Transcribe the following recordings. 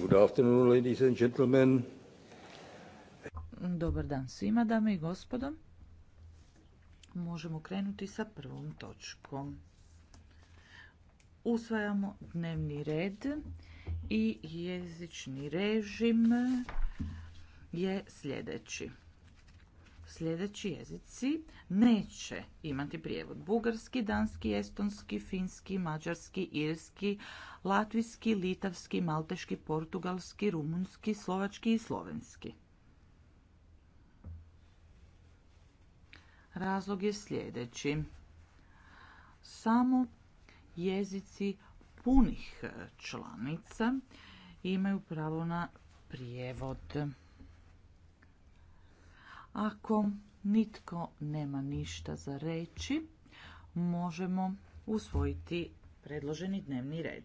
Dobar dan svima, dame i gospodo. Možemo krenuti sa prvom točkom. Usvajamo dnevni red i jezični režim je sljedeći sljedeći jezici neće imati prijevod. Bugarski, danski, estonski, finski, mađarski, irski, latvijski, litavski, malteški, portugalski, rumunski, slovački i slovenski. Razlog je sljedeći. Samo jezici punih članica imaju pravo na prijevod. Ako nitko nema ništa za reći, možemo usvojiti predloženi dnevni red.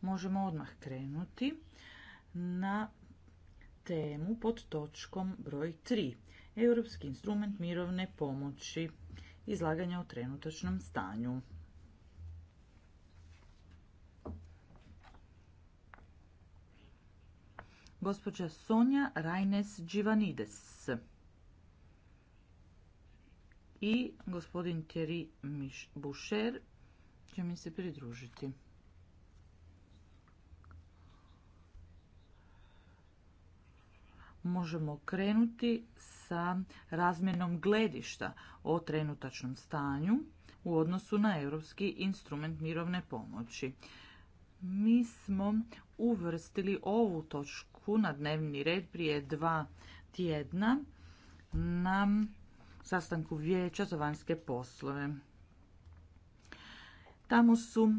Možemo odmah krenuti na temu pod točkom broj 3. Europski instrument mirovne pomoći izlaganja o trenutačnom stanju. gospođa Sonja Rajnes Đivanides i gospodin Thierry Boucher će mi se pridružiti. Možemo krenuti sa razmjenom gledišta o trenutačnom stanju u odnosu na Europski instrument mirovne pomoći. Mi smo uvrstili ovu točku na dnevni red prije dva tjedna na sastanku vijeća za vanjske poslove. Tamo su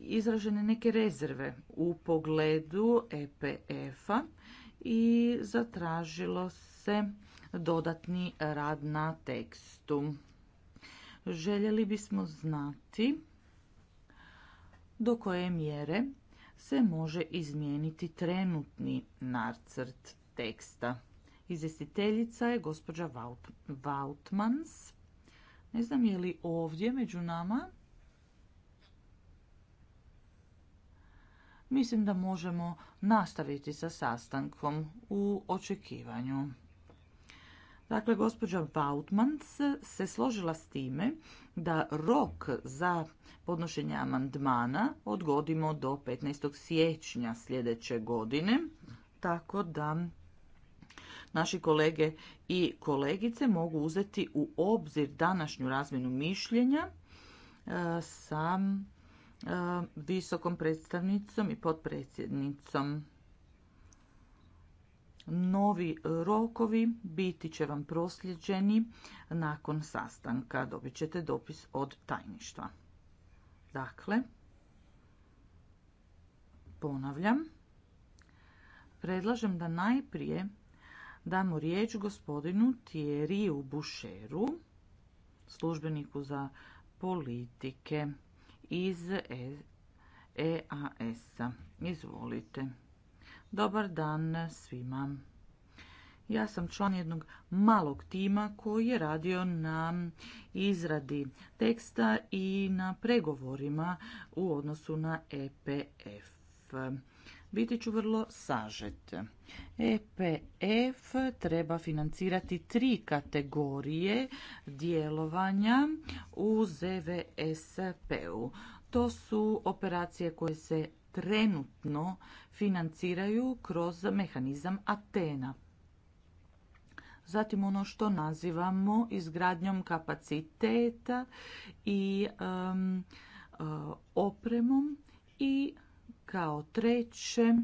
izražene neke rezerve u pogledu EPF-a i zatražilo se dodatni rad na tekstu. Željeli bismo znati do koje mjere se može izmijeniti trenutni nacrt teksta. Izvjestiteljica je gospođa Vautmans. Ne znam je li ovdje među nama. Mislim da možemo nastaviti sa sastankom u očekivanju. Dakle, gospođa Vautmans se složila s time da rok za podnošenje amandmana odgodimo do 15. siječnja sljedeće godine, tako da naši kolege i kolegice mogu uzeti u obzir današnju razmjenu mišljenja e, sa e, visokom predstavnicom i potpredsjednicom Novi rokovi biti će vam prosljeđeni nakon sastanka. Dobit ćete dopis od tajništva. Dakle, ponavljam, predlažem da najprije damo riječ gospodinu Thierryu Bušeru, službeniku za politike iz EAS-a. E Izvolite. Dobar dan svima. Ja sam član jednog malog tima koji je radio na izradi teksta i na pregovorima u odnosu na EPF. Biti ću vrlo sažet. EPF treba financirati tri kategorije djelovanja u ZVSP-u. To su operacije koje se trenutno financiraju kroz mehanizam Atena. Zatim ono što nazivamo izgradnjom kapaciteta i e, opremom i kao treće e,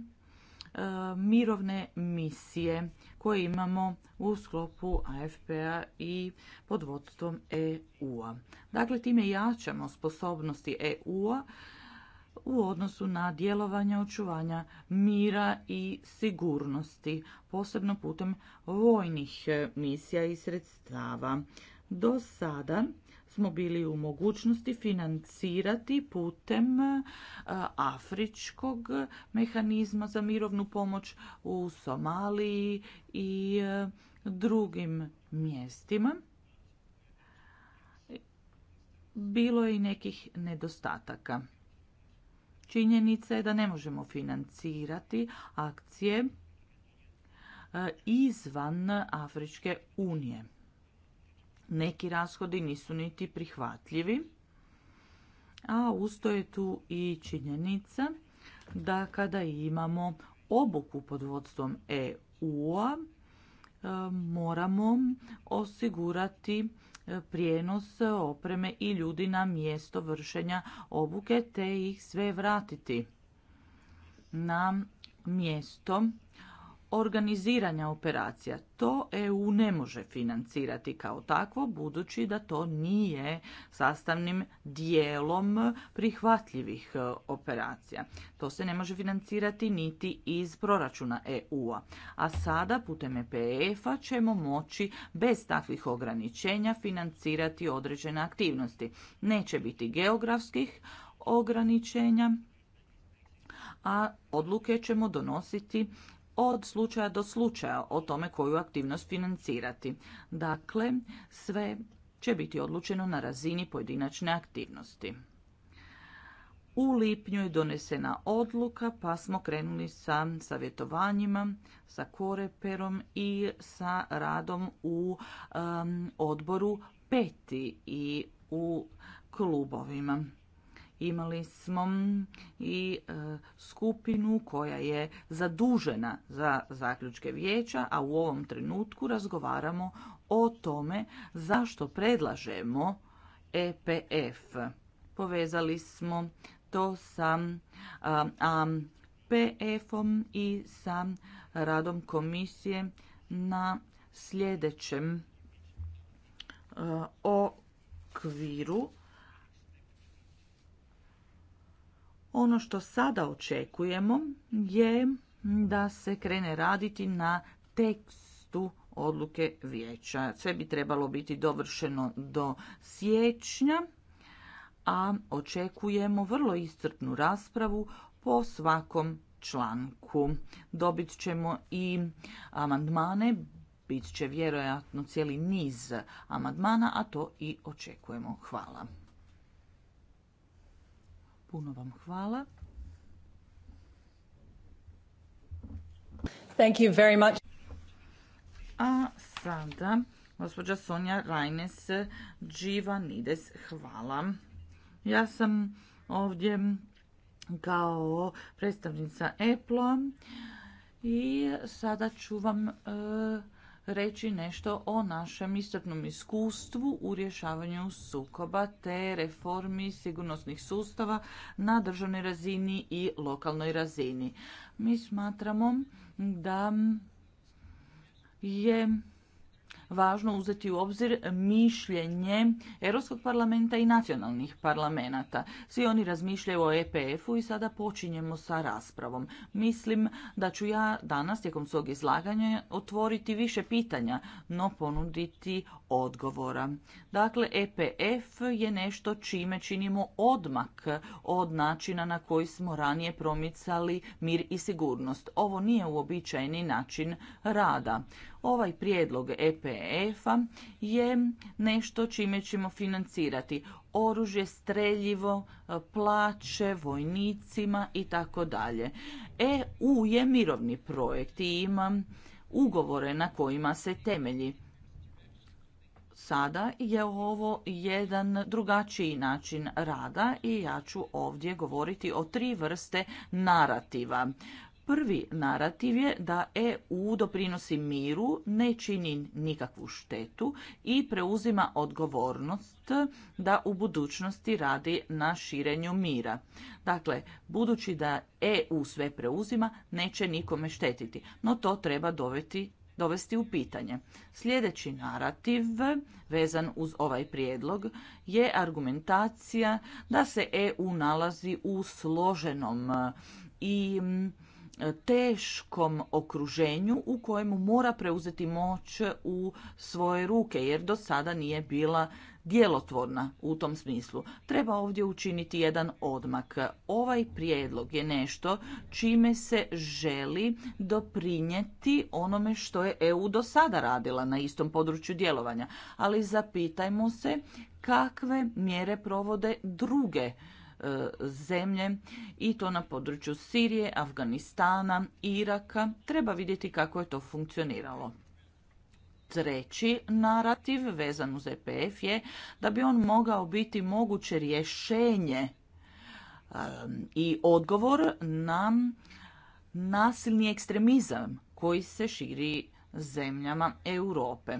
mirovne misije koje imamo u sklopu AFP-a i podvodstvom EU-a. Dakle, time jačamo sposobnosti EU-a u odnosu na djelovanje očuvanja mira i sigurnosti, posebno putem vojnih eh, misija i sredstava. Do sada smo bili u mogućnosti financirati putem eh, afričkog mehanizma za mirovnu pomoć u Somaliji i eh, drugim mjestima. Bilo je i nekih nedostataka. Činjenica je da ne možemo financirati akcije e, izvan Afričke unije. Neki rashodi nisu niti prihvatljivi, a usto je tu i činjenica da kada imamo obuku pod vodstvom EU-a e, moramo osigurati prijenos opreme i ljudi na mjesto vršenja obuke te ih sve vratiti na mjesto organiziranja operacija. To EU ne može financirati kao takvo, budući da to nije sastavnim dijelom prihvatljivih e, operacija. To se ne može financirati niti iz proračuna EU-a. A sada putem EPF-a ćemo moći bez takvih ograničenja financirati određene aktivnosti. Neće biti geografskih ograničenja, a odluke ćemo donositi od slučaja do slučaja o tome koju aktivnost financirati. Dakle, sve će biti odlučeno na razini pojedinačne aktivnosti. U lipnju je donesena odluka pa smo krenuli sa savjetovanjima, sa koreperom i sa radom u odboru peti i u klubovima. Imali smo i e, skupinu koja je zadužena za zaključke vijeća, a u ovom trenutku razgovaramo o tome zašto predlažemo EPF. Povezali smo to sa PF-om i sa radom komisije na sljedećem e, okviru Ono što sada očekujemo je da se krene raditi na tekstu odluke vijeća. Sve bi trebalo biti dovršeno do siječnja, a očekujemo vrlo iscrpnu raspravu po svakom članku. Dobit ćemo i amandmane, bit će vjerojatno cijeli niz amandmana, a to i očekujemo. Hvala. Puno vam hvala. Thank you very much. A sada gospođa Sonja Rajnes Nides, hvala. Ja sam ovdje kao predstavnica Apple i sada ću vam eh, reći nešto o našem istotnom iskustvu u rješavanju sukoba te reformi sigurnosnih sustava na državnoj razini i lokalnoj razini. Mi smatramo da je važno uzeti u obzir mišljenje Europskog parlamenta i nacionalnih parlamenta. Svi oni razmišljaju o EPF-u i sada počinjemo sa raspravom. Mislim da ću ja danas tijekom svog izlaganja otvoriti više pitanja, no ponuditi odgovora. Dakle, EPF je nešto čime činimo odmak od načina na koji smo ranije promicali mir i sigurnost. Ovo nije uobičajeni način rada. Ovaj prijedlog EPF-a je nešto čime ćemo financirati oružje, streljivo, e, plaće, vojnicima i tako dalje. EU je mirovni projekt i ima ugovore na kojima se temelji. Sada je ovo jedan drugačiji način rada i ja ću ovdje govoriti o tri vrste narativa. Prvi narativ je da EU doprinosi miru, ne čini nikakvu štetu i preuzima odgovornost da u budućnosti radi na širenju mira. Dakle, budući da EU sve preuzima, neće nikome štetiti, no to treba dovesti dovesti u pitanje. Sljedeći narativ vezan uz ovaj prijedlog je argumentacija da se EU nalazi u složenom i teškom okruženju u kojemu mora preuzeti moć u svoje ruke jer do sada nije bila djelotvorna u tom smislu. Treba ovdje učiniti jedan odmak. Ovaj prijedlog je nešto čime se želi doprinjeti onome što je EU do sada radila na istom području djelovanja, ali zapitajmo se kakve mjere provode druge zemlje i to na području Sirije, Afganistana, Iraka. Treba vidjeti kako je to funkcioniralo. Treći narativ vezan uz EPF je da bi on mogao biti moguće rješenje um, i odgovor na nasilni ekstremizam koji se širi zemljama Europe.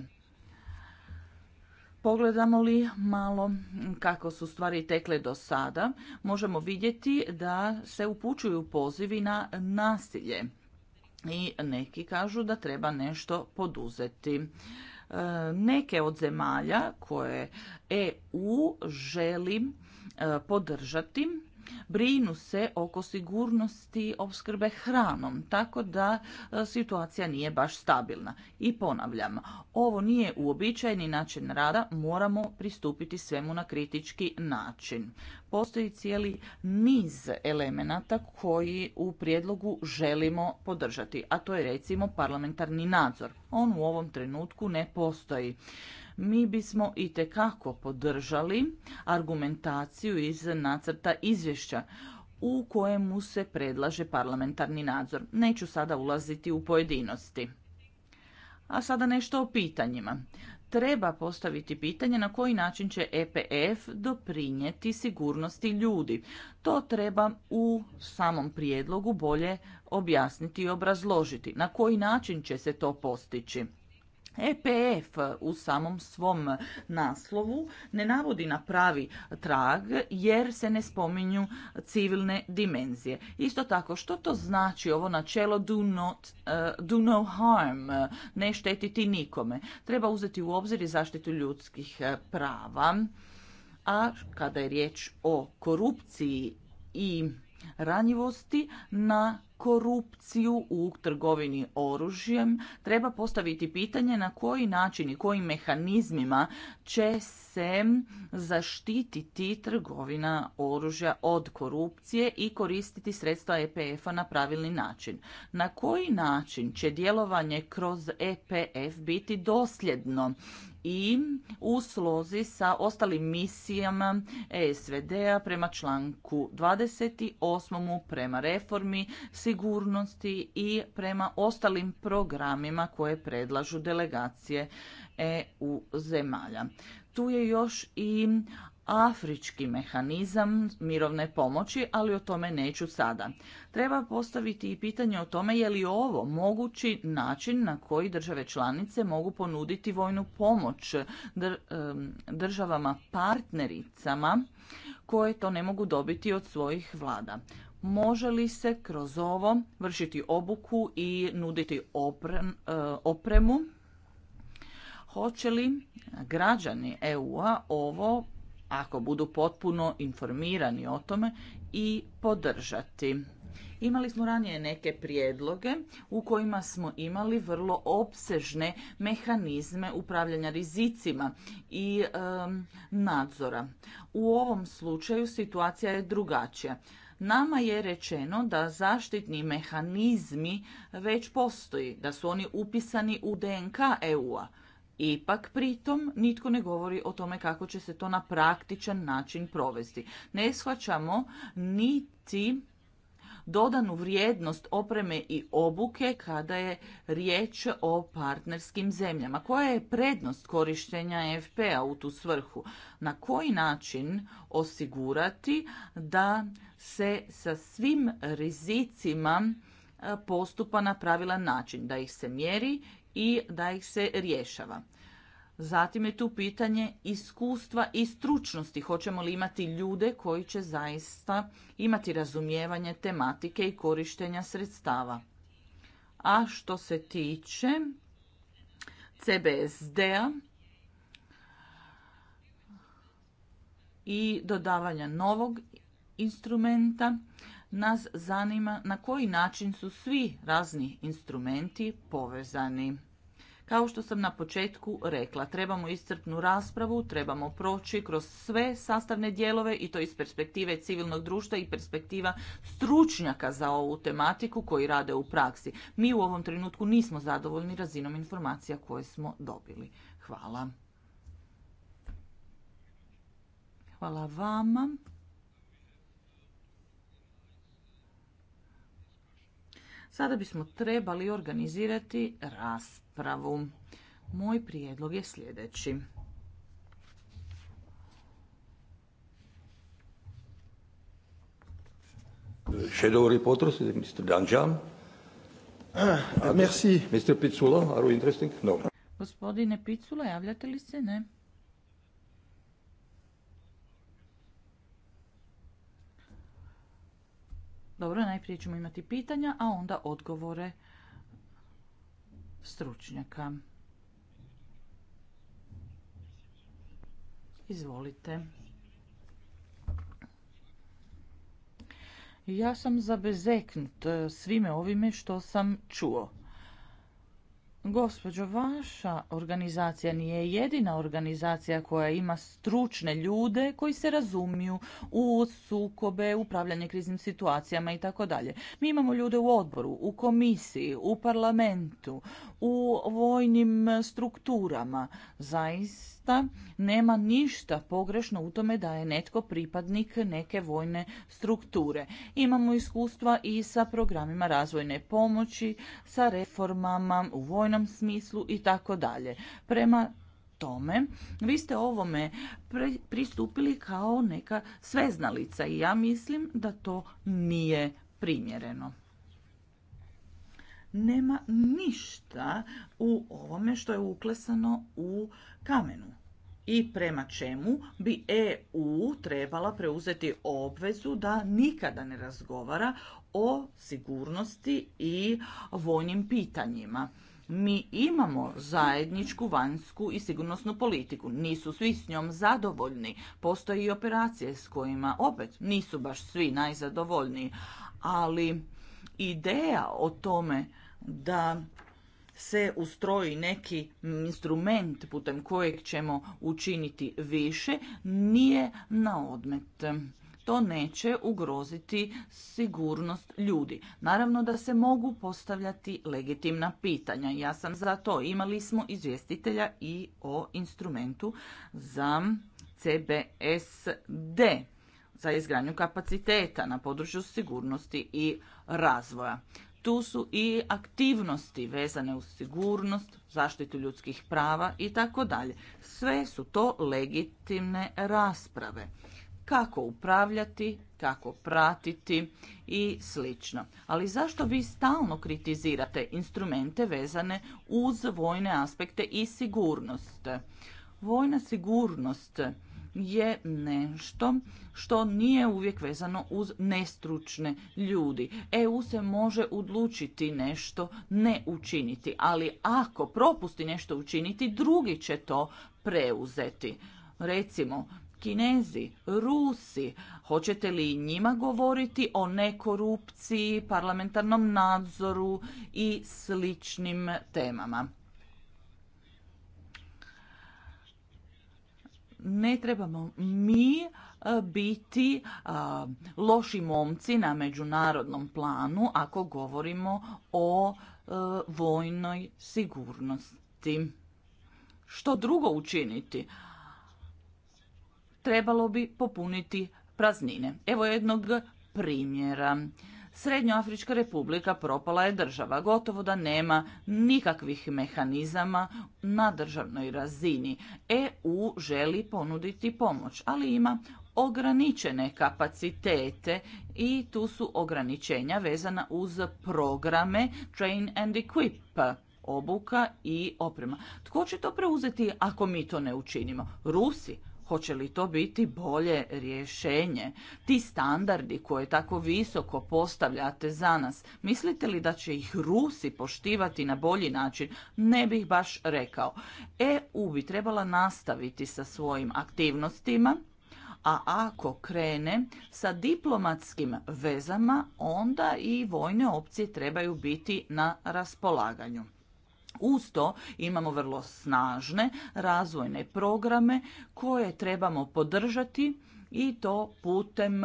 Pogledamo li malo kako su stvari tekle do sada, možemo vidjeti da se upućuju pozivi na nasilje i neki kažu da treba nešto poduzeti. E, neke od zemalja koje EU želi e, podržati brinu se oko sigurnosti opskrbe hranom, tako da e, situacija nije baš stabilna. I ponavljam, ovo nije uobičajeni način rada, moramo pristupiti svemu na kritički način. Postoji cijeli niz elemenata koji u prijedlogu želimo podržati, a to je recimo parlamentarni nadzor. On u ovom trenutku ne postoji mi bismo i tekako podržali argumentaciju iz nacrta izvješća u kojemu se predlaže parlamentarni nadzor. Neću sada ulaziti u pojedinosti. A sada nešto o pitanjima. Treba postaviti pitanje na koji način će EPF doprinijeti sigurnosti ljudi. To treba u samom prijedlogu bolje objasniti i obrazložiti. Na koji način će se to postići? EPF u samom svom naslovu ne navodi na pravi trag jer se ne spominju civilne dimenzije. Isto tako, što to znači ovo načelo do, not, eh, do no harm, ne štetiti nikome? Treba uzeti u obzir i zaštitu ljudskih eh, prava, a kada je riječ o korupciji i ranjivosti na korupciju u trgovini oružjem, treba postaviti pitanje na koji način i kojim mehanizmima će se zaštititi trgovina oružja od korupcije i koristiti sredstva EPF-a na pravilni način. Na koji način će djelovanje kroz EPF biti dosljedno i u slozi sa ostalim misijama e SVD-a prema članku 28. prema reformi sigurnosti i prema ostalim programima koje predlažu delegacije EU zemalja. Tu je još i afrički mehanizam mirovne pomoći, ali o tome neću sada. Treba postaviti i pitanje o tome je li ovo mogući način na koji države članice mogu ponuditi vojnu pomoć državama partnericama koje to ne mogu dobiti od svojih vlada. Može li se kroz ovo vršiti obuku i nuditi e, opremu? Hoće li građani EU-a ovo ako budu potpuno informirani o tome i podržati. Imali smo ranije neke prijedloge u kojima smo imali vrlo opsežne mehanizme upravljanja rizicima i nadzora. U ovom slučaju situacija je drugačija. Nama je rečeno da zaštitni mehanizmi već postoji, da su oni upisani u DNK EU-a. Ipak pritom nitko ne govori o tome kako će se to na praktičan način provesti. Ne shvaćamo niti dodanu vrijednost opreme i obuke kada je riječ o partnerskim zemljama. Koja je prednost korištenja FPA a u tu svrhu? Na koji način osigurati da se sa svim rizicima postupa na pravilan način, da ih se mjeri i da ih se rješava. Zatim je tu pitanje iskustva i stručnosti. Hoćemo li imati ljude koji će zaista imati razumijevanje tematike i korištenja sredstava. A što se tiče CBSD-a i dodavanja novog instrumenta, nas zanima na koji način su svi razni instrumenti povezani. Kao što sam na početku rekla, trebamo iscrpnu raspravu, trebamo proći kroz sve sastavne dijelove i to iz perspektive civilnog društva i perspektiva stručnjaka za ovu tematiku koji rade u praksi. Mi u ovom trenutku nismo zadovoljni razinom informacija koje smo dobili. Hvala. Hvala vama. Sada bismo trebali organizirati raspravu. Moj prijedlog je sljedeći. Shadow reporters, Mr. Danjan. Ah, merci. Mr. Pizzula, are you interesting? No. Gospodine Picula, javljate li se? Ne. Dobro, najprije ćemo imati pitanja, a onda odgovore stručnjaka. Izvolite. Ja sam zabezeknut svime ovime što sam čuo. Gospođo, vaša organizacija nije jedina organizacija koja ima stručne ljude koji se razumiju u sukobe, upravljanje kriznim situacijama i tako dalje. Mi imamo ljude u odboru, u komisiji, u parlamentu, u vojnim strukturama. Zaista zaista nema ništa pogrešno u tome da je netko pripadnik neke vojne strukture. Imamo iskustva i sa programima razvojne pomoći, sa reformama u vojnom smislu i tako dalje. Prema tome, vi ste ovome pristupili kao neka sveznalica i ja mislim da to nije primjereno nema ništa u ovome što je uklesano u kamenu i prema čemu bi EU trebala preuzeti obvezu da nikada ne razgovara o sigurnosti i vojnim pitanjima. Mi imamo zajedničku vanjsku i sigurnosnu politiku. Nisu svi s njom zadovoljni. Postoje i operacije s kojima opet nisu baš svi najzadovoljniji. Ali ideja o tome da se ustroji neki instrument putem kojeg ćemo učiniti više, nije na odmet. To neće ugroziti sigurnost ljudi. Naravno da se mogu postavljati legitimna pitanja. Ja sam za to. Imali smo izvjestitelja i o instrumentu za CBSD za izgradnju kapaciteta na području sigurnosti i razvoja tu su i aktivnosti vezane uz sigurnost, zaštitu ljudskih prava i tako dalje. Sve su to legitimne rasprave. Kako upravljati, kako pratiti i slično. Ali zašto vi stalno kritizirate instrumente vezane uz vojne aspekte i sigurnost? Vojna sigurnost je nešto što nije uvijek vezano uz nestručne ljudi. EU se može odlučiti nešto ne učiniti, ali ako propusti nešto učiniti, drugi će to preuzeti. Recimo, Kinezi, Rusi, hoćete li njima govoriti o nekorupciji, parlamentarnom nadzoru i sličnim temama? ne trebamo mi e, biti e, loši momci na međunarodnom planu ako govorimo o e, vojnoj sigurnosti. Što drugo učiniti? Trebalo bi popuniti praznine. Evo jednog primjera. Srednjoafrička republika propala je država, gotovo da nema nikakvih mehanizama na državnoj razini. EU želi ponuditi pomoć, ali ima ograničene kapacitete i tu su ograničenja vezana uz programe Train and Equip obuka i oprema. Tko će to preuzeti ako mi to ne učinimo? Rusi? Hoće li to biti bolje rješenje? Ti standardi koje tako visoko postavljate za nas, mislite li da će ih Rusi poštivati na bolji način? Ne bih baš rekao. EU bi trebala nastaviti sa svojim aktivnostima, a ako krene sa diplomatskim vezama, onda i vojne opcije trebaju biti na raspolaganju. Uz to imamo vrlo snažne razvojne programe koje trebamo podržati i to putem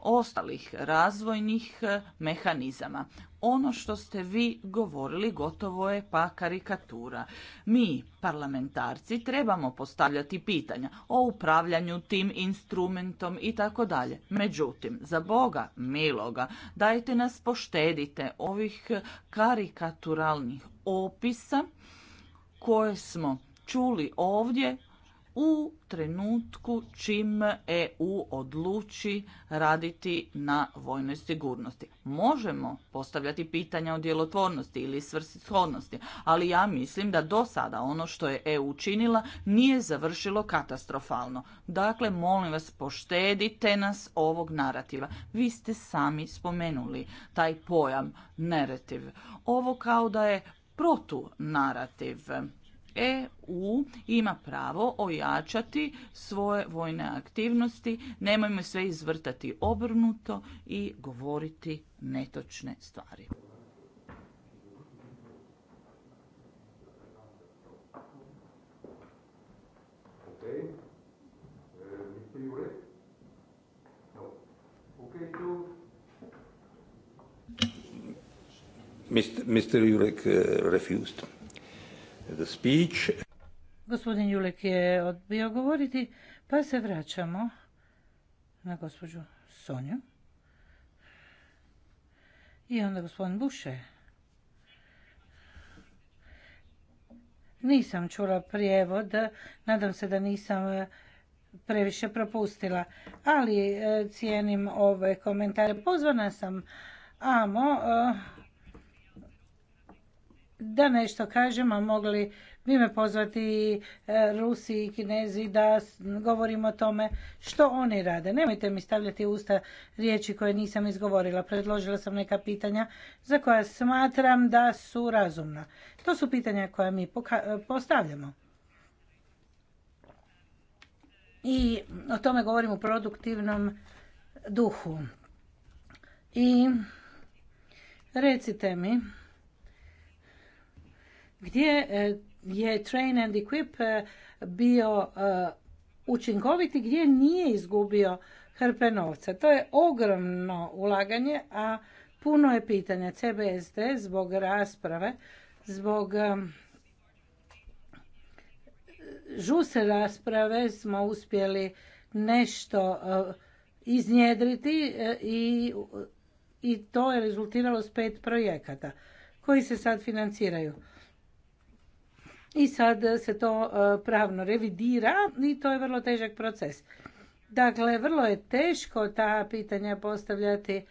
ostalih razvojnih mehanizama ono što ste vi govorili gotovo je pa karikatura. Mi, parlamentarci, trebamo postavljati pitanja o upravljanju tim instrumentom i tako dalje. Međutim, za Boga miloga, dajte nas poštedite ovih karikaturalnih opisa koje smo čuli ovdje u trenutku čim EU odluči raditi na vojnoj sigurnosti. Možemo postavljati pitanja o djelotvornosti ili svrsishodnosti, ali ja mislim da do sada ono što je EU učinila nije završilo katastrofalno. Dakle, molim vas, poštedite nas ovog narativa. Vi ste sami spomenuli taj pojam narativ. Ovo kao da je protu EU ima pravo ojačati svoje vojne aktivnosti, nemojmo sve izvrtati obrnuto i govoriti netočne stvari. E, Mr. Jurek eh, refused. Gospodin Julek je odbio govoriti, pa se vraćamo na gospođu Sonju. I onda gospodin Buše. Nisam čula prijevod, nadam se da nisam e, previše propustila, ali e, cijenim ove komentare. Pozvana sam Amo, e, da nešto kažem, a mogli bi me pozvati e, Rusi i Kinezi da govorim o tome što oni rade. Nemojte mi stavljati usta riječi koje nisam izgovorila. Predložila sam neka pitanja za koja smatram da su razumna. To su pitanja koja mi e, postavljamo. I o tome govorim u produktivnom duhu. I recite mi, gdje e, je train and equip e, bio e, učinkoviti gdje nije izgubio hrpe novca. To je ogromno ulaganje, a puno je pitanja. CBSD zbog rasprave, zbog žuse rasprave smo uspjeli nešto iznjedriti i, i to je rezultiralo s pet projekata koji se sad financiraju i sad se to e, pravno revidira i to je vrlo težak proces. Dakle, vrlo je teško ta pitanja postavljati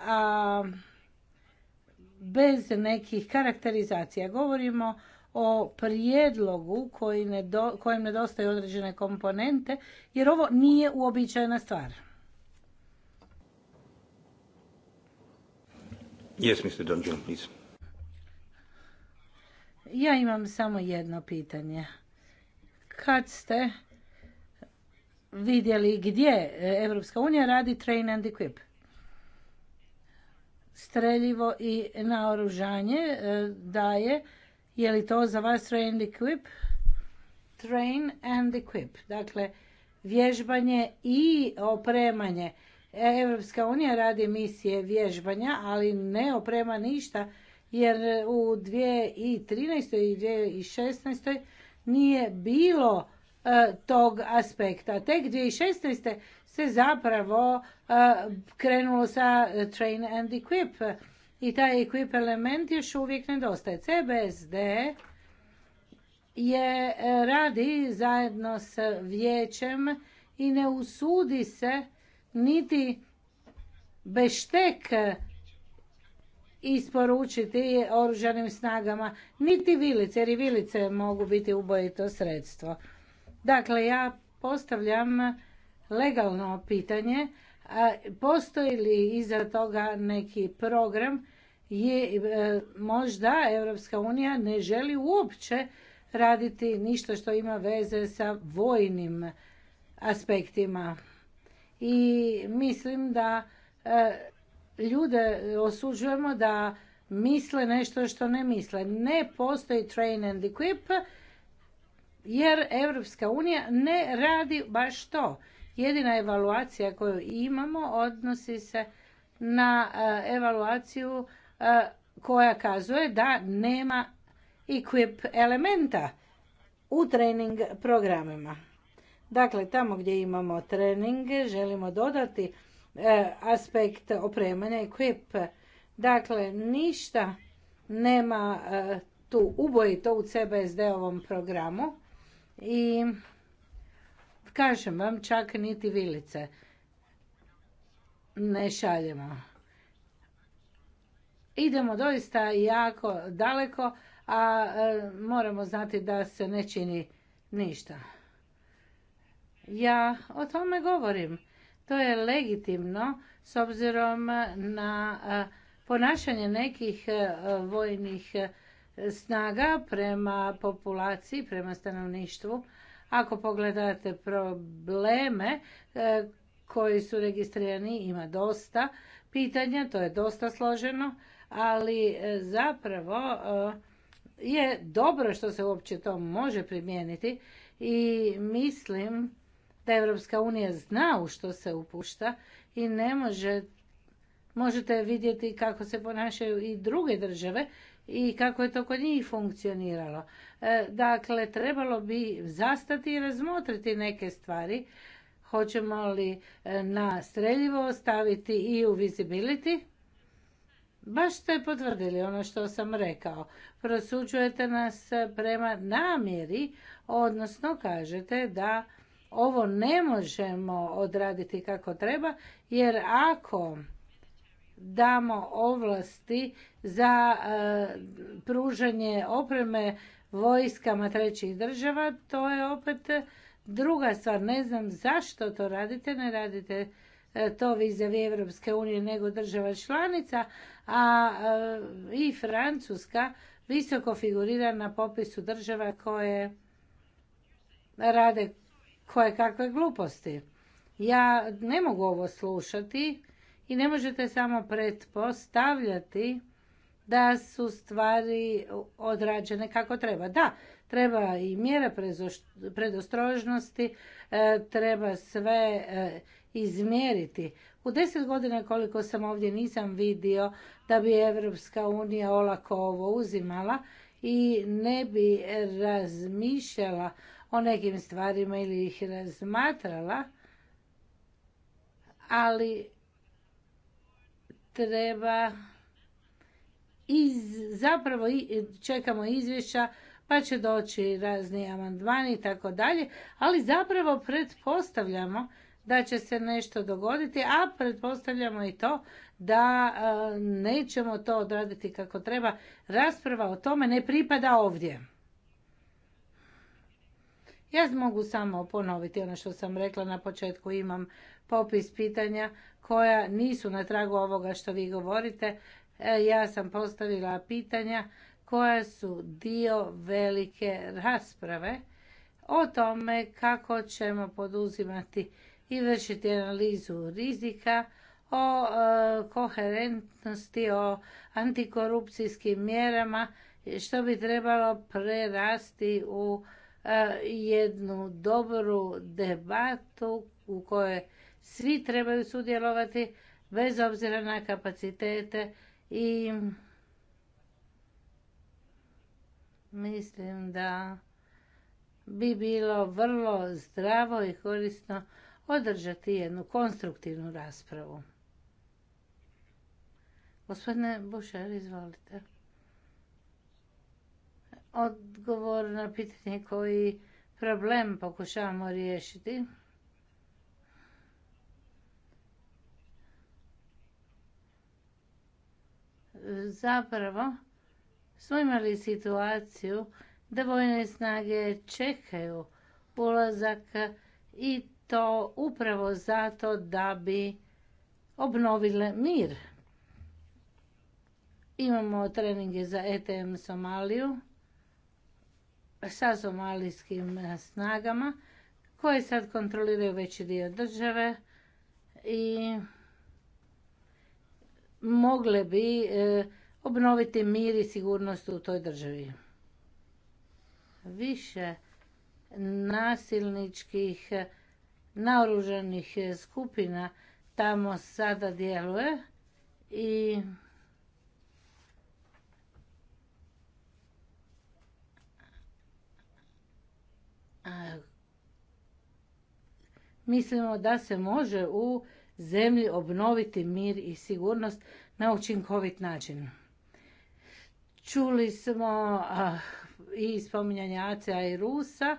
a bez nekih karakterizacija. Govorimo o prijedlogu koji kojem nedostaje određene komponente, jer ovo nije uobičajena stvar. Yes, Mr. Dungeon, please. Ja imam samo jedno pitanje. Kad ste vidjeli gdje Evropska unija radi train and equip? Streljivo i naoružanje e, daje. Je li to za vas train and equip? Train and equip. Dakle, vježbanje i opremanje. Evropska unija radi misije vježbanja, ali ne oprema ništa jer u 2013. i 2016. nije bilo e, tog aspekta. Tek 2016. se zapravo e, krenulo sa train and equip i taj equip element još uvijek nedostaje. CBSD je e, radi zajedno s vijećem i ne usudi se niti beštek isporučiti oružanim snagama niti vilice, jer i vilice mogu biti ubojito sredstvo. Dakle, ja postavljam legalno pitanje, postoji li iza toga neki program je e, možda Europska unija ne želi uopće raditi ništa što ima veze sa vojnim aspektima. I mislim da e, ljude osuđujemo da misle nešto što ne misle. Ne postoji train and equip jer Evropska unija ne radi baš to. Jedina evaluacija koju imamo odnosi se na e, evaluaciju e, koja kazuje da nema equip elementa u trening programima. Dakle, tamo gdje imamo treninge želimo dodati E, aspekt opremanja i Dakle, ništa nema e, tu ubojito u CBSD-ovom programu i kažem vam čak niti vilice ne šaljemo. Idemo doista jako daleko, a e, moramo znati da se ne čini ništa. Ja o tome govorim to je legitimno s obzirom na e, ponašanje nekih e, vojnih e, snaga prema populaciji, prema stanovništvu. Ako pogledate probleme koji su registrirani, ima dosta pitanja, to je dosta složeno, ali zapravo je dobro što se uopće to može primijeniti i mislim da Europska unija zna u što se upušta i ne može možete vidjeti kako se ponašaju i druge države i kako je to kod njih funkcioniralo. E, dakle, trebalo bi zastati i razmotriti neke stvari. Hoćemo li e, na streljivo staviti i u visibility? Baš ste potvrdili ono što sam rekao. Prosuđujete nas prema namjeri, odnosno kažete da ovo ne možemo odraditi kako treba jer ako damo ovlasti za e, pružanje opreme vojskama trećih država, to je opet druga stvar. Ne znam zašto to radite, ne radite e, to vizavi Evropske unije nego država članica, a e, i Francuska visoko figurira na popisu država koje rade koje kakve gluposti. Ja ne mogu ovo slušati i ne možete samo pretpostavljati da su stvari odrađene kako treba. Da, treba i mjera predostrožnosti, e, treba sve e, izmjeriti. U deset godina koliko sam ovdje nisam vidio da bi Evropska unija olako ovo uzimala i ne bi razmišljala o nekim stvarima ili ih razmatrala, ali treba iz, zapravo čekamo izvješća pa će doći razni amandmani i tako dalje, ali zapravo pretpostavljamo da će se nešto dogoditi, a pretpostavljamo i to da e, nećemo to odraditi kako treba. Rasprava o tome ne pripada ovdje. Ja mogu samo ponoviti ono što sam rekla na početku. Imam popis pitanja koja nisu na tragu ovoga što vi govorite. E, ja sam postavila pitanja koja su dio velike rasprave o tome kako ćemo poduzimati i vršiti analizu rizika, o e, koherentnosti, o antikorupcijskim mjerama, što bi trebalo prerasti u E, jednu dobru debatu u kojoj svi trebaju sudjelovati bez obzira na kapacitete i mislim da bi bilo vrlo zdravo i korisno održati jednu konstruktivnu raspravu. Gospodine Bušar, izvolite odgovor na pitanje koji problem pokušavamo riješiti. Zapravo smo imali situaciju da vojne snage čekaju ulazak i to upravo zato da bi obnovile mir. Imamo treninge za ETM Somaliju sa somalijskim e, snagama koje sad kontroliraju veći dio države i mogle bi e, obnoviti mir i sigurnost u toj državi. Više nasilničkih e, naoružanih skupina tamo sada djeluje i Mislimo da se može u zemlji obnoviti mir i sigurnost na učinkovit način. Čuli smo i spominjanje Aca i Rusa.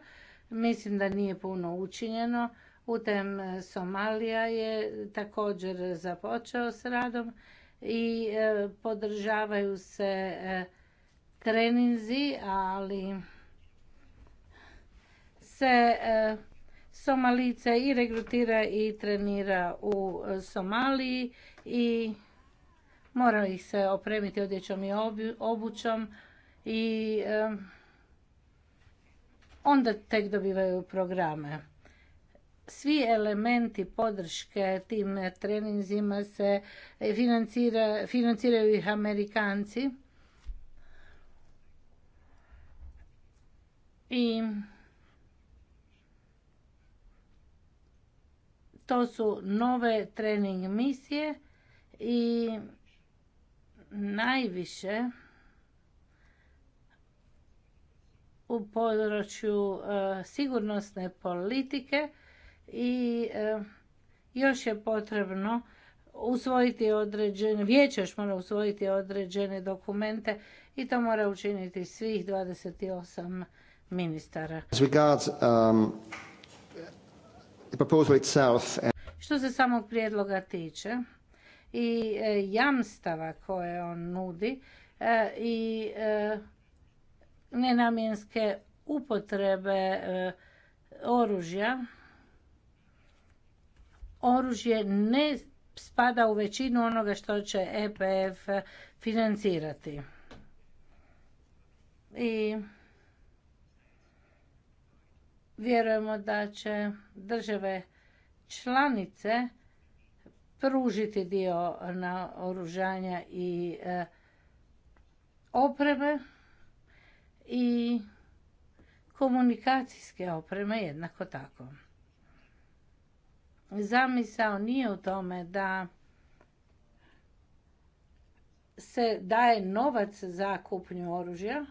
Mislim da nije puno učinjeno. Putem e, Somalija je također započeo s radom i e, podržavaju se e, treninzi, ali se e, Somalice i regrutira i trenira u e, Somaliji i mora ih se opremiti odjećom i obućom i e, onda tek dobivaju programe. Svi elementi podrške tim treninzima se financiraju ih Amerikanci. I To su nove trening misije i najviše u području e, sigurnosne politike i e, još je potrebno usvojiti određene, vijeće još mora usvojiti određene dokumente i to mora učiniti svih 28 ministara. As um, što se samog prijedloga tiče i e, jamstava koje on nudi e, i e, nenamjenske upotrebe oružja, oružje ne spada u većinu onoga što će EPF financirati. I Vjerujemo da će države članice pružiti dio na oružanja i e, opreme i komunikacijske opreme jednako tako. Zamisao nije u tome da se daje novac za kupnju oružja,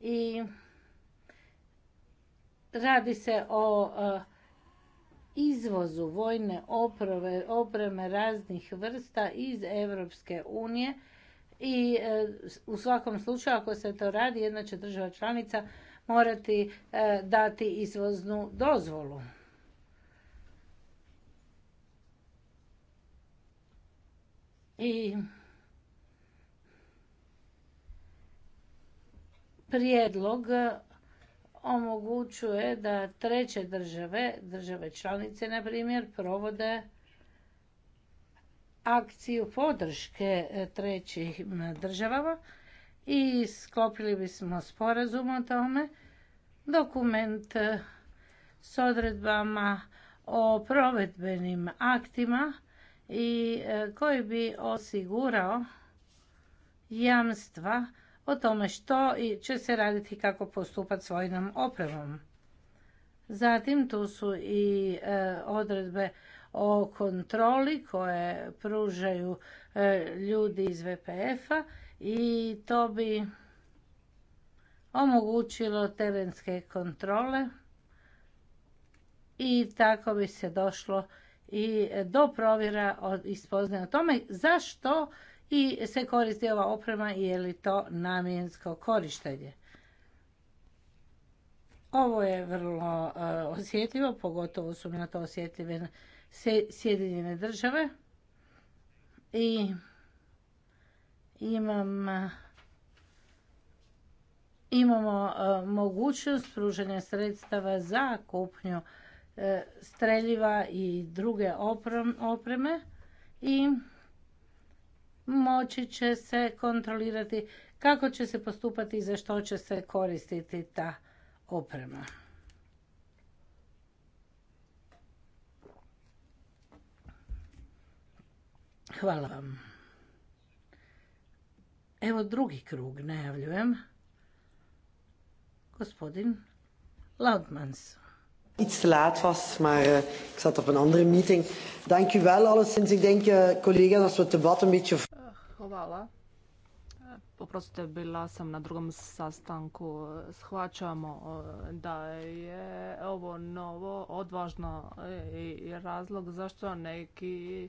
i radi se o e, izvozu vojne opreme raznih vrsta iz Europske unije i e, u svakom slučaju ako se to radi jedna će država članica morati e, dati izvoznu dozvolu. I prijedlog e, omogućuje da treće države, države članice na primjer, provode akciju podrške e, trećim državama i sklopili bismo sporazum o tome. Dokument e, s odredbama o provedbenim aktima i koji bi osigurao jamstva o tome što će se raditi kako postupati s vojnom opremom. Zatim tu su i e, odredbe o kontroli koje pružaju e, ljudi iz VPF-a i to bi omogućilo terenske kontrole i tako bi se došlo i do provjera i o tome zašto i se koristi ova oprema i je li to namjensko korištenje. Ovo je vrlo e, osjetljivo, pogotovo su na to osjetljive Sjedinjene države. I imam, imamo e, mogućnost pružanja sredstava za kupnju e, streljiva i druge opreme i moći će se kontrolirati kako će se postupati i za što će se koristiti ta oprema. Hvala vam. Evo drugi krug najavljujem. Gospodin Laudmans. Iets te laat was, maar uh, ik zat op een andere meeting. Dank u wel alleszins. Ik denk, uh, eh, collega's, als we het debat een beetje... Hvala. Poprostite, bila sam na drugom sastanku. Shvaćamo e, da je ovo novo odvažno e, i razlog zašto neki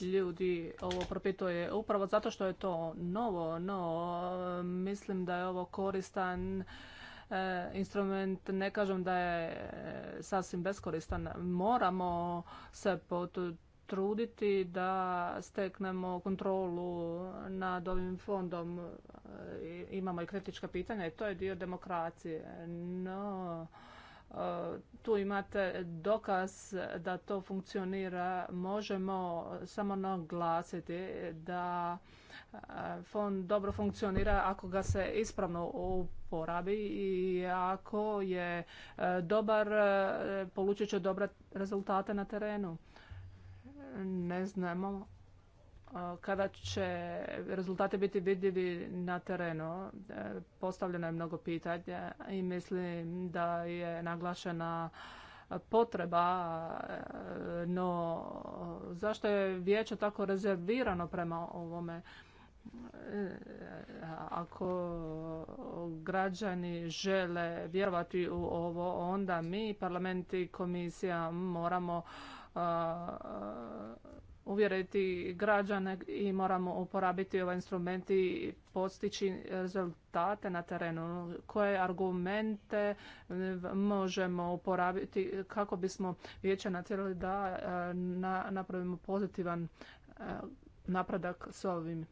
ljudi ovo propituje. Upravo zato što je to novo, no mislim da je ovo koristan e, instrument, ne kažem da je sasvim beskoristan. Moramo se potuti truditi da steknemo kontrolu nad ovim fondom. E, imamo i kritička pitanja i to je dio demokracije. No, e, tu imate dokaz da to funkcionira. Možemo samo naglasiti da e, fond dobro funkcionira ako ga se ispravno uporabi i ako je dobar, polučit će dobre rezultate na terenu ne znamo e, kada će rezultati biti vidljivi na terenu. E, postavljeno je mnogo pitanja i mislim da je naglašena potreba, e, no zašto je vijeće tako rezervirano prema ovome? Ako građani žele vjerovati u ovo, onda mi, parlament i komisija moramo uvjeriti građane i moramo uporabiti ovaj instrumenti i postići rezultate na terenu. Koje argumente možemo uporabiti kako bismo vijeće natjerali da napravimo pozitivan napredak s ovim.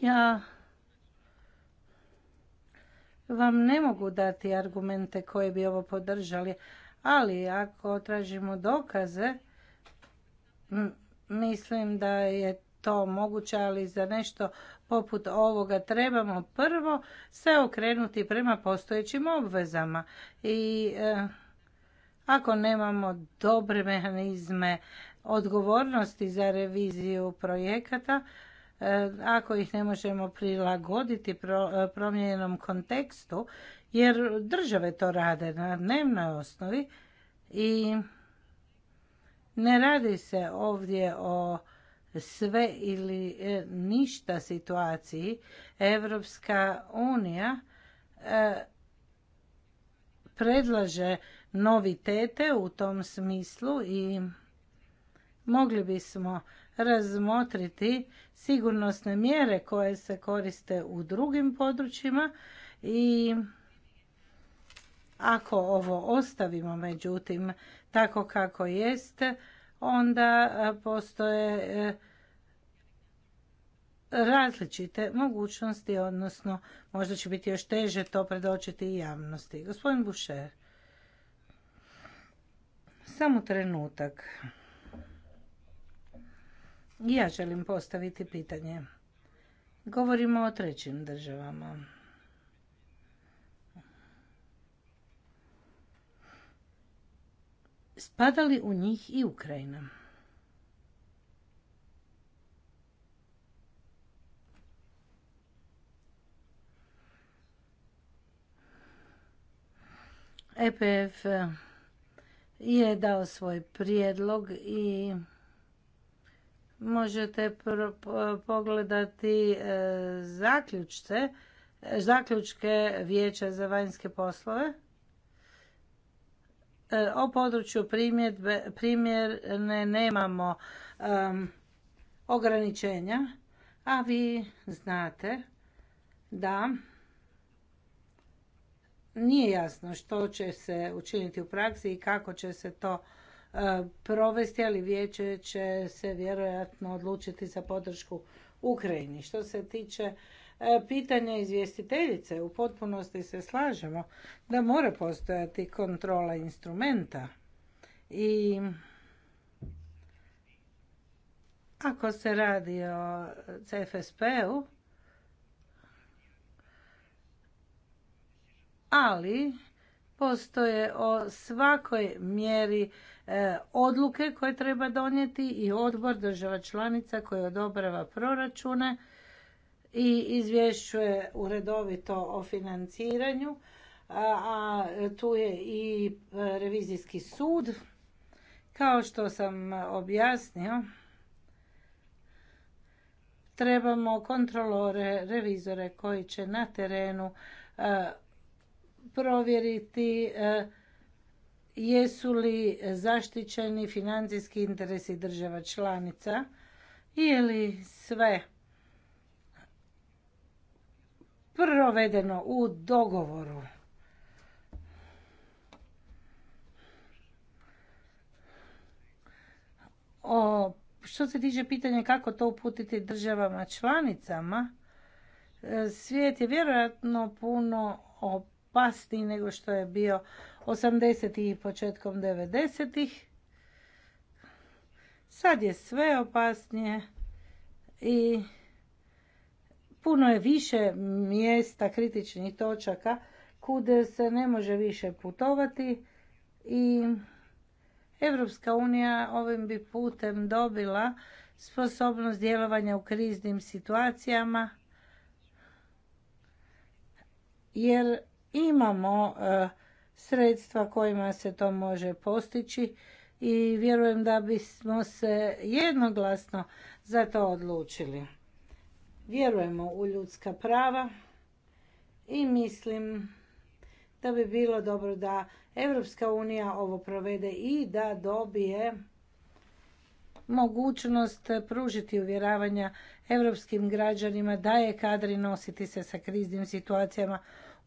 Ja vam ne mogu dati argumente koje bi ovo podržali, ali ako tražimo dokaze, mislim da je to moguće, ali za nešto poput ovoga trebamo prvo se okrenuti prema postojećim obvezama. I e, ako nemamo dobre mehanizme odgovornosti za reviziju projekata, E, ako ih ne možemo prilagoditi e, promijenjenom kontekstu, jer države to rade na dnevnoj osnovi i ne radi se ovdje o sve ili e, ništa situaciji. Evropska unija predlaže novitete u tom smislu i mogli bismo razmotriti sigurnosne mjere koje se koriste u drugim područjima i ako ovo ostavimo međutim tako kako jeste, onda postoje e, različite mogućnosti, odnosno možda će biti još teže to predočiti i javnosti. Gospodin Bušer, samo trenutak. Ja želim postaviti pitanje. Govorimo o trećim državama. Spada li u njih i Ukrajina? EPF je dao svoj prijedlog i možete pogledati e, zaključce, e, zaključke Vijeća za vanjske poslove e, o području primjedbe, primjerne nemamo ograničenja, a vi znate da nije jasno što će se učiniti u praksi i kako će se to provesti, ali vijeće će se vjerojatno odlučiti za podršku Ukrajini. Što se tiče e, pitanja izvjestiteljice, u potpunosti se slažemo da mora postojati kontrola instrumenta i ako se radi o CFSP-u, ali postoje o svakoj mjeri e, odluke koje treba donijeti i odbor država članica koji odobrava proračune i izvješćuje uredovito o financiranju, a tu je i e, revizijski sud. Kao što sam objasnio, trebamo kontrolore, revizore koji će na terenu e, provjeriti e, jesu li zaštićeni financijski interesi država članica ili je li sve provedeno u dogovoru. O, što se tiče pitanja kako to uputiti državama članicama, e, svijet je vjerojatno puno pasti nego što je bio 80 i početkom 90 Sad je sve opasnije i puno je više mjesta, kritičnih točaka, kude se ne može više putovati i Evropska unija ovim bi putem dobila sposobnost djelovanja u kriznim situacijama jer imamo e, sredstva kojima se to može postići i vjerujem da bismo se jednoglasno za to odlučili. Vjerujemo u ljudska prava i mislim da bi bilo dobro da Evropska unija ovo provede i da dobije mogućnost pružiti uvjeravanja evropskim građanima da je kadri nositi se sa kriznim situacijama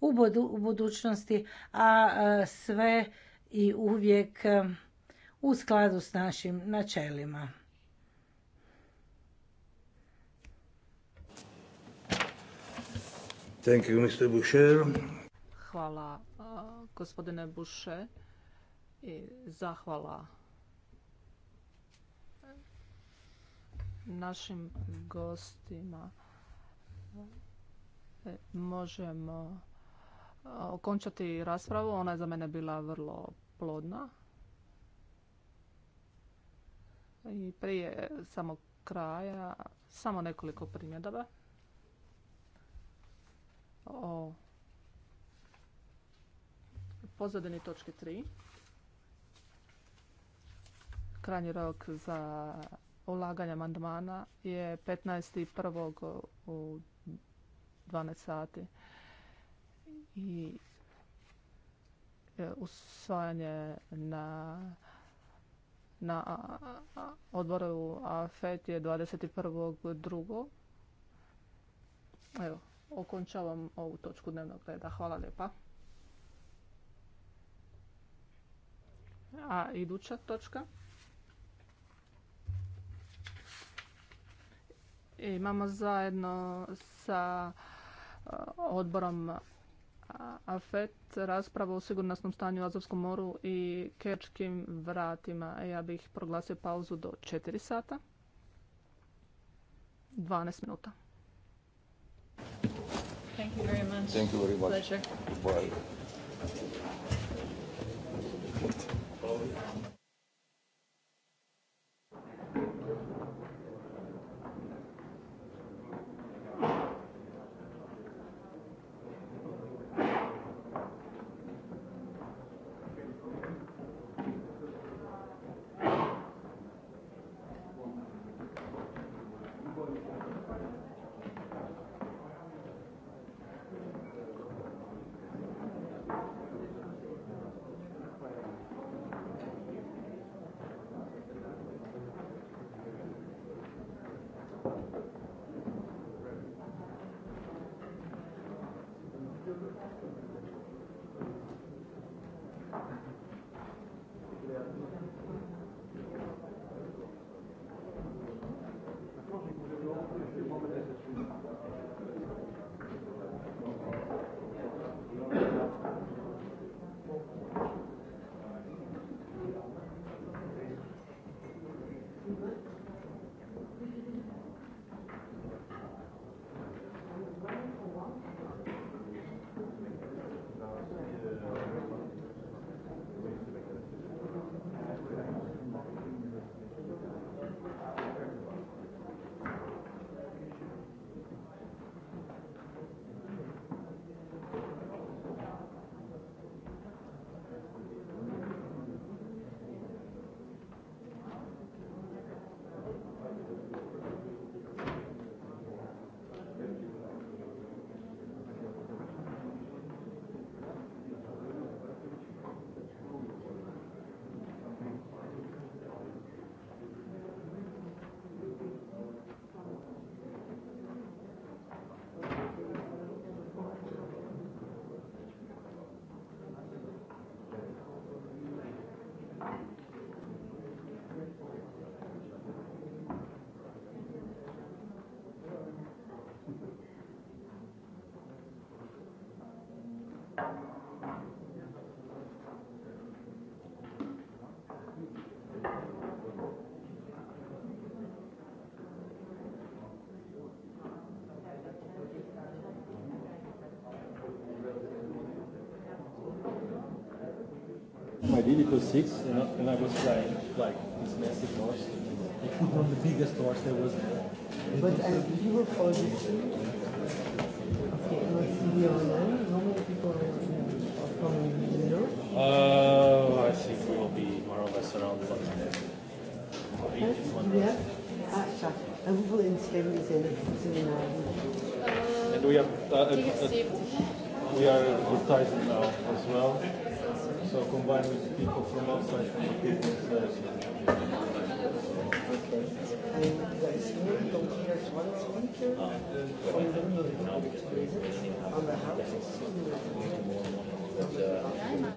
u budućnosti, a sve i uvijek u skladu s našim načelima. Thank you, Hvala gospodine Buše i zahvala našim gostima. E, možemo okončati raspravu. Ona je za mene bila vrlo plodna. I prije samog kraja samo nekoliko primjedaba o pozadini točke 3. Krajnji rok za ulaganje amandmana je 15.1. u 12 sati i e, usvajanje na na odboru AFET je 21.2. Evo, okončavam ovu točku dnevnog reda. Hvala lijepa. A iduća točka. Imamo zajedno sa e, odborom AFET raspravo o sigurnosnom stanju u Azovskom moru i kečkim vratima. E, ja bih proglasio pauzu do 4 sata. 12 minuta. Thank you very much. Thank you very much. Pleasure. Bye. political six, and, and I was flying like this massive horse. I put on the biggest horse there was there. But uh, you were following. Okay, Oh, Uh, I think we will be more or less around 100. Yeah. Așa, ah, And we have uh, uh, uh, uh, we are advertising now as well so combined with people from outside and people from the houses.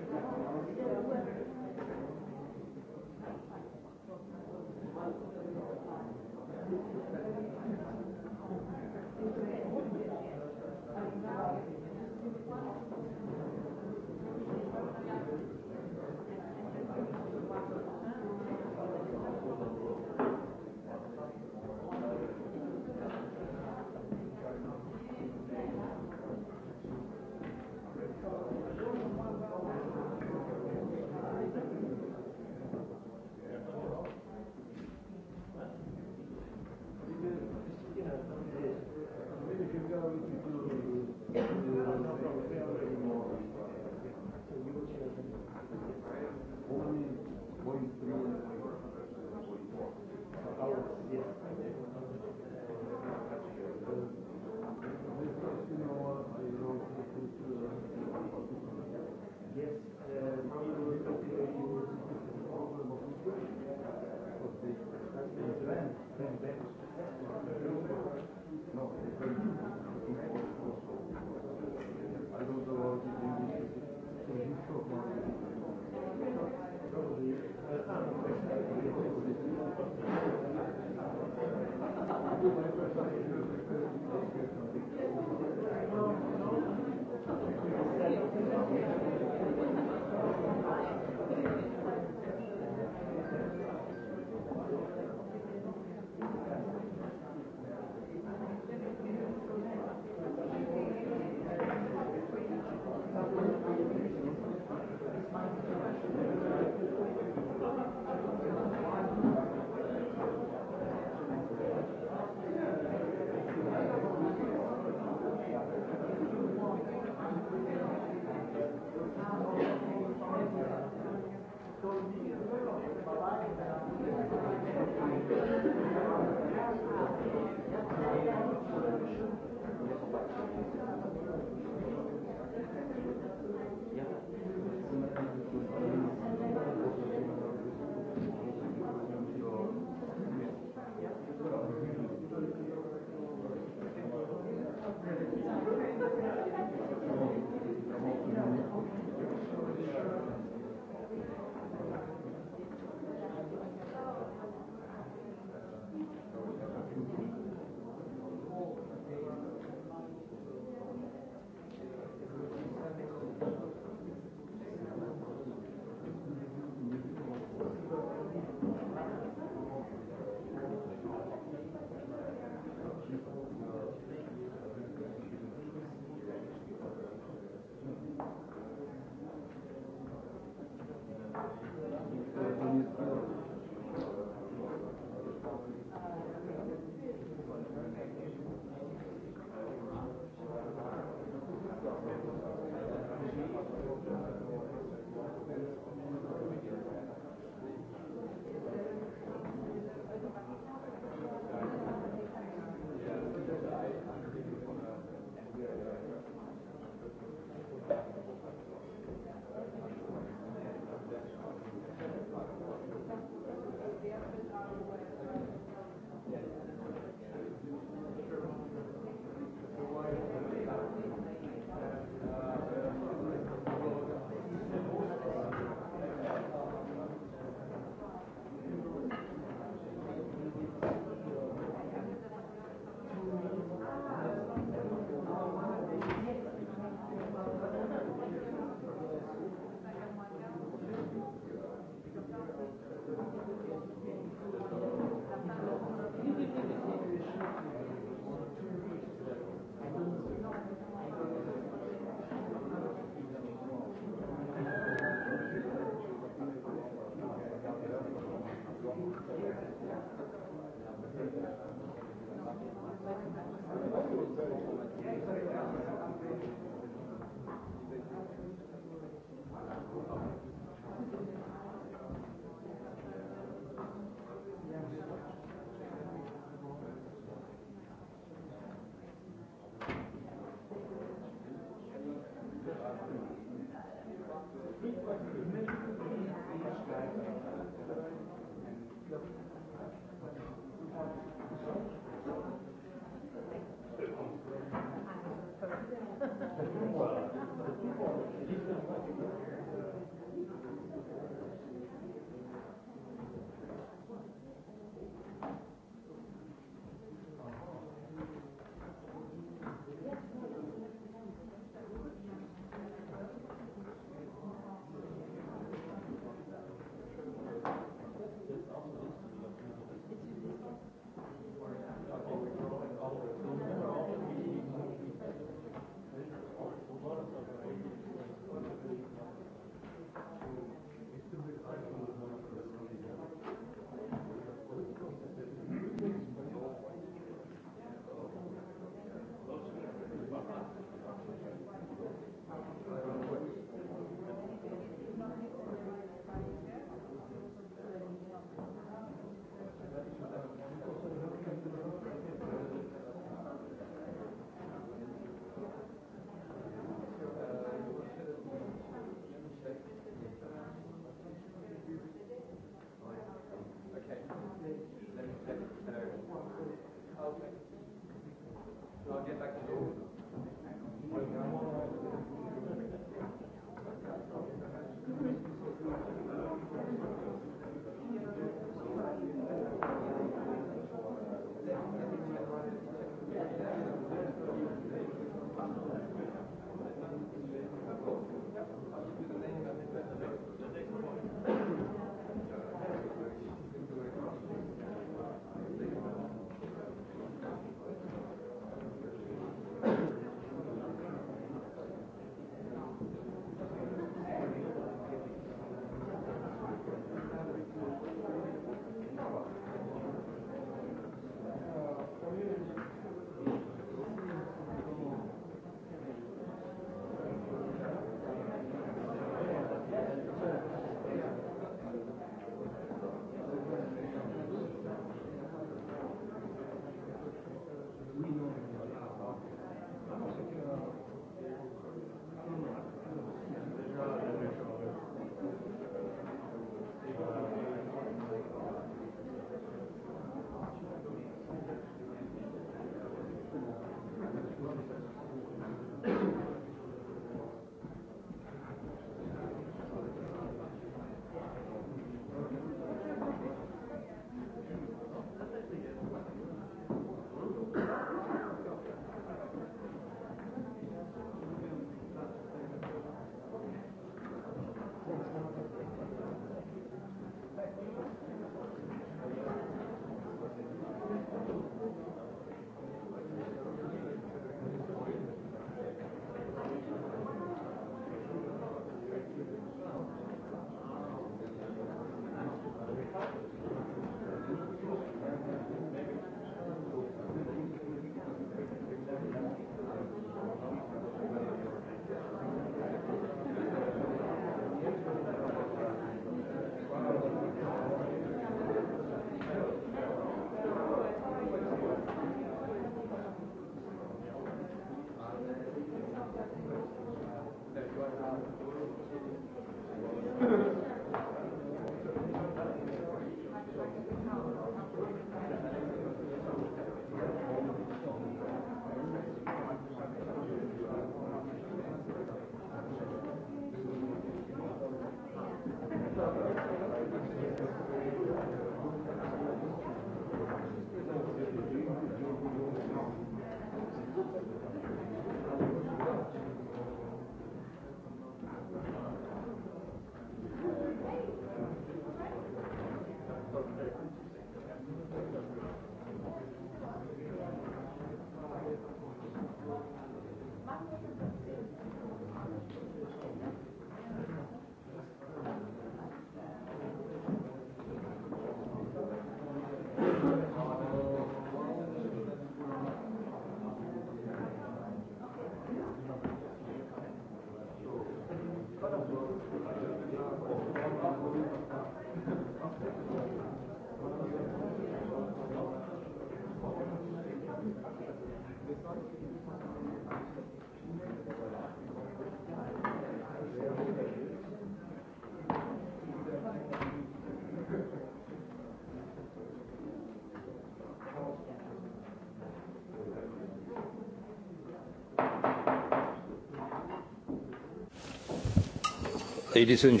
Ladies and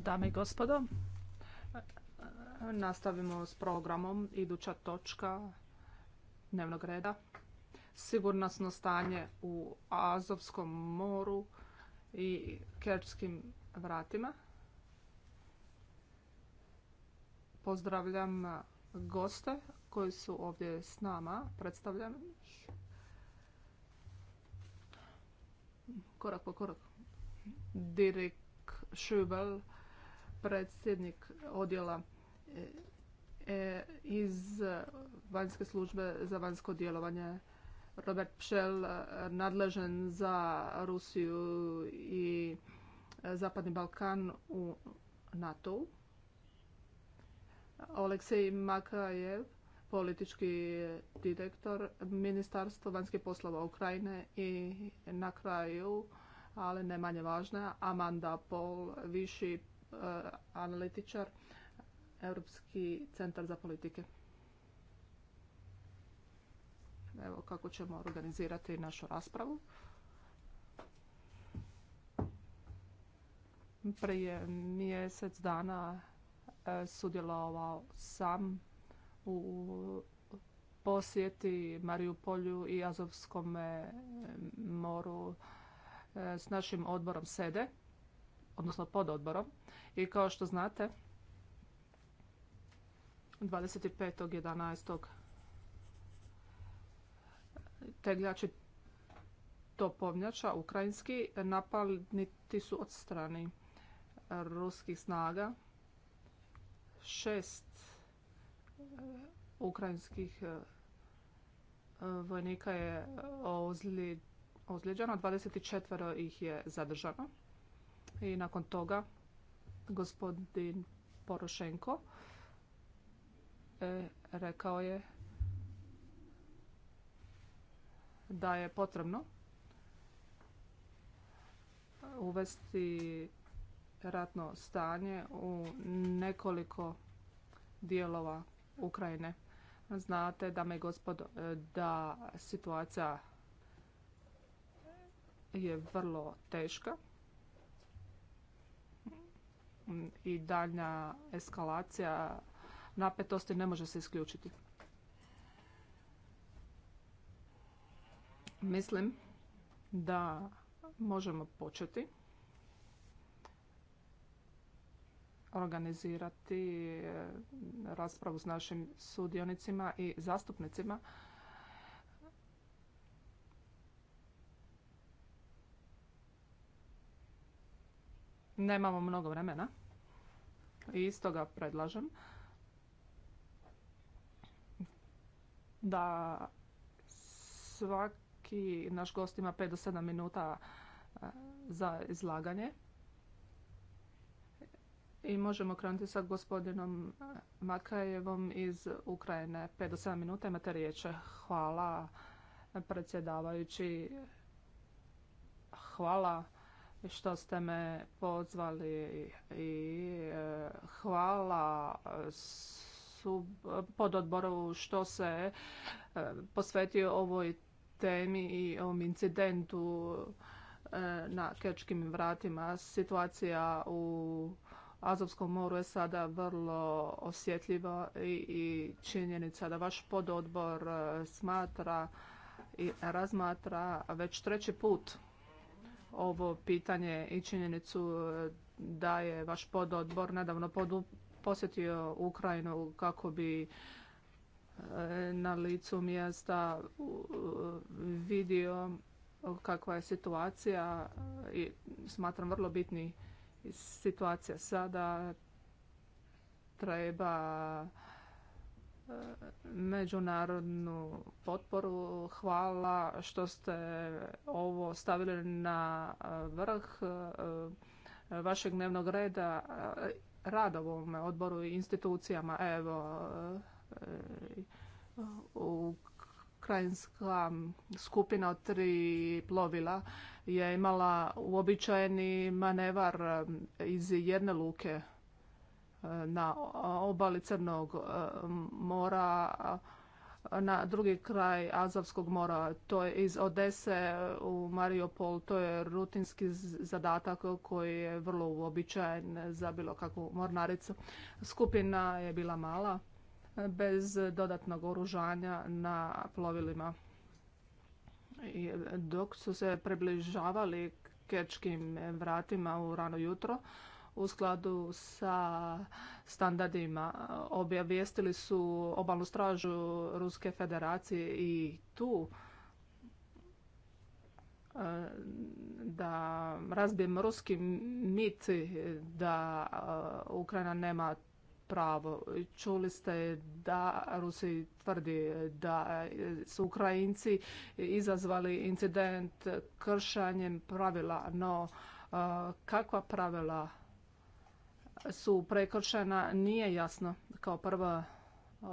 Dame i gospodo, nastavimo s programom. Iduća točka dnevnog reda. Sigurnosno stanje u Azovskom moru i Kerčskim vratima. Pozdravljam goste koji su ovdje s nama. Predstavljam ih. Korak po korak. Direkt Šubel, predsjednik odjela e, e, iz vanjske službe za vanjsko djelovanje. Robert Pšel, nadležen za Rusiju i Zapadni Balkan u NATO-u. Oleksij Makajev, politički direktor Ministarstva vanjskih poslova Ukrajine i na kraju ali ne manje važna, Amanda Paul, viši e, analitičar, Europski centar za politike. Evo kako ćemo organizirati našu raspravu. Prije mjesec dana e, sudjelovao sam u posjeti Mariju i Azovskom moru E, s našim odborom SEDE, odnosno pod odborom. I kao što znate, 25.11. tegljači topovnjača ukrajinski napaliti su od strani ruskih snaga. Šest e, ukrajinskih e, vojnika je ozlijeđeno ozlijeđeno, 24 ih je zadržano. I nakon toga gospodin Porošenko e, rekao je da je potrebno uvesti ratno stanje u nekoliko dijelova Ukrajine. Znate, dame i gospodo, e, da situacija je vrlo teška i daljna eskalacija napetosti ne može se isključiti. Mislim da možemo početi organizirati eh, raspravu s našim sudionicima i zastupnicima Nemamo mnogo vremena i ga predlažem da svaki naš gost ima 5 do 7 minuta e, za izlaganje. I možemo krenuti sa gospodinom Makajevom iz Ukrajine. 5 do 7 minuta imate riječe. Hvala predsjedavajući. Hvala što ste me pozvali i e, hvala pod pododboru što se e, posvetio ovoj temi i ovom incidentu e, na kečkim vratima. Situacija u Azovskom moru je sada vrlo osjetljiva i činjenica da vaš pododbor smatra i razmatra već treći put ovo pitanje i činjenicu e, da je vaš pododbor nedavno posjetio Ukrajinu kako bi e, na licu mjesta vidio kakva je situacija i smatram vrlo bitni situacija sada treba međunarodnu potporu. Hvala što ste ovo stavili na vrh eh, vašeg dnevnog reda eh, rada u odboru i institucijama. Evo, eh, ukrajinska skupina od tri plovila je imala uobičajeni manevar iz jedne luke na obali Crnog e, mora, na drugi kraj Azovskog mora, to je iz Odese u Mariupol, to je rutinski zadatak koji je vrlo uobičajen za bilo kakvu mornaricu. Skupina je bila mala, bez dodatnog oružanja na plovilima. dok su se približavali kečkim vratima u rano jutro, u skladu sa standardima. Objavijestili su obalnu stražu Ruske federacije i tu eh, da razbijem ruski mit da eh, Ukrajina nema pravo. Čuli ste da Rusi tvrdi da su Ukrajinci izazvali incident kršanjem pravila, no eh, kakva pravila su prekršena nije jasno. Kao prva e,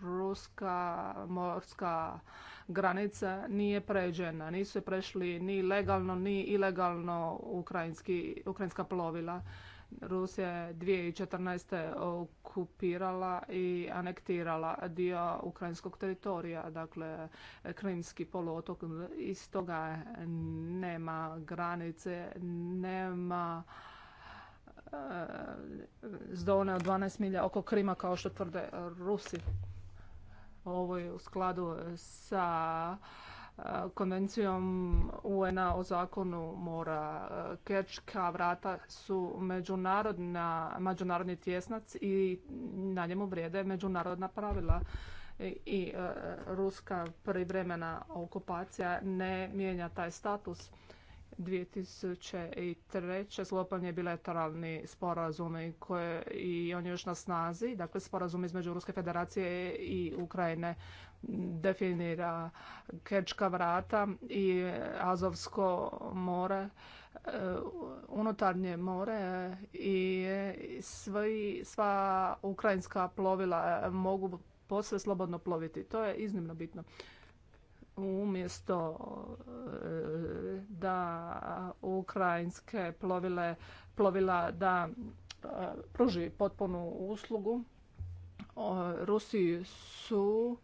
ruska morska granica nije pređena. Nisu je prešli ni legalno ni ilegalno ukrajinski, ukrajinska plovila. Rusija je 2014. okupirala i anektirala dio ukrajinskog teritorija, dakle Krimski poluotok. Iz toga nema granice, nema s od 12 milja oko Krima kao što tvrde Rusi. Ovo je u skladu sa e, konvencijom UN-a o zakonu mora. E, Kečka vrata su međunarodna, međunarodni tjesnac i na njemu vrijede međunarodna pravila e, i ruska privremena okupacija ne mijenja taj status 2003. sklopan je bilateralni sporazum koje, i on je još na snazi. Dakle, sporazum između Ruske federacije i Ukrajine definira Kerčka vrata i Azovsko more, e, unutarnje more i sva ukrajinska plovila mogu posve slobodno ploviti. To je iznimno bitno umjesto e, da ukrajinske plovile, plovila da e, pruži potpunu uslugu. Rusiji su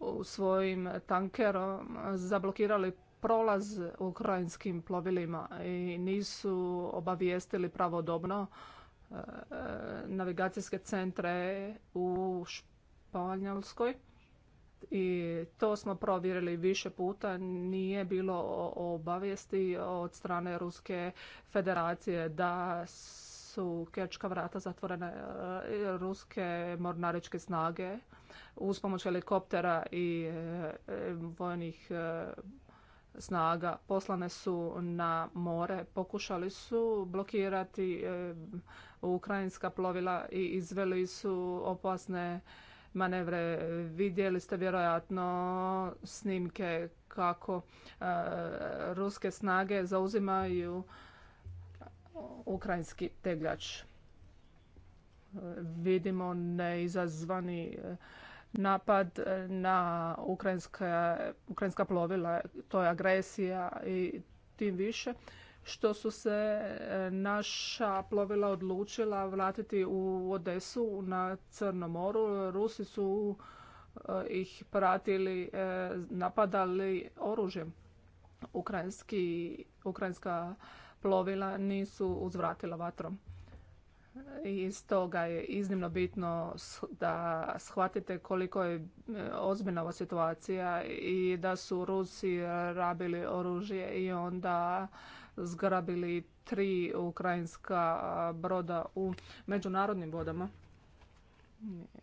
u svojim tankerom zablokirali prolaz ukrajinskim plovilima i nisu obavijestili pravodobno e, navigacijske centre u Španjolskoj i to smo provjerili više puta. Nije bilo obavijesti od strane Ruske federacije da su kečka vrata zatvorene ruske mornaričke snage uz pomoć helikoptera i e, vojnih e, snaga poslane su na more, pokušali su blokirati e, ukrajinska plovila i izveli su opasne manevre. Vidjeli ste vjerojatno snimke kako e, ruske snage zauzimaju ukrajinski tegljač. Vidimo neizazvani e, napad na ukrajinska plovila. To je agresija i tim više što su se e, naša plovila odlučila vratiti u Odesu na Crnom moru. Rusi su e, ih pratili, e, napadali oružjem. Ukrajinski, ukrajinska plovila nisu uzvratila vatrom. I stoga je iznimno bitno da shvatite koliko je ozbiljna ova situacija i da su Rusi rabili oružje i onda zgrabili tri ukrajinska broda u međunarodnim vodama.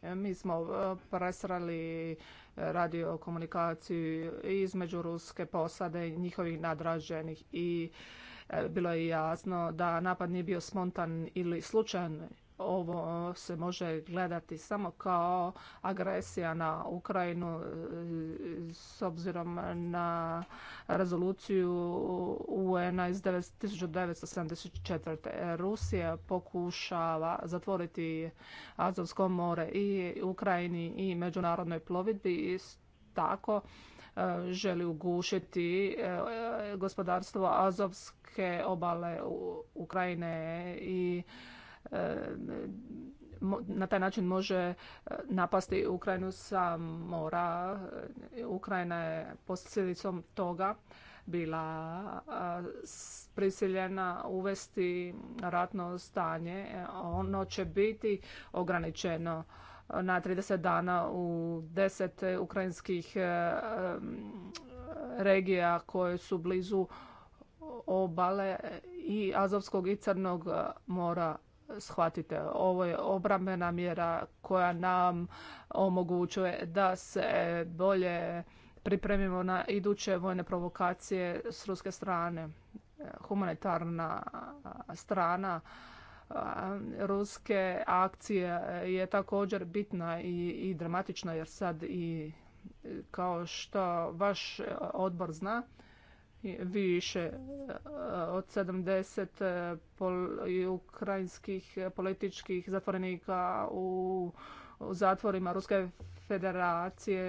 Mi smo e, presrali radio komunikaciju između ruske posade i njihovih nadraženih i e, bilo je jasno da napad nije bio spontan ili slučajan ovo se može gledati samo kao agresija na Ukrajinu e, s obzirom na rezoluciju UN-a iz 1974. Rusija pokušava zatvoriti Azovsko more i Ukrajini i međunarodnoj plovidbi i tako e, želi ugušiti e, gospodarstvo Azovske obale Ukrajine i na taj način može e, napasti Ukrajinu sa mora. E, Ukrajina je posljedicom toga bila prisiljena uvesti ratno stanje. E, ono će biti ograničeno na 30 dana u 10 ukrajinskih regija koje su blizu obale i Azovskog i Crnog mora shvatite, ovo je obrambena mjera koja nam omogućuje da se bolje pripremimo na iduće vojne provokacije s ruske strane. Humanitarna strana ruske akcije je također bitna i, i dramatična jer sad i kao što vaš odbor zna, više e, od 70 e, pol, ukrajinskih političkih zatvorenika u, zatvorima Ruske federacije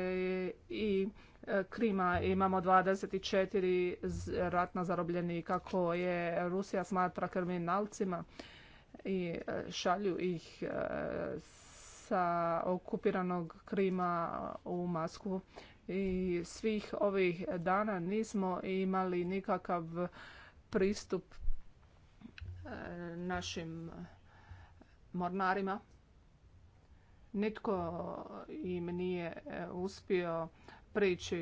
i e, Krima imamo 24 ratna zarobljenika koje Rusija smatra kriminalcima i šalju ih sa okupiranog Krima u Masku i svih ovih dana nismo imali nikakav pristup e, našim mornarima. Nitko im nije e, uspio prići,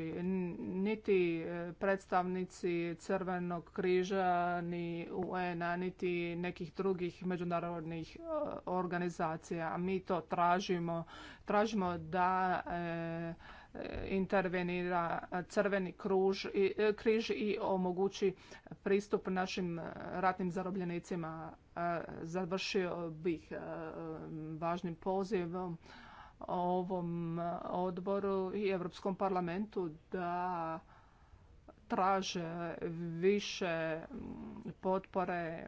niti e, predstavnici Crvenog križa, ni UN-a, niti nekih drugih međunarodnih organizacija. Mi to tražimo. Tražimo da intervenira crveni kruž, križ i omogući pristup našim ratnim zarobljenicima. E, završio bih e, važnim pozivom ovom odboru i Europskom parlamentu da traže više potpore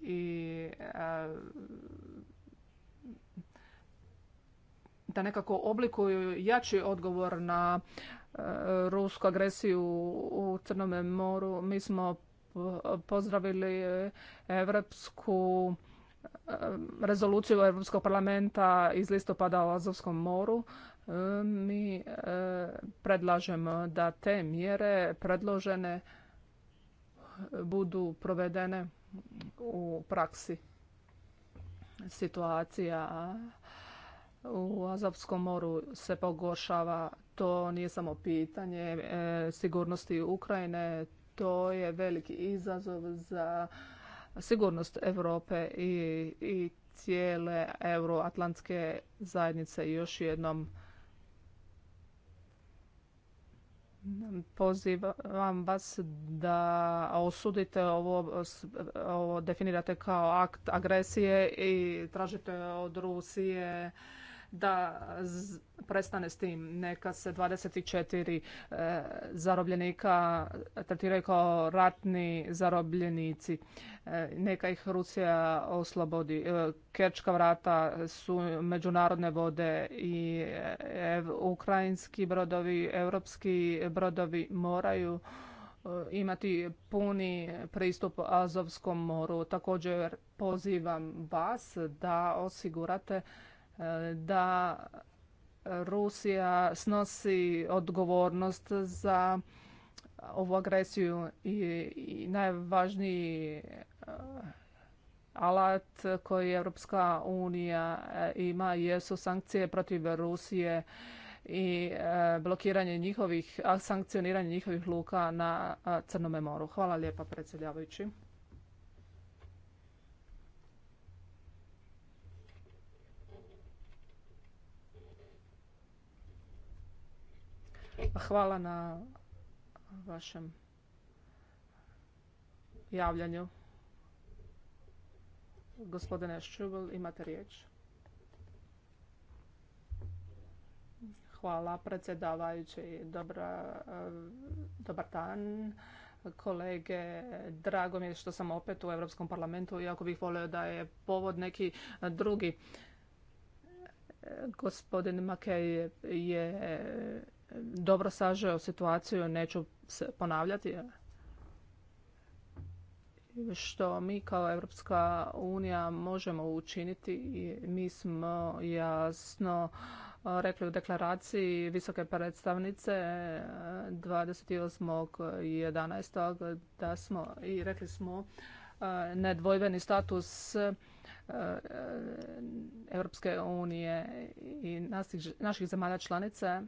i e, da nekako oblikuju jači odgovor na e, rusku agresiju u Crnome moru. Mi smo pozdravili evropsku e, rezoluciju Europskog parlamenta iz listopada o Azovskom moru. E, mi predlažemo da te mjere predložene budu provedene u praksi. Situacija u Azovskom moru se pogoršava. To nije samo pitanje e, sigurnosti Ukrajine, to je veliki izazov za sigurnost Europe i, i cijele euroatlantske zajednice. Još jednom pozivam vas da osudite ovo, ovo definirate kao akt agresije i tražite od Rusije da prestane s tim. Neka se 24 e, zarobljenika tretiraju kao ratni zarobljenici. E, neka ih Rusija oslobodi. E, Kerčka vrata su međunarodne vode i ukrajinski brodovi, europski brodovi moraju imati puni pristup Azovskom moru. Također pozivam vas da osigurate da Rusija snosi odgovornost za ovu agresiju i, najvažniji eh, alat koji Europska unija eh, ima jesu sankcije protiv Rusije i eh, blokiranje njihovih, sankcioniranje njihovih luka na Crnome moru. Hvala lijepa predsjedavajući. Hvala na vašem javljanju. Gospodine Ščubel, imate riječ. Hvala predsjedavajući. Dobra, eh, dobar dan kolege. Drago mi je što sam opet u Europskom parlamentu, iako bih volio da je povod neki eh, drugi. Eh, gospodin Makej je dobro sažeo situaciju, neću se ponavljati. Što mi kao Evropska unija možemo učiniti, i mi smo jasno rekli u deklaraciji visoke predstavnice 11. E, da smo i rekli smo nedvojbeni status e, e, Evropske unije i naših zemalja članice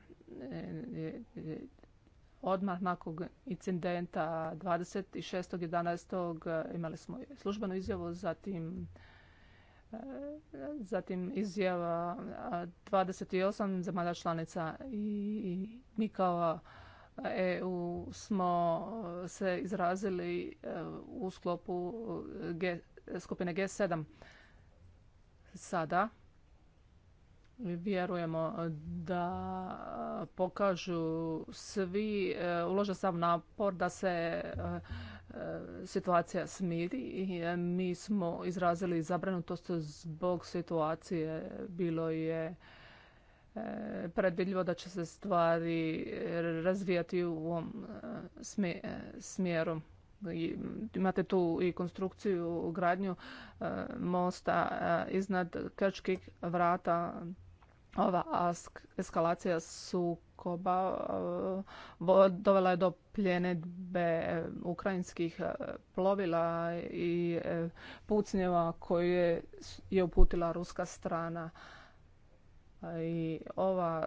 odmah nakon incidenta 26.11. imali smo službenu izjavu, zatim zatim izjava 28 zemalja članica i mi kao EU smo se izrazili e, u sklopu skupine G7 sada vjerujemo da pokažu svi, e, ulože sam napor da se e, situacija smiri i e, mi smo izrazili zabrinutost zbog situacije. Bilo je predvidljivo da će se stvari razvijati u ovom smjeru. Imate tu i konstrukciju, gradnju mosta iznad Krčkih vrata ova eskalacija sukoba eh, dovela je do pljenedbe eh, ukrajinskih eh, plovila i pucnjeva koje je uputila ruska strana. I ova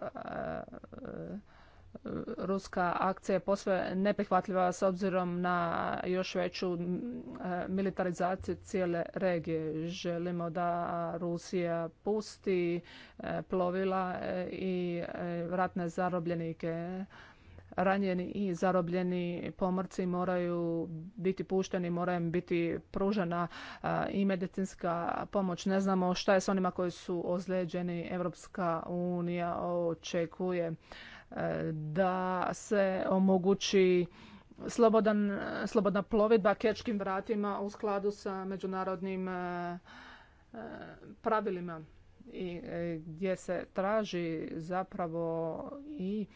ruska akcija je posve neprihvatljiva s obzirom na još veću e, militarizaciju cijele regije. Želimo da Rusija pusti e, plovila e, i ratne zarobljenike. Ranjeni i zarobljeni pomorci moraju biti pušteni, moraju biti pružena i medicinska pomoć. Ne znamo šta je s onima koji su ozlijeđeni. Evropska unija očekuje da se omogući slobodan, slobodna plovidba kečkim vratima u skladu sa međunarodnim e, e, pravilima i e, gdje se traži zapravo i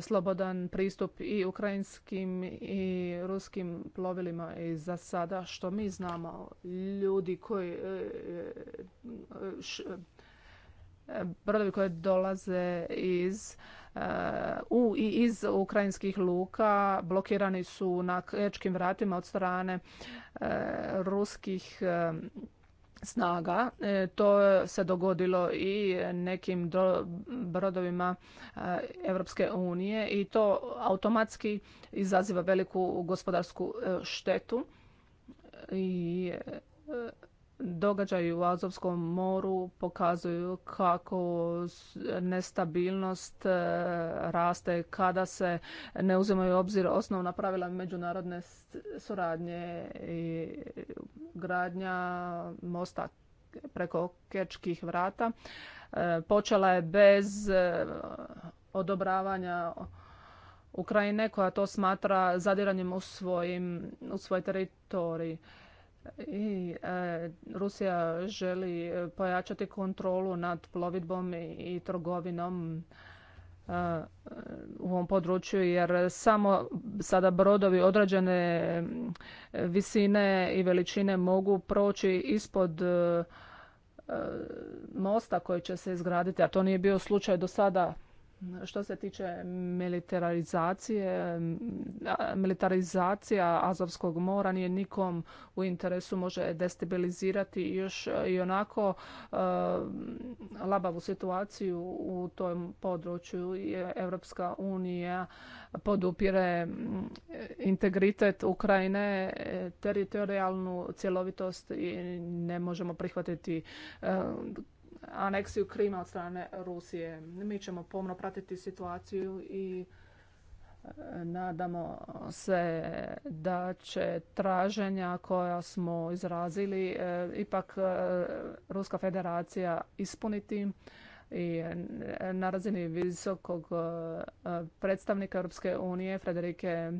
slobodan pristup i ukrajinskim i ruskim plovilima i za sada što mi znamo ljudi koji brodovi koji dolaze iz u i iz ukrajinskih luka blokirani su na krečkim vratima od strane e, ruskih e, snaga. E, to se dogodilo i nekim brodovima Evropske unije i to automatski izaziva veliku gospodarsku štetu i događaji u Azovskom moru pokazuju kako nestabilnost e, raste kada se ne uzimaju u obzir osnovna pravila međunarodne suradnje i gradnja mosta preko Kečkih vrata. E, počela je bez e, odobravanja Ukrajine koja to smatra zadiranjem u, u svoj teritorij i e, Rusija želi pojačati kontrolu nad plovidbom i, trgovinom e, u ovom području jer samo sada brodovi određene visine i veličine mogu proći ispod e, mosta koji će se izgraditi, a to nije bio slučaj do sada što se tiče militarizacije, militarizacija Azovskog mora nije nikom u interesu, može destabilizirati još i onako e, labavu situaciju u tom području. Europska unija podupire integritet Ukrajine, teritorijalnu cjelovitost i ne možemo prihvatiti e, aneksiju Krima od strane Rusije. Mi ćemo pomno pratiti situaciju i e, nadamo se da će traženja koja smo izrazili e, ipak e, Ruska federacija ispuniti i na razini visokog predstavnika Europske unije Frederike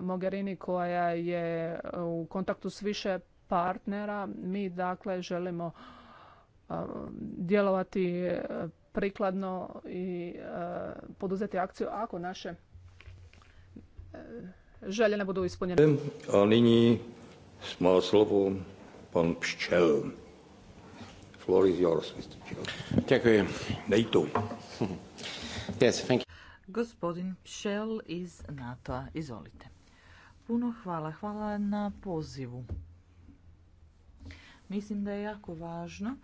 Mogherini koja je u kontaktu s više partnera. Mi dakle želimo djelovati e, prikladno i e, poduzeti akciju ako naše e, želje ne budu ispunjene. A nini pan is Mr. Yes, thank you. Gospodin Pšel iz NATO-a, izvolite. Puno hvala, hvala na pozivu. Mislim da je jako važno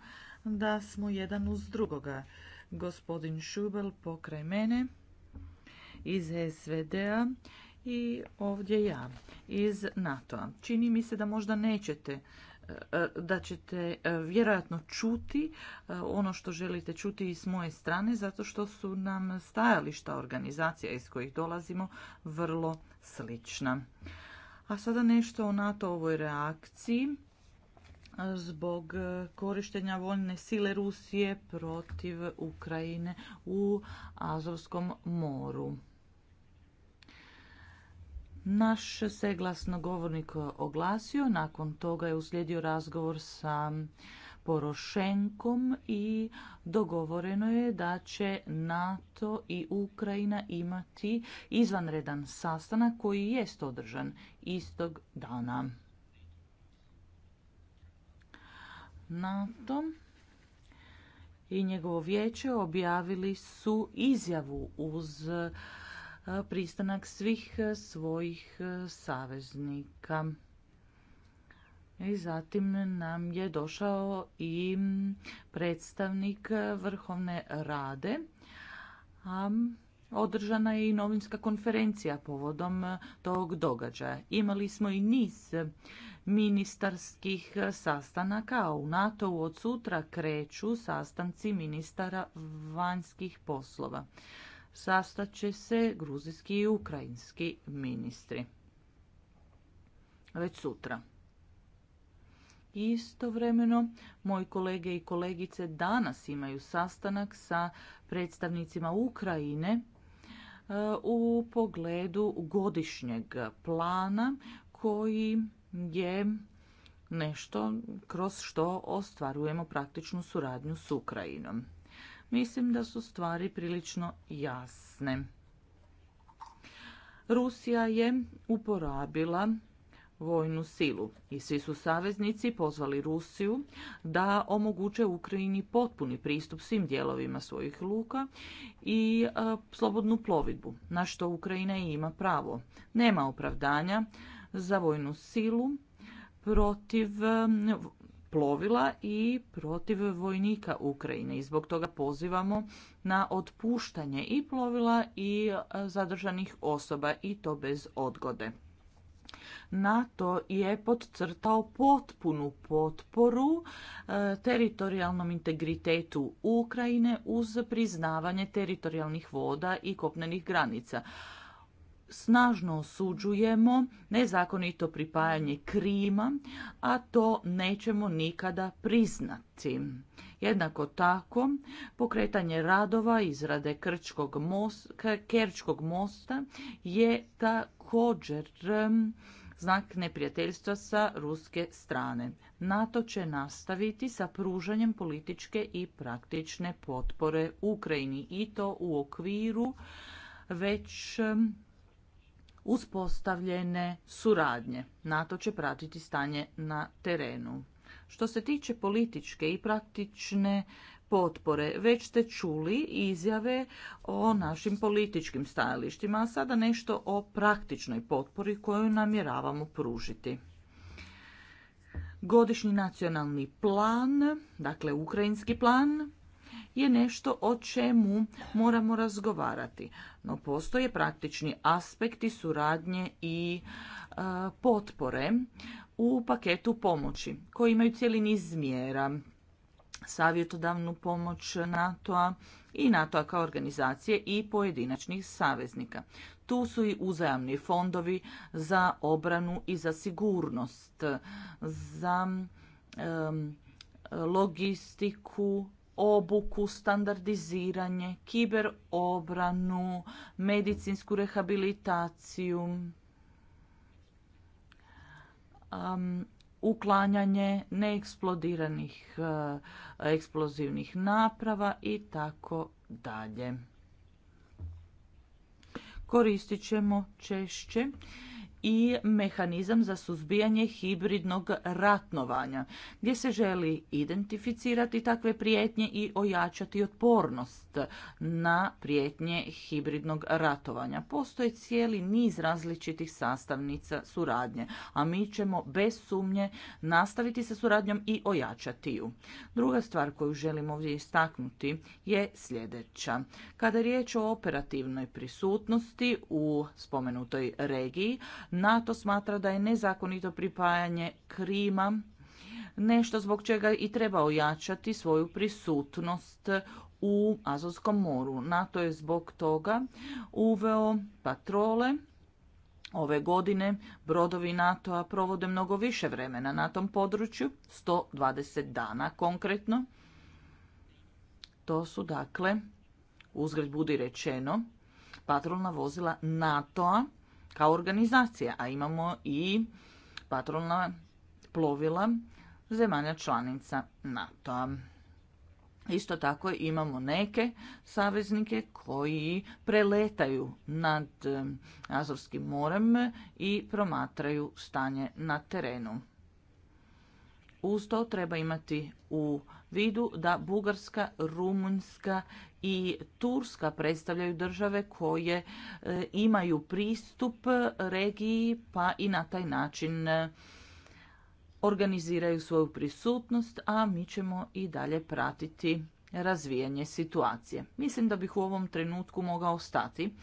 da smo jedan uz drugoga. Gospodin Šubel pokraj mene iz SVD-a i ovdje ja iz NATO-a. Čini mi se da možda nećete e, e, da ćete e, vjerojatno čuti ono što želite čuti i s moje strane zato što su nam stajališta organizacija iz kojih dolazimo vrlo slična. A sada nešto o NATO-ovoj reakciji zbog e, korištenja voljne sile Rusije protiv Ukrajine u Azovskom moru. Naš se glasnogovornik oglasio, nakon toga je uslijedio razgovor sa Porošenkom i dogovoreno je da će NATO i Ukrajina imati izvanredan sastanak koji jest održan istog dana. tom i njegovo vijeće objavili su izjavu uz e, pristanak svih e, svojih e, saveznika. I zatim nam je došao i predstavnik Vrhovne rade. A održana je i novinska konferencija povodom e, tog događaja. Imali smo i niz e, ministarskih e, sastanaka, a u NATO-u od sutra kreću sastanci ministara vanjskih poslova. će se gruzijski i ukrajinski ministri. Već sutra. Istovremeno, moji kolege i kolegice danas imaju sastanak sa predstavnicima Ukrajine E, u pogledu godišnjeg plana koji je nešto kroz što ostvarujemo praktičnu suradnju s Ukrajinom. Mislim da su stvari prilično jasne. Rusija je uporabila vojnu silu i svi su saveznici pozvali Rusiju da omoguće Ukrajini potpuni pristup svim dijelovima svojih luka i e, slobodnu plovidbu, na što Ukrajina ima pravo. Nema opravdanja za vojnu silu protiv e, plovila i protiv vojnika Ukrajine i zbog toga pozivamo na otpuštanje i plovila i e, zadržanih osoba i to bez odgode. NATO je podcrtao potpunu potporu e, teritorijalnom integritetu Ukrajine uz priznavanje teritorijalnih voda i kopnenih granica snažno osuđujemo nezakonito pripajanje Krima, a to nećemo nikada priznati. Jednako tako, pokretanje radova izrade Krčkog mosta, Kerčkog mosta je također znak neprijateljstva sa ruske strane. NATO će nastaviti sa pružanjem političke i praktične potpore Ukrajini i to u okviru već uspostavljene suradnje. NATO će pratiti stanje na terenu. Što se tiče političke i praktične potpore. Već ste čuli izjave o našim političkim stajalištima, a sada nešto o praktičnoj potpori koju namjeravamo pružiti. Godišnji nacionalni plan, dakle ukrajinski plan, je nešto o čemu moramo razgovarati. No postoje praktični aspekti suradnje i e, potpore u paketu pomoći koji imaju cijeli niz mjera savjetodavnu pomoć NATO-a i NATO-a kao organizacije i pojedinačnih saveznika. Tu su i uzajamni fondovi za obranu i za sigurnost, za logistiku, obuku, standardiziranje, kiberobranu, medicinsku rehabilitaciju, uklanjanje neeksplodiranih e, eksplozivnih naprava i tako dalje. Koristit ćemo češće i mehanizam za suzbijanje hibridnog ratnovanja, gdje se želi identificirati takve prijetnje i ojačati otpornost na prijetnje hibridnog ratovanja. Postoji cijeli niz različitih sastavnica suradnje, a mi ćemo bez sumnje nastaviti sa suradnjom i ojačati ju. Druga stvar koju želim ovdje istaknuti je sljedeća. Kada je riječ o operativnoj prisutnosti u spomenutoj regiji, NATO smatra da je nezakonito pripajanje Krima nešto zbog čega i treba ojačati svoju prisutnost u Azovskom moru. NATO je zbog toga uveo patrole Ove godine brodovi NATO-a provode mnogo više vremena na tom području, 120 dana konkretno. To su dakle, uzgled budi rečeno, patrolna vozila NATO-a kao organizacija, a imamo i patrolna plovila zemalja članica NATO-a. Isto tako imamo neke saveznike koji preletaju nad eh, Azorskim morem i promatraju stanje na terenu. Uz to treba imati u vidu da Bugarska, Rumunjska i Turska predstavljaju države koje e, imaju pristup e, regiji pa i na taj način e, organiziraju svoju prisutnost, a mi ćemo i dalje pratiti razvijanje situacije. Mislim da bih u ovom trenutku mogao stati,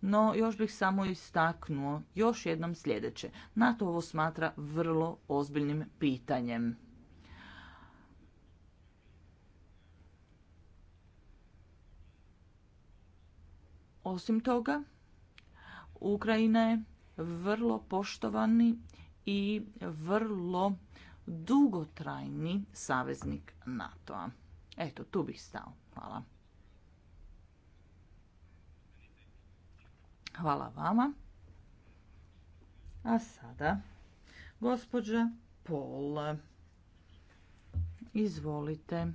no još bih samo istaknuo još jednom sljedeće. NATO ovo smatra vrlo ozbiljnim pitanjem. Osim toga, Ukrajina je vrlo poštovani i vrlo dugotrajni saveznik NATO-a. Eto, tu bih stao. Hvala. Hvala vama. A sada, gospođa Pol, izvolite.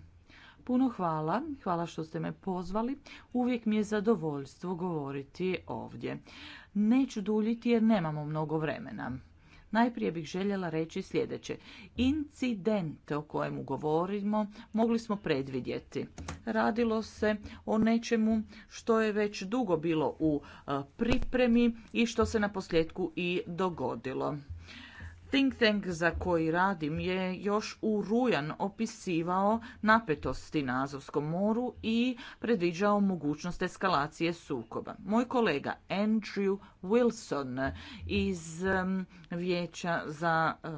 Puno hvala, hvala što ste me pozvali. Uvijek mi je zadovoljstvo govoriti ovdje. Neću duljiti jer nemamo mnogo vremena. Najprije bih željela reći sljedeće. Incident o kojemu govorimo mogli smo predvidjeti. Radilo se o nečemu što je već dugo bilo u pripremi i što se na posljedku i dogodilo. Think Tank za koji radim je još u rujan opisivao napetosti na Azovskom moru i predviđao mogućnost eskalacije sukoba. Moj kolega Andrew Wilson iz Vijeća za eh,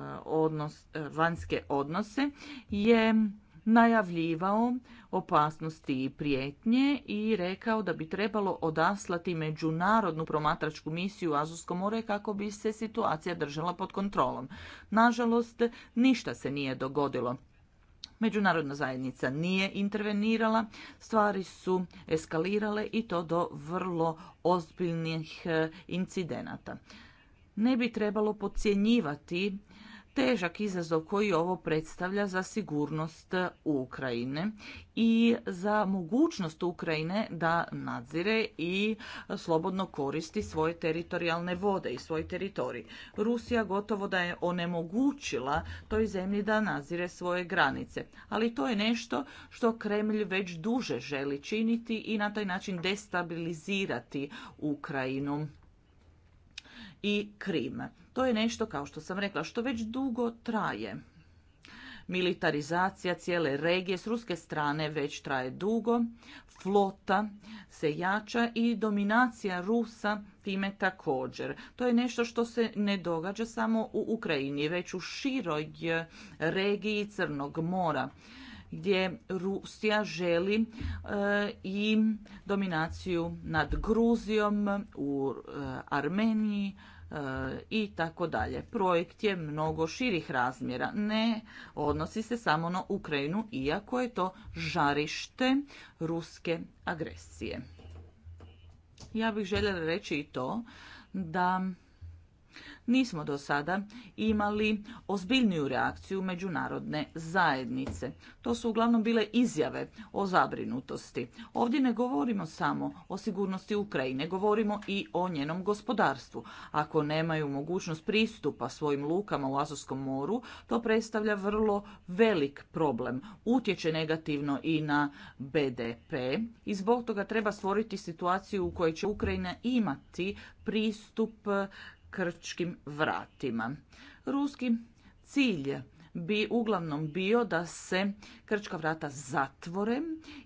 eh, vanjske odnose je najavljivao opasnosti i prijetnje i rekao da bi trebalo odaslati međunarodnu promatračku misiju u Azovsko more kako bi se situacija držala pod kontrolom. Nažalost, ništa se nije dogodilo. Međunarodna zajednica nije intervenirala, stvari su eskalirale i to do vrlo ozbiljnih eh, incidenata. Ne bi trebalo podcjenjivati težak izazov koji ovo predstavlja za sigurnost Ukrajine i za mogućnost Ukrajine da nadzire i slobodno koristi svoje teritorijalne vode i svoj teritorij. Rusija gotovo da je onemogućila toj zemlji da nadzire svoje granice, ali to je nešto što Kremlj već duže želi činiti i na taj način destabilizirati Ukrajinu i Krim. To je nešto, kao što sam rekla, što već dugo traje. Militarizacija cijele regije s ruske strane već traje dugo, flota se jača i dominacija Rusa time također. To je nešto što se ne događa samo u Ukrajini, već u široj regiji Crnog mora gdje Rusija želi e, i dominaciju nad Gruzijom, u e, Armeniji, E, i tako dalje. Projekt je mnogo širih razmjera. Ne odnosi se samo na Ukrajinu, iako je to žarište ruske agresije. Ja bih željela reći i to da nismo do sada imali ozbiljniju reakciju međunarodne zajednice. To su uglavnom bile izjave o zabrinutosti. Ovdje ne govorimo samo o sigurnosti Ukrajine, govorimo i o njenom gospodarstvu. Ako nemaju mogućnost pristupa svojim lukama u Azovskom moru, to predstavlja vrlo velik problem. Utječe negativno i na BDP i zbog toga treba stvoriti situaciju u kojoj će Ukrajina imati pristup krčkim vratima. Ruski cilj bi uglavnom bio da se krčka vrata zatvore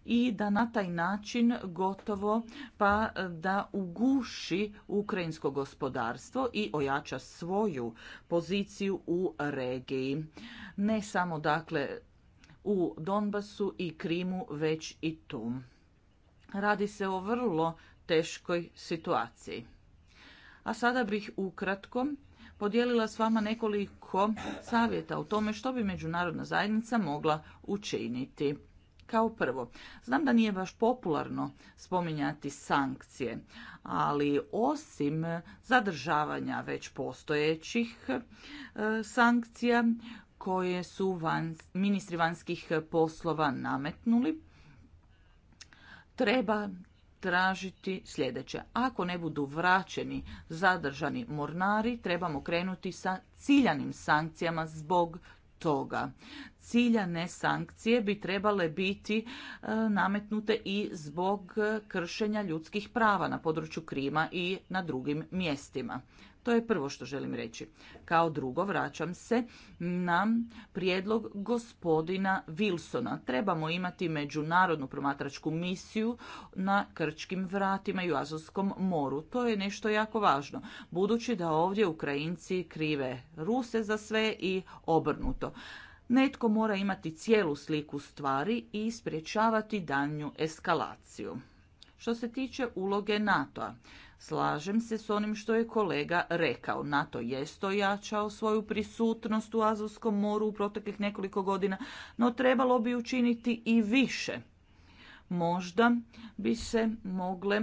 i da na taj način gotovo pa da uguši ukrajinsko gospodarstvo i ojača svoju poziciju u regiji. Ne samo dakle u Donbasu i Krimu već i tu. Radi se o vrlo teškoj situaciji. A sada bih ukratko podijelila s vama nekoliko savjeta o tome što bi međunarodna zajednica mogla učiniti. Kao prvo, znam da nije baš popularno spominjati sankcije, ali osim zadržavanja već postojećih e, sankcija koje su van, ministri vanjskih poslova nametnuli, treba tražiti sljedeće. Ako ne budu vraćeni zadržani mornari, trebamo krenuti sa ciljanim sankcijama zbog toga. Ciljane sankcije bi trebale biti e, nametnute i zbog kršenja ljudskih prava na području Krima i na drugim mjestima. To je prvo što želim reći. Kao drugo, vraćam se na prijedlog gospodina Wilsona. Trebamo imati međunarodnu promatračku misiju na krčkim vratima i u Azovskom moru. To je nešto jako važno, budući da ovdje Ukrajinci krive Ruse za sve i obrnuto. Netko mora imati cijelu sliku stvari i sprječavati danju eskalaciju. Što se tiče uloge NATO-a, Slažem se s onim što je kolega rekao. NATO je ojačao svoju prisutnost u Azovskom moru u proteklih nekoliko godina, no trebalo bi učiniti i više. Možda bi se mogle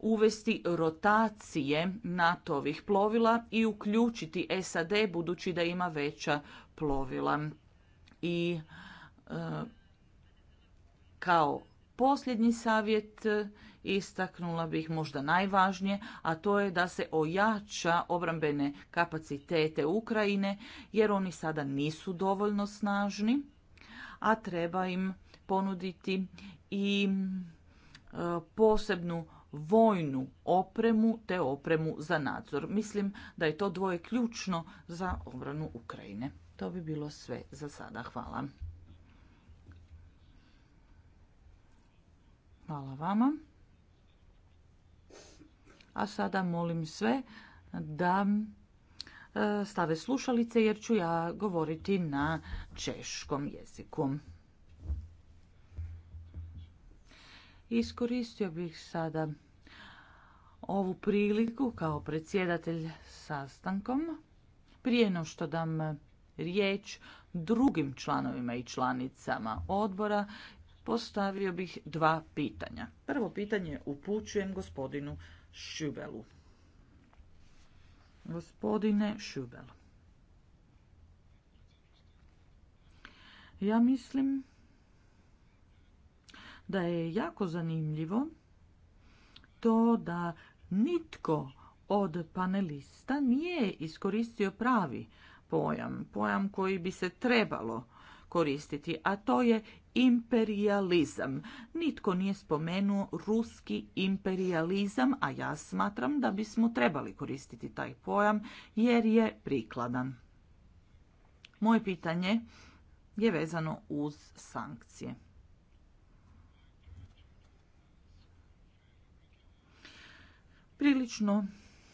uvesti rotacije NATO-ovih plovila i uključiti SAD budući da ima veća plovila. I e, kao posljednji savjet e, istaknula bih možda najvažnije, a to je da se ojača obrambene kapacitete Ukrajine jer oni sada nisu dovoljno snažni, a treba im ponuditi i e, posebnu vojnu opremu te opremu za nadzor. Mislim da je to dvoje ključno za obranu Ukrajine. To bi bilo sve za sada. Hvala. Hvala vama. A sada molim sve da e, stave slušalice jer ću ja govoriti na češkom jeziku. Iskoristio bih sada ovu priliku kao predsjedatelj sastankom prije no što dam riječ drugim članovima i članicama odbora postavio bih dva pitanja. Prvo pitanje upućujem gospodinu Šubelu. Gospodine Šubel. Ja mislim da je jako zanimljivo to da nitko od panelista nije iskoristio pravi pojam, pojam koji bi se trebalo koristiti, a to je imperializam. Nitko nije spomenuo ruski imperijalizam, a ja smatram da bismo trebali koristiti taj pojam jer je prikladan. Moje pitanje je vezano uz sankcije. Prilično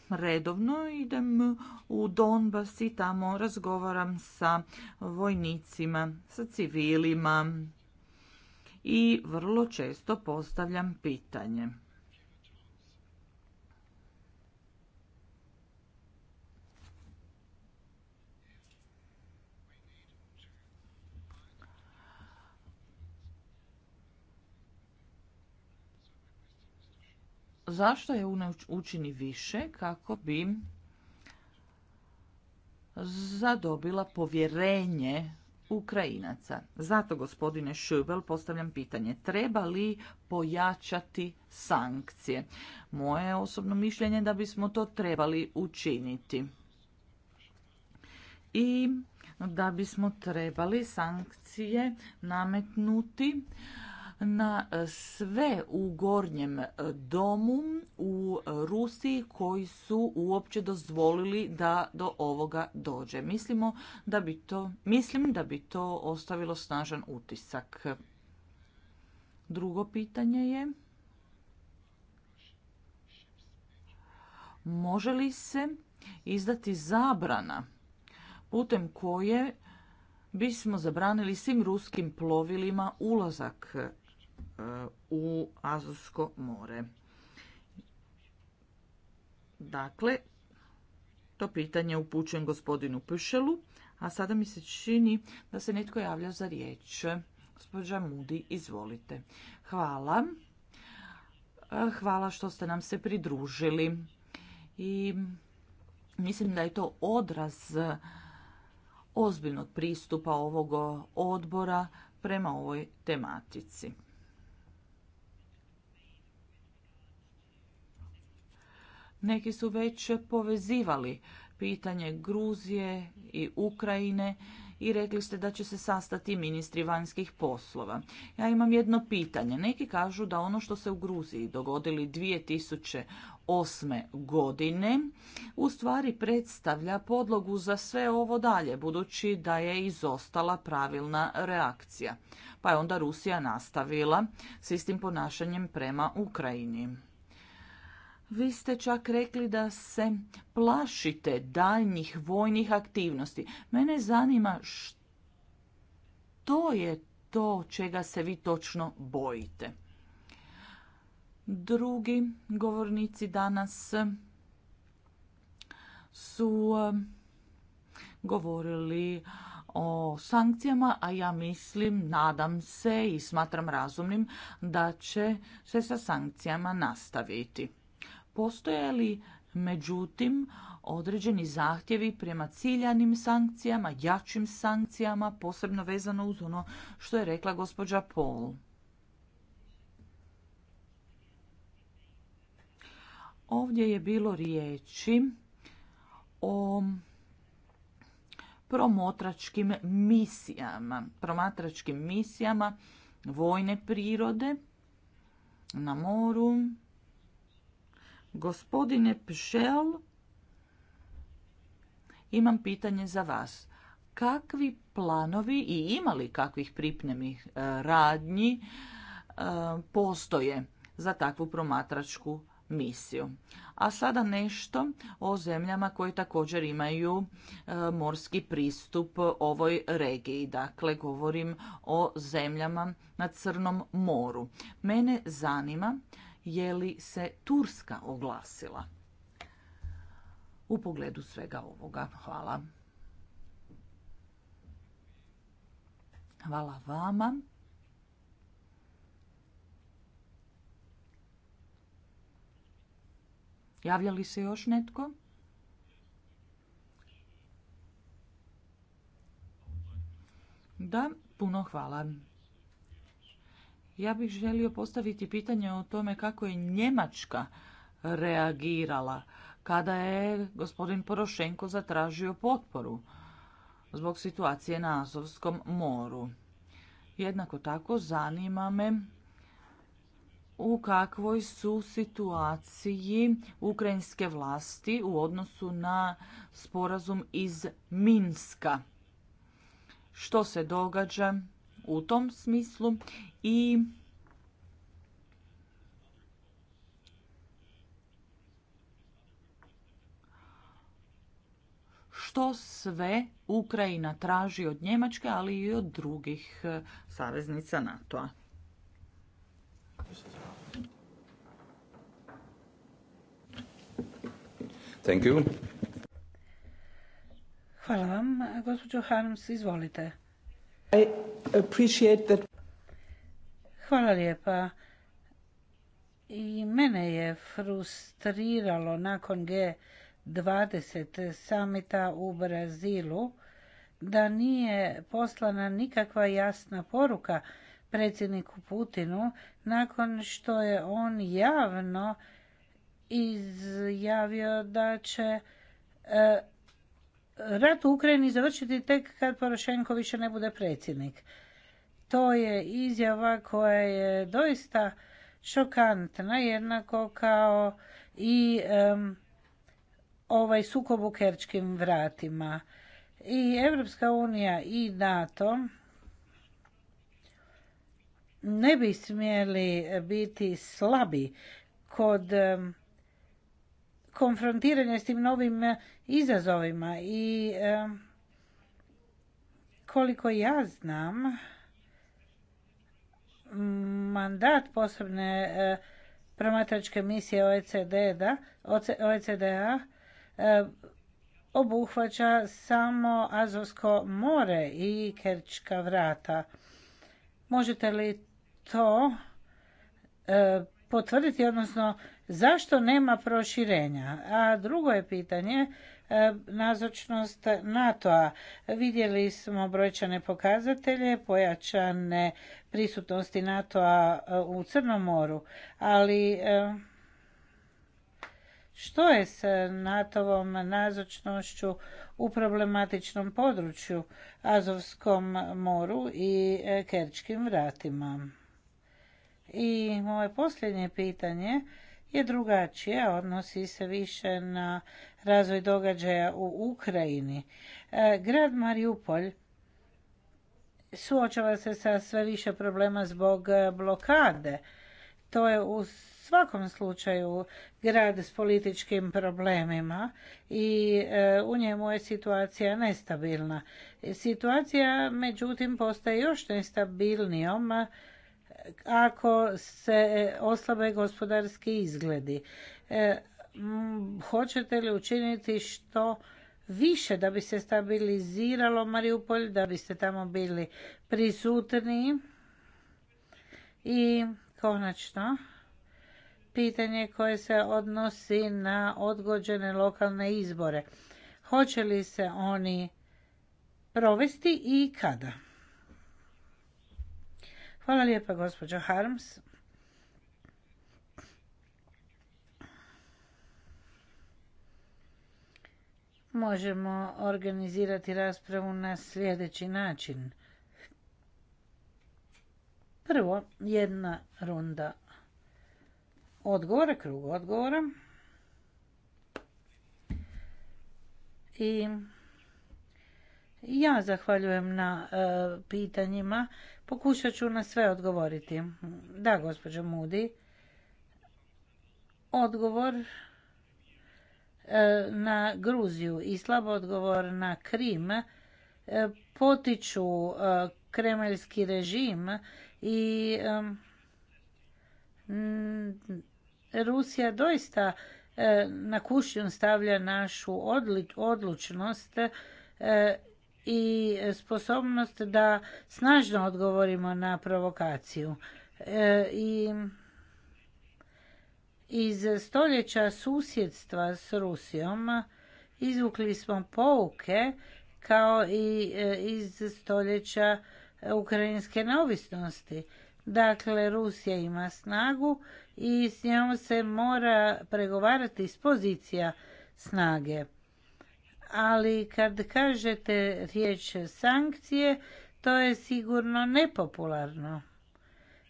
redovno idem u Donbas i tamo razgovaram sa vojnicima, sa civilima, i vrlo često postavljam pitanje. Zašto je učini više kako bi zadobila povjerenje Ukrajinaca. Zato, gospodine Šubel, postavljam pitanje, treba li pojačati sankcije? Moje osobno mišljenje je da bismo to trebali učiniti. I da bismo trebali sankcije nametnuti na sve u gornjem domu u Rusiji koji su uopće dozvolili da do ovoga dođe. Mislimo da bi to, mislim da bi to ostavilo snažan utisak. Drugo pitanje je može li se izdati zabrana putem koje bismo zabranili svim ruskim plovilima ulazak E, u Azovsko more. Dakle, to pitanje upućujem gospodinu Pšelu, a sada mi se čini da se netko javlja za riječ. Gospođa Mudi, izvolite. Hvala. E, hvala što ste nam se pridružili. I mislim da je to odraz ozbiljnog pristupa ovog odbora prema ovoj tematici. Neki su već povezivali pitanje Gruzije i Ukrajine i rekli ste da će se sastati ministri vanjskih poslova. Ja imam jedno pitanje. Neki kažu da ono što se u Gruziji dogodili 2008. godine u stvari predstavlja podlogu za sve ovo dalje, budući da je izostala pravilna reakcija. Pa je onda Rusija nastavila s istim ponašanjem prema Ukrajini. Vi ste čak rekli da se plašite daljnjih vojnih aktivnosti. Mene zanima što je to čega se vi točno bojite. Drugi govornici danas su um, govorili o sankcijama, a ja mislim, nadam se i smatram razumnim da će se sa sankcijama nastaviti. Postoje li međutim određeni zahtjevi prema ciljanim sankcijama, jačim sankcijama, posebno vezano uz ono što je rekla gospođa Paul. Ovdje je bilo riječi o promotračkim misijama, promatračkim misijama vojne prirode na moru, Gospodine Pšel, imam pitanje za vas. Kakvi planovi i imali kakvih pripnemih e, radnji e, postoje za takvu promatračku misiju. A sada nešto o zemljama koje također imaju e, morski pristup ovoj regiji. Dakle, govorim o zemljama na Crnom moru. Mene zanima je li se Turska oglasila u pogledu svega ovoga. Hvala. Hvala vama. Javlja li se još netko? Da, puno hvala. Ja bih želio postaviti pitanje o tome kako je Njemačka reagirala kada je gospodin Porošenko zatražio potporu zbog situacije na Azovskom moru. Jednako tako zanima me u kakvoj su situaciji ukrajinske vlasti u odnosu na sporazum iz Minska. Što se događa u tom smislu i što sve Ukrajina traži od Njemačke, ali i od drugih e, saveznica NATO-a. Hvala vam. Gospođo Harms, izvolite. Hvala lijepa. I mene je frustriralo nakon G20 samita u Brazilu da nije poslana nikakva jasna poruka predsjedniku Putinu nakon što je on javno izjavio da će e, rat u Ukrajini završiti tek kad Porošenko više ne bude predsjednik. To je izjava koja je doista šokantna, jednako kao i ovaj sukob u kerčkim vratima. I Evropska unija i NATO ne bi smjeli biti slabi kod konfrontiranje s tim novim e, izazovima i e, koliko ja znam mandat posebne e, promatračke misije OECD-a OECD obuhvaća samo Azovsko more i Kerčka vrata. Možete li to potvrditi, odnosno Zašto nema proširenja? A drugo je pitanje e, nazočnost NATO-a. Vidjeli smo brojčane pokazatelje, pojačane prisutnosti NATO-a e, u Crnom moru, ali e, što je s nato om nazočnošću u problematičnom području Azovskom moru i Kerčkim vratima? I moje posljednje pitanje je drugačija, odnosi se više na razvoj događaja u Ukrajini. E, grad Marijupolj suočava se sa sve više problema zbog e, blokade. To je u svakom slučaju grad s političkim problemima i e, u njemu je situacija nestabilna. Situacija međutim postaje još nestabilnijom ako se e, oslabe gospodarski izgledi. E, hoćete li učiniti što više da bi se stabiliziralo Mariupolj, da biste tamo bili prisutni? I konačno, pitanje koje se odnosi na odgođene lokalne izbore. Hoće li se oni provesti i kada? Hvala lijepa, gospođo Harms. Možemo organizirati raspravu na sljedeći način. Prvo, jedna runda odgovora, krug odgovora. I ja zahvaljujem na e, pitanjima Pokušat ću na sve odgovoriti. Da, gospođo Mudi, odgovor e, na Gruziju i slabo odgovor na Krim e, potiču e, kremeljski režim i Rusija doista na kušnju stavlja našu odlučnost i sposobnost da snažno odgovorimo na provokaciju. E, I iz stoljeća susjedstva s Rusijom izvukli smo pouke kao i e, iz stoljeća ukrajinske neovisnosti. Dakle, Rusija ima snagu i s njom se mora pregovarati iz pozicija snage ali kad kažete riječ sankcije, to je sigurno nepopularno.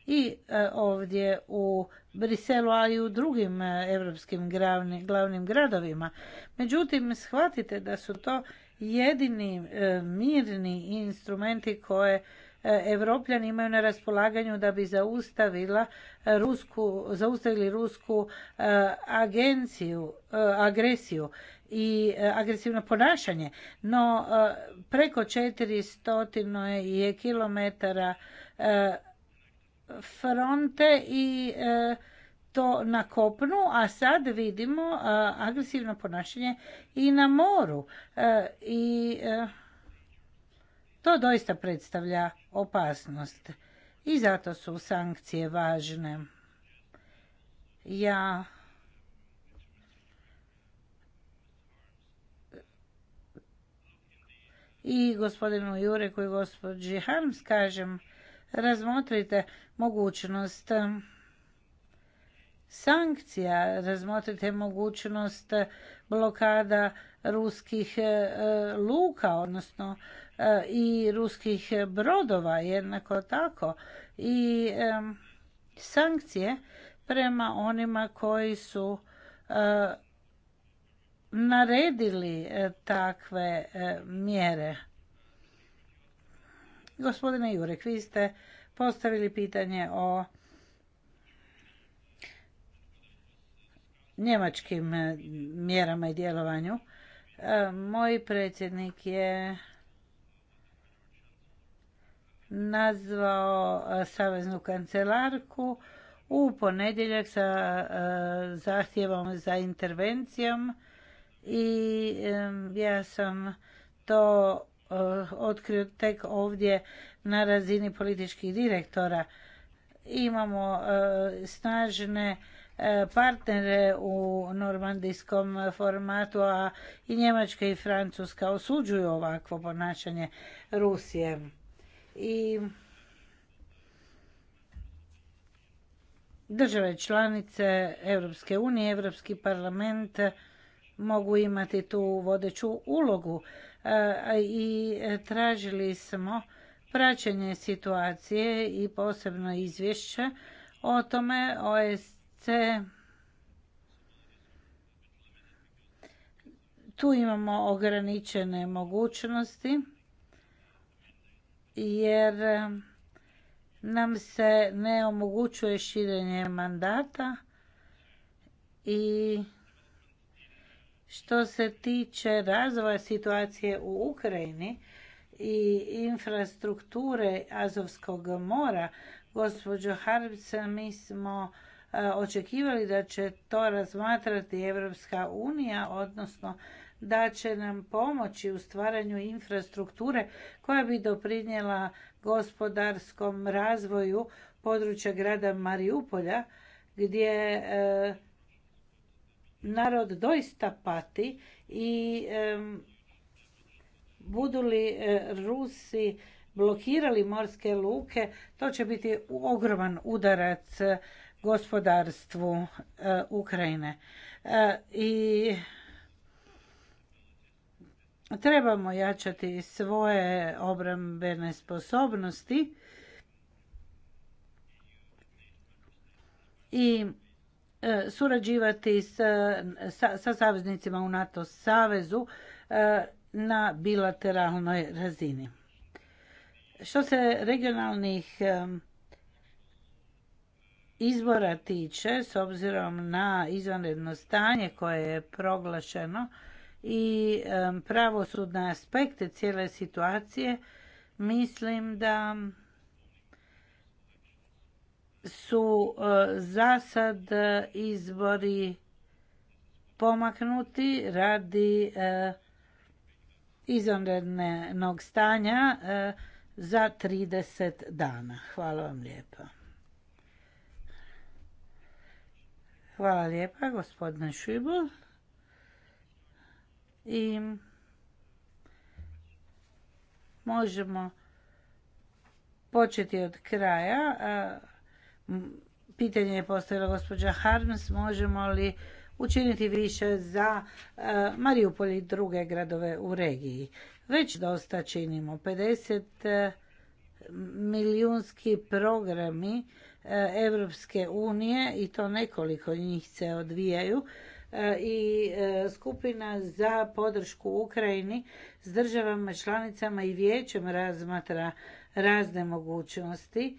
I e, ovdje u Briselu, ali i u drugim europskim glavnim gradovima. Međutim, shvatite da su to jedini e, mirni instrumenti koje e, Evropljani imaju na raspolaganju da bi zaustavila rusku, zaustavili rusku agenciju, agresiju i e, agresivno ponašanje. No, e, preko 400 je kilometara e, fronte i to na kopnu, a sad vidimo agresivno ponašanje i na moru. I to doista predstavlja opasnost. I zato su sankcije važne. Ja i gospodinu Jureku i gospođi Harms kažem razmotrite mogućnost um, sankcija, razmotrite mogućnost blokada ruskih uh, luka, odnosno uh, i ruskih brodova jednako tako i um, sankcije prema onima koji su uh, naredili e, takve e, mjere. Gospodine Jurek, vi ste postavili pitanje o njemačkim e, mjerama i djelovanju. Moj predsjednik je nazvao saveznu kancelarku u ponedjeljak sa zahtjevom za intervencijom i ja sam to eh, otkrio tek ovdje na razini političkih direktora. Imamo eh, snažne eh, partnere u normandijskom formatu, a i Njemačka i Francuska osuđuju ovakvo ponašanje Rusije. I države članice Europske unije, Europski parlament mogu imati tu vodeću ulogu e, i tražili smo praćenje situacije i posebno izvješće o tome OSC tu imamo ograničene mogućnosti jer nam se ne omogućuje širenje mandata i što se tiče razvoja situacije u Ukrajini i infrastrukture Azovskog mora, gospođo Harbica, mi smo e, očekivali da će to razmatrati Evropska unija, odnosno da će nam pomoći u stvaranju infrastrukture koja bi doprinjela gospodarskom razvoju područja grada Mariupolja gdje e, narod doista pati i budu li e, Rusi blokirali morske luke, to će biti ogroman udarac gospodarstvu e, Ukrajine. E, I trebamo jačati svoje obrambene sposobnosti i E, surađivati s e, sa, sa saveznicima u NATO savezu e, na bilateralnoj razini. Što se regionalnih izbora tiče, s obzirom na izvanredno stanje koje je proglašeno i pravosudne aspekte cijele situacije, mislim da su e, za sad e, izbori pomaknuti radi e, izvanrednog stanja za 30 dana. Hvala vam lijepa. Hvala lijepa gospodine Šibul. I možemo početi od kraja. Pitanje je postavila gospođa Harms, možemo li učiniti više za e, Marijupol i druge gradove u regiji. Već dosta činimo. 50 e, milijunski programi e, Evropske unije i to nekoliko njih se odvijaju i skupina za podršku Ukrajini s državama, članicama i vijećem razmatra razne mogućnosti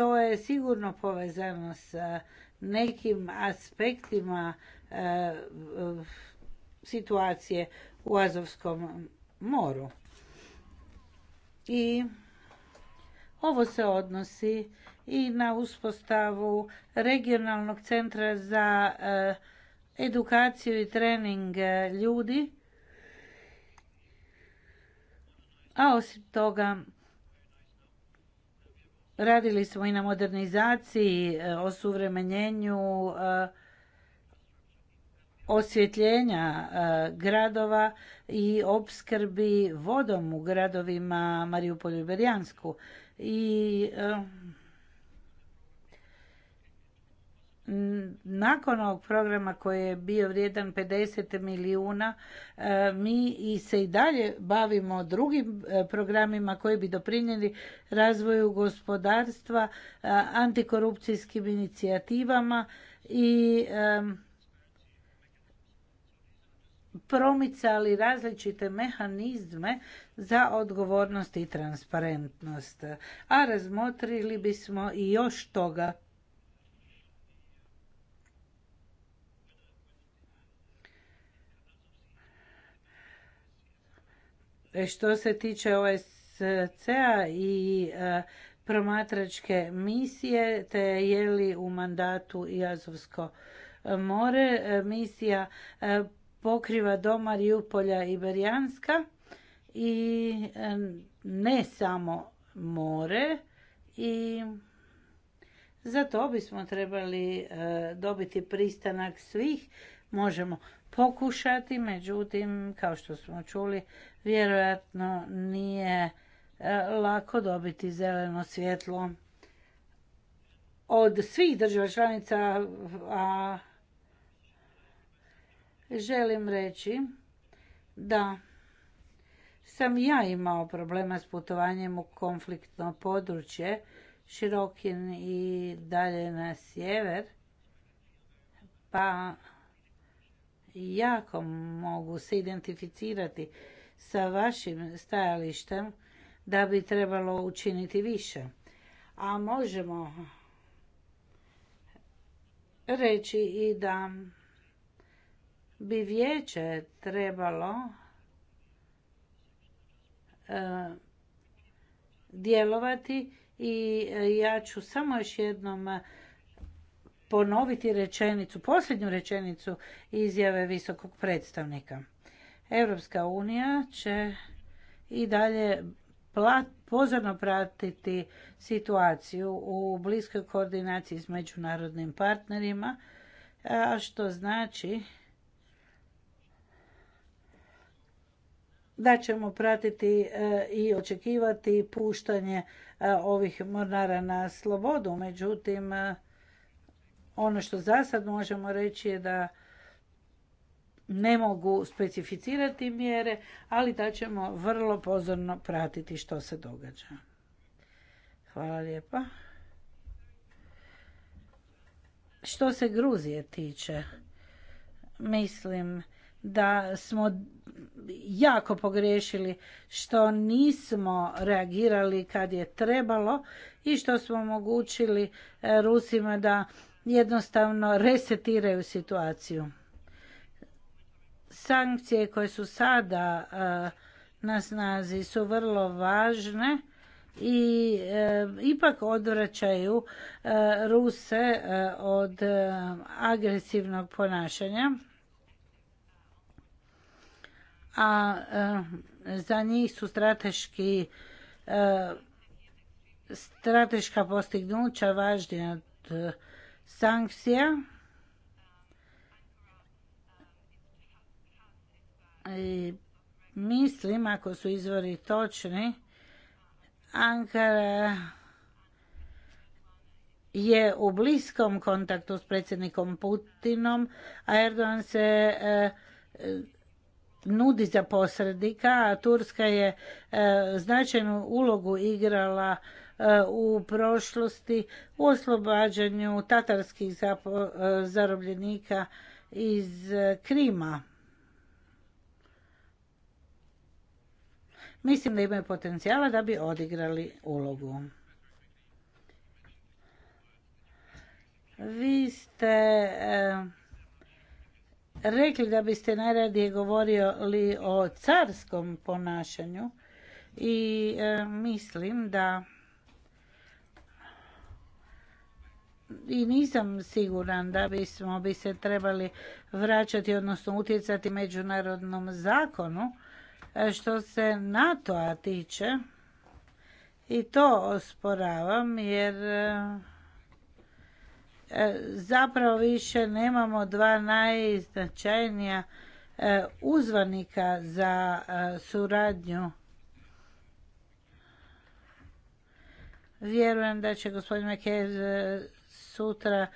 to je sigurno povezano sa nekim aspektima e, situacije u Azovskom moru. I ovo se odnosi i na uspostavu regionalnog centra za e, edukaciju i trening e, ljudi. A osim toga Radili smo i na modernizaciji, e, osuvremenjenju e, osvjetljenja e, gradova i opskrbi vodom u gradovima Mariju i I nakon ovog programa koji je bio vrijedan 50 milijuna, e, mi se i dalje bavimo drugim e, programima koji bi doprinijeli razvoju gospodarstva, e, antikorupcijskim inicijativama i promicali različite mehanizme za odgovornost i transparentnost. A razmotrili bismo i još toga E, što se tiče OSCE-a i e, promatračke misije, te je li u mandatu e, i more, misija pokriva do Jupolja i Berijanska i ne samo more i za to bismo trebali dobiti pristanak svih. Možemo pokušati, međutim, kao što smo čuli, vjerojatno nije e, lako dobiti zeleno svjetlo od svih država članica, a želim reći da sam ja imao problema s putovanjem u konfliktno područje, Širokin i dalje na sjever, pa jako mogu se identificirati sa vašim stajalištem da bi trebalo učiniti više. A možemo reći i da bi vijeće trebalo e, djelovati i e, ja ću samo još jednom ponoviti rečenicu, posljednju rečenicu izjave visokog predstavnika. Europska unija će i dalje pozorno pratiti situaciju u bliskoj koordinaciji s međunarodnim partnerima, a što znači da ćemo pratiti e, i očekivati puštanje e, ovih mornara na slobodu. Međutim, e, ono što za sad možemo reći je da ne mogu specificirati mjere, ali da ćemo vrlo pozorno pratiti što se događa. Hvala lijepa. Što se Gruzije tiče, mislim da smo jako pogriješili što nismo reagirali kad je trebalo i što smo omogućili e, Rusima da jednostavno resetiraju situaciju sankcije koje su sada e, na snazi su vrlo važne i e, ipak odvraćaju e, Ruse od agresivnog ponašanja. A za njih su strateški strateška postignuća važnija od sankcija I mislim, ako su izvori točni, Ankara je u bliskom kontaktu s predsjednikom Putinom, a Erdogan se e, e, nudi za posrednika, a Turska je e, značajnu ulogu igrala u prošlosti u oslobađanju tatarskih zarobljenika iz Krima. Mislim da imaju potencijala da bi odigrali ulogu. Vi ste eh, rekli da biste najradije govorili o carskom ponašanju i eh, mislim da i nisam siguran da bismo bi se trebali vraćati, odnosno utjecati međunarodnom zakonu E, što se NATO-a tiče, i to osporavam jer e, e, zapravo više nemamo dva najznačajnija uzvanika za suradnju. Vjerujem da će gospodin Mekez sutra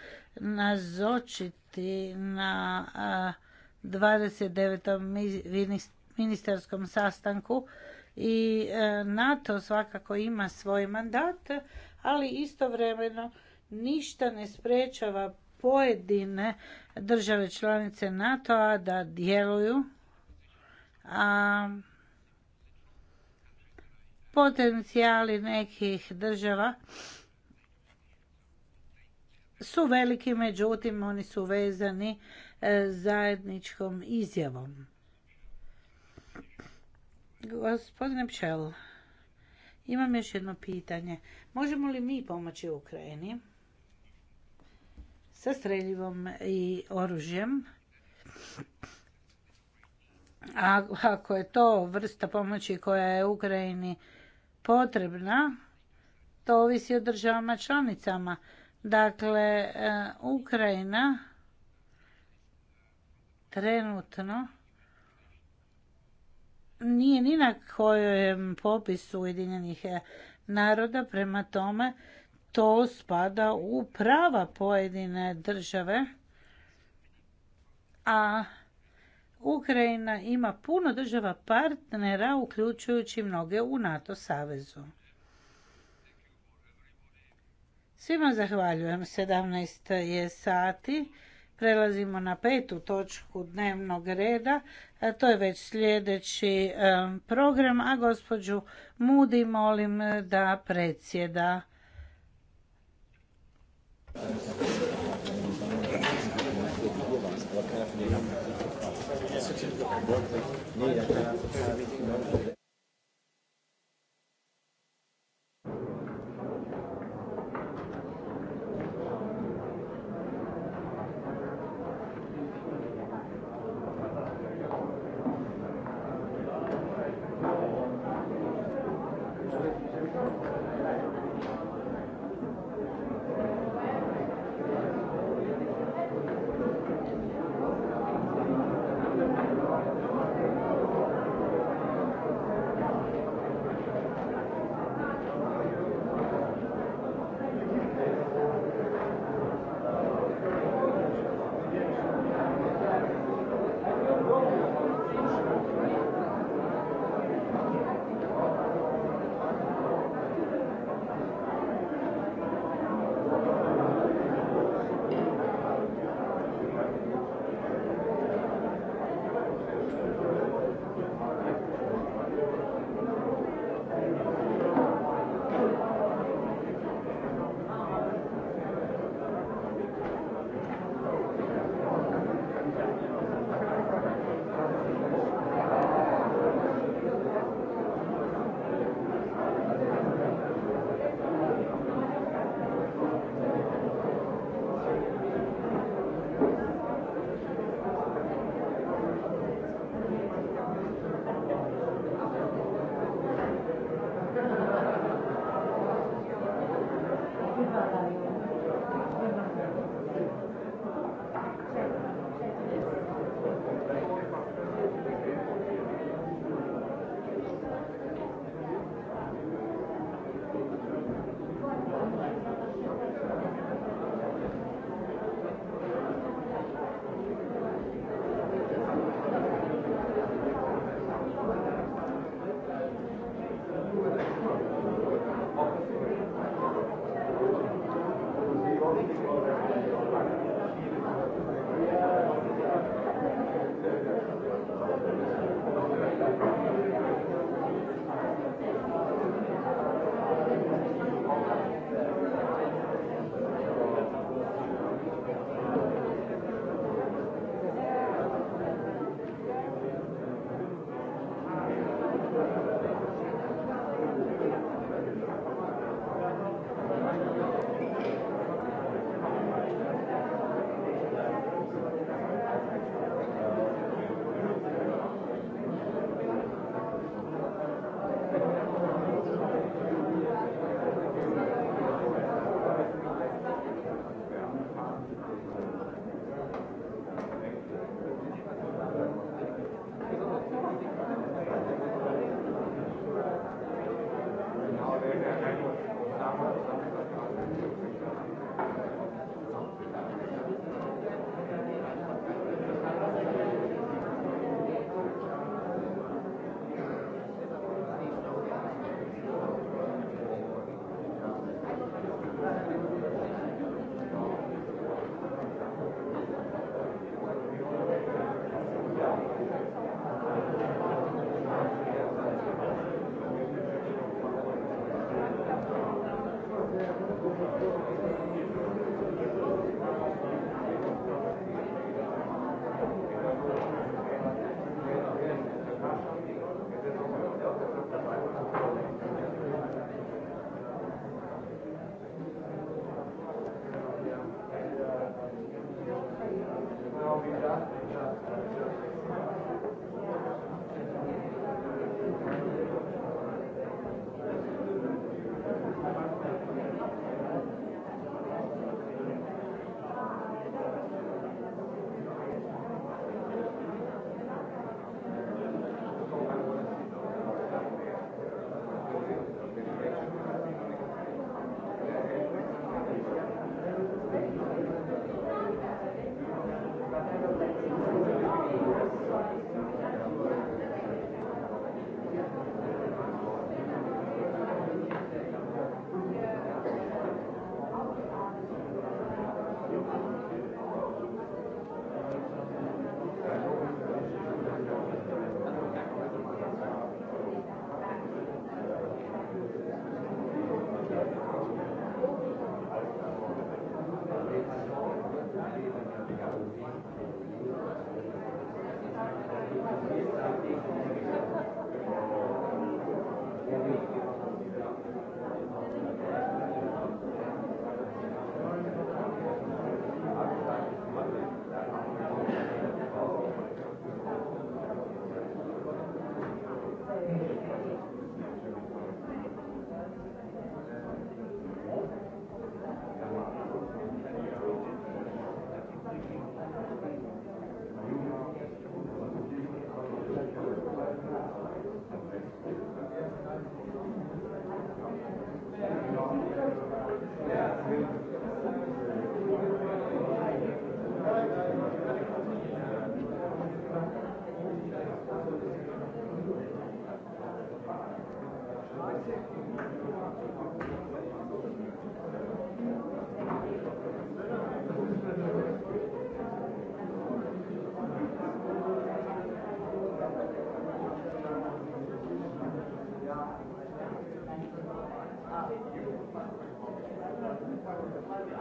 nazočiti na 29 ministarskom sastanku i e, NATO svakako ima svoj mandat, ali istovremeno ništa ne sprečava pojedine države članice NATO-a da djeluju, a potencijali nekih država su veliki, međutim oni su vezani e, zajedničkom izjavom. Gospodine Pčel, imam još jedno pitanje. Možemo li mi pomoći Ukrajini sa streljivom i oružjem? A ako je to vrsta pomoći koja je Ukrajini potrebna, to ovisi o državama članicama. Dakle, e, Ukrajina trenutno nije ni na kojem popisu Ujedinjenih eh, naroda, prema tome to spada u prava pojedine države, a Ukrajina ima puno država partnera, uključujući mnoge u NATO savezu. Svima zahvaljujem, 17 je sati. Prelazimo na petu točku dnevnog reda, to je već sljedeći program, a gospođu Mudi molim da predsjeda.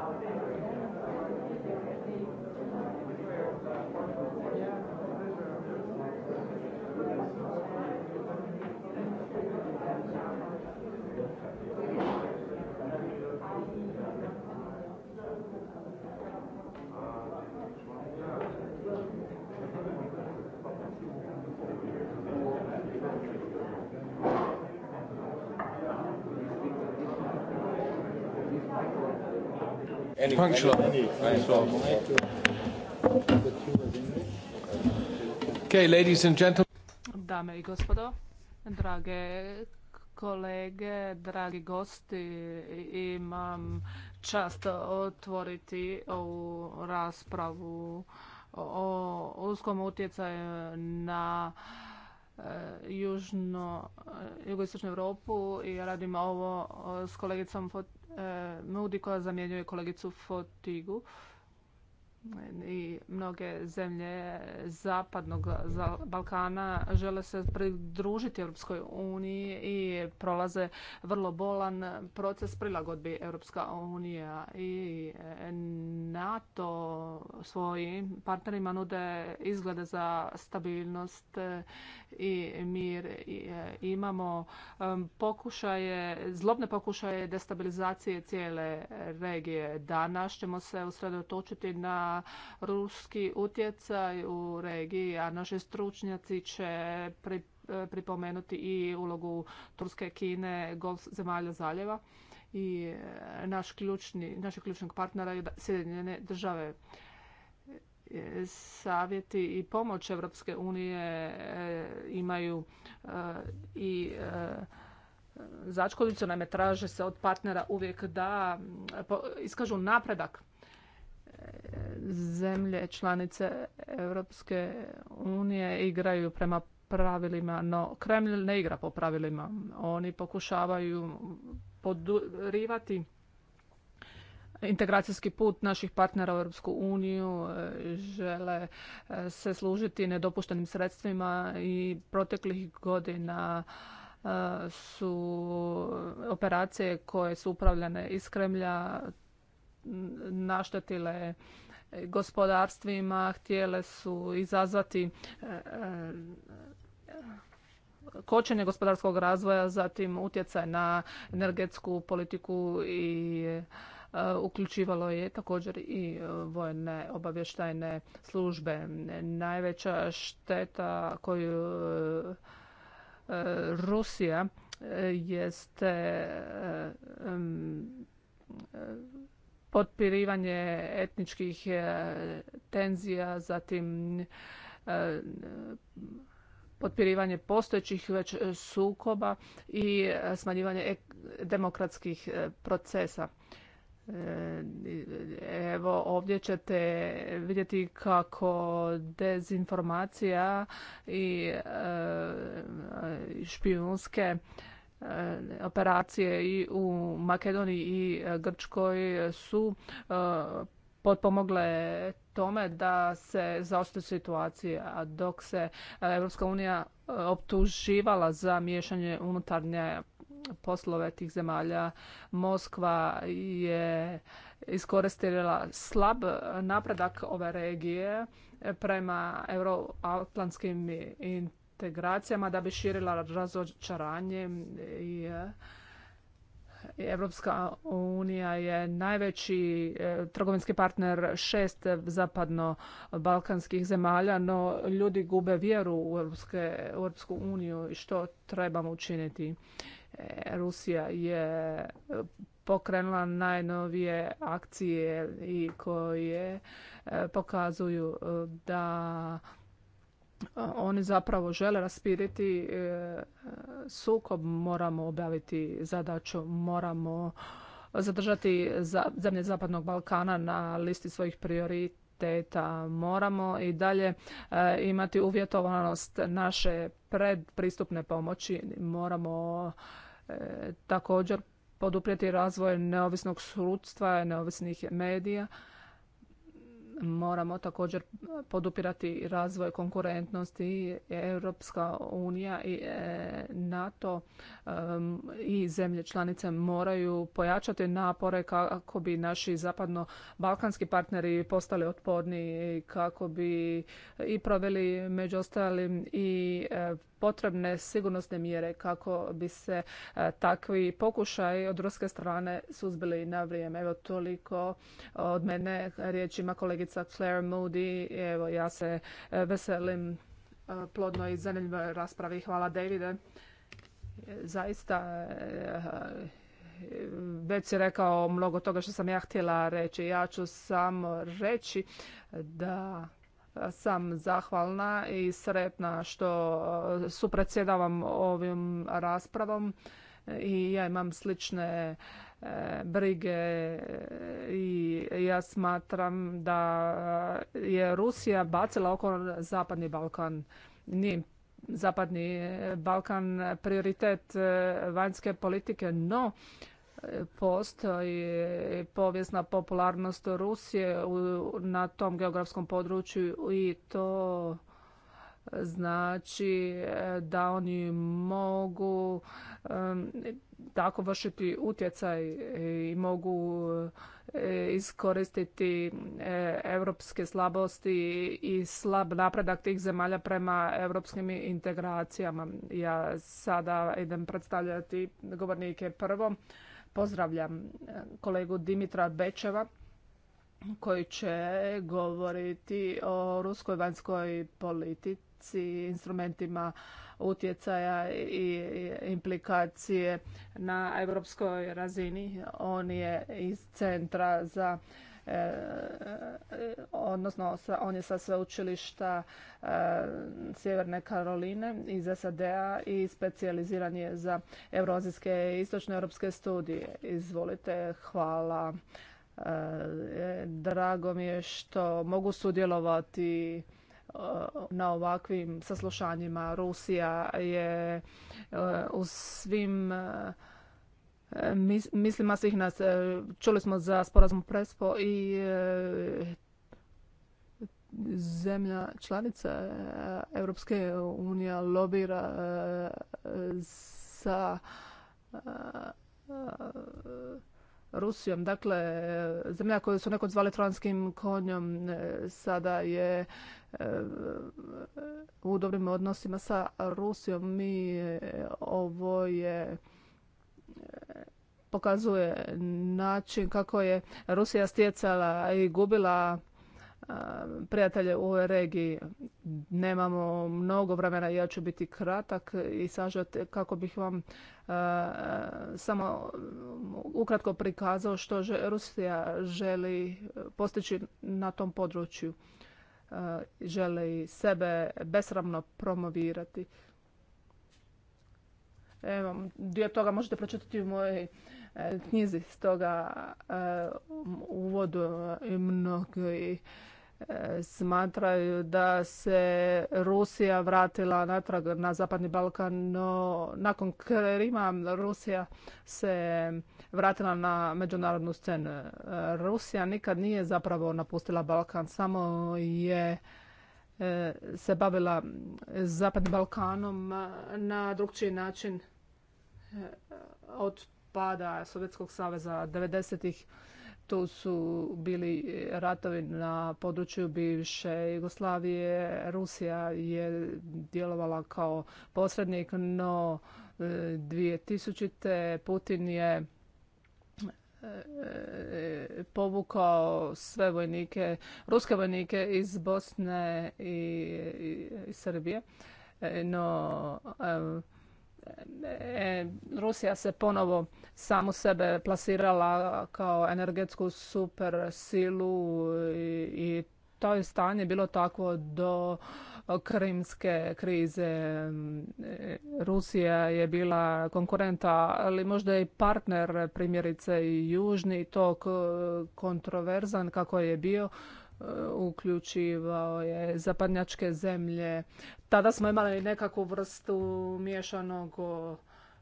Hvala punctual. Okay, ladies and gentlemen. Dame i gospodo, drage kolege, dragi gosti, imam čast otvoriti ovu raspravu o uskom utjecaju na e, južno, e, jugoistočnu Europu i radim ovo s kolegicom E, Moody koja zamjenjuje kolegicu Fotigu i mnoge zemlje zapadnog Balkana žele se pridružiti Europskoj uniji i prolaze vrlo bolan proces prilagodbi Europska unija i NATO svojim partnerima nude izglede za stabilnost i mir. E, imamo pokušaje, zlobne pokušaje destabilizacije cijele regije. Danas ćemo se usredotočiti na ruski utjecaj u regiji, a naši stručnjaci će e, pripomenuti i ulogu Turske, Kine, Golf zemalja zaljeva i e, našeg ključnog partnera je Sjedinjene države e, savjeti i pomoć Europske unije imaju i začkoljicu, naime traže se od partnera uvijek da iskažu napredak zemlje članice Europske unije igraju prema pravilima, no kreml ne igra po pravilima. Oni pokušavaju podurivati integracijski put naših partnera u Europsku uniju, žele eh, se služiti nedopuštenim sredstvima i proteklih godina eh, su operacije koje su upravljane iz Kremlja naštetile gospodarstvima, htjele su izazvati e, e, kočenje gospodarskog razvoja, zatim utjecaj na energetsku politiku i e, uključivalo je također i vojne obavještajne službe. Najveća šteta koju Rusija jeste potpirivanje etničkih e, tenzija, zatim e, potpirivanje postojećih već sukoba i e, smanjivanje demokratskih procesa. Evo ovdje ćete vidjeti kako dezinformacija i špijunske E, operacije i u Makedoniji i e, Grčkoj su e, potpomogle tome da se zaostri situacije. a dok se Evropska unija optuživala za miješanje unutarnje poslove tih zemalja. Moskva je iskoristila slab napredak ove regije prema euroatlantskim integracijama da bi širila razočaranje i e, Evropska unija je najveći e, trgovinski partner šest zapadno-balkanskih zemalja, no ljudi gube vjeru u Europsku uniju i što trebamo učiniti. E, Rusija je pokrenula najnovije akcije i koje pokazuju da oni zapravo žele raspiriti e, e, sukob, moramo objaviti zadaću, moramo zadržati zemlje Zapadnog Balkana na listi svojih prioriteta. Moramo i dalje e, imati uvjetovanost naše predpristupne pomoći. Moramo također poduprijeti razvoj neovisnog sudstva, neovisnih medija moramo također podupirati razvoj konkurentnosti Europska unija i e, NATO i zemlje članice moraju pojačati napore kako bi naši zapadno-balkanski partneri postali otporniji kako bi i proveli među ostalim i e, potrebne sigurnosne mjere kako bi se e, takvi pokušaj od ruske strane suzbili na vrijeme. Evo toliko od mene riječima kolegica Claire Moody. Evo ja se e, veselim e, plodnoj i zanimljivoj raspravi. Hvala Davide. Zaista već je rekao mnogo toga što sam ja htjela reći. Ja ću samo reći da sam zahvalna i sretna što e, supredsjedavam ovim raspravom i ja imam slične e, brige i ja smatram da e, je Rusija bacila oko Zapadni Balkan. Nije Zapadni Balkan prioritet vanjske politike, no postoji povijesna popularnost Rusije na tom geografskom području i to znači e, da oni mogu tako vršiti utjecaj i mogu e, iskoristiti e, europske slabosti i slab napredak tih zemalja prema europskim integracijama. Ja sada idem predstavljati govornike prvo. Pozdravljam e, kolegu Dimitra Bečeva koji će govoriti o ruskoj vanjskoj politici, instrumentima utjecaja i implikacije na europskoj razini. On je iz Centra za odnosno on je sa sveučilišta e, Sjeverne Karoline iz SAD-a i specijaliziran je za euroazijske i Europske studije. Izvolite, hvala. E, drago mi je što mogu sudjelovati e, na ovakvim saslušanjima. Rusija je u svim mislima svih nas. E, čuli smo za sporazum Prespo i e, zemlja članica e, Europske unije lobira sa Rusijom. Dakle, zemlja koju su nekom zvali tronskim konjom sada je u dobrim odnosima sa Rusijom. Mi ovo je pokazuje način kako je Rusija stjecala i gubila prijatelje u ovoj regiji. Nemamo mnogo vremena, ja ću biti kratak i sažet kako bih vam samo ukratko prikazao što Rusija želi postići na tom području. Želi sebe besramno promovirati. Evo, dio toga možete pročitati u mojoj e, knjizi, stoga e, u uvodu e, mnogi smatraju da se Rusija vratila natrag na Zapadni Balkan, no nakon Krima Rusija se vratila na međunarodnu scenu. Rusija nikad nije zapravo napustila Balkan, samo je se bavila Zapadnim Balkanom na drugčiji način od pada Sovjetskog saveza 90-ih tu su bili ratovi na području bivše Jugoslavije. Rusija je djelovala kao posrednik, no 2000. E, Putin je e, e, povukao sve vojnike, ruske vojnike iz Bosne i, i Srbije. No, E, Rusija se ponovo samu sebe plasirala kao energetsku super silu i to je stanje bilo tako do krimske krize. Rusija je bila konkurenta, ali možda i partner primjerice i Južni tok kontroverzan kako je bio uključivao je zapadnjačke zemlje. Tada smo imali nekakvu vrstu miješanog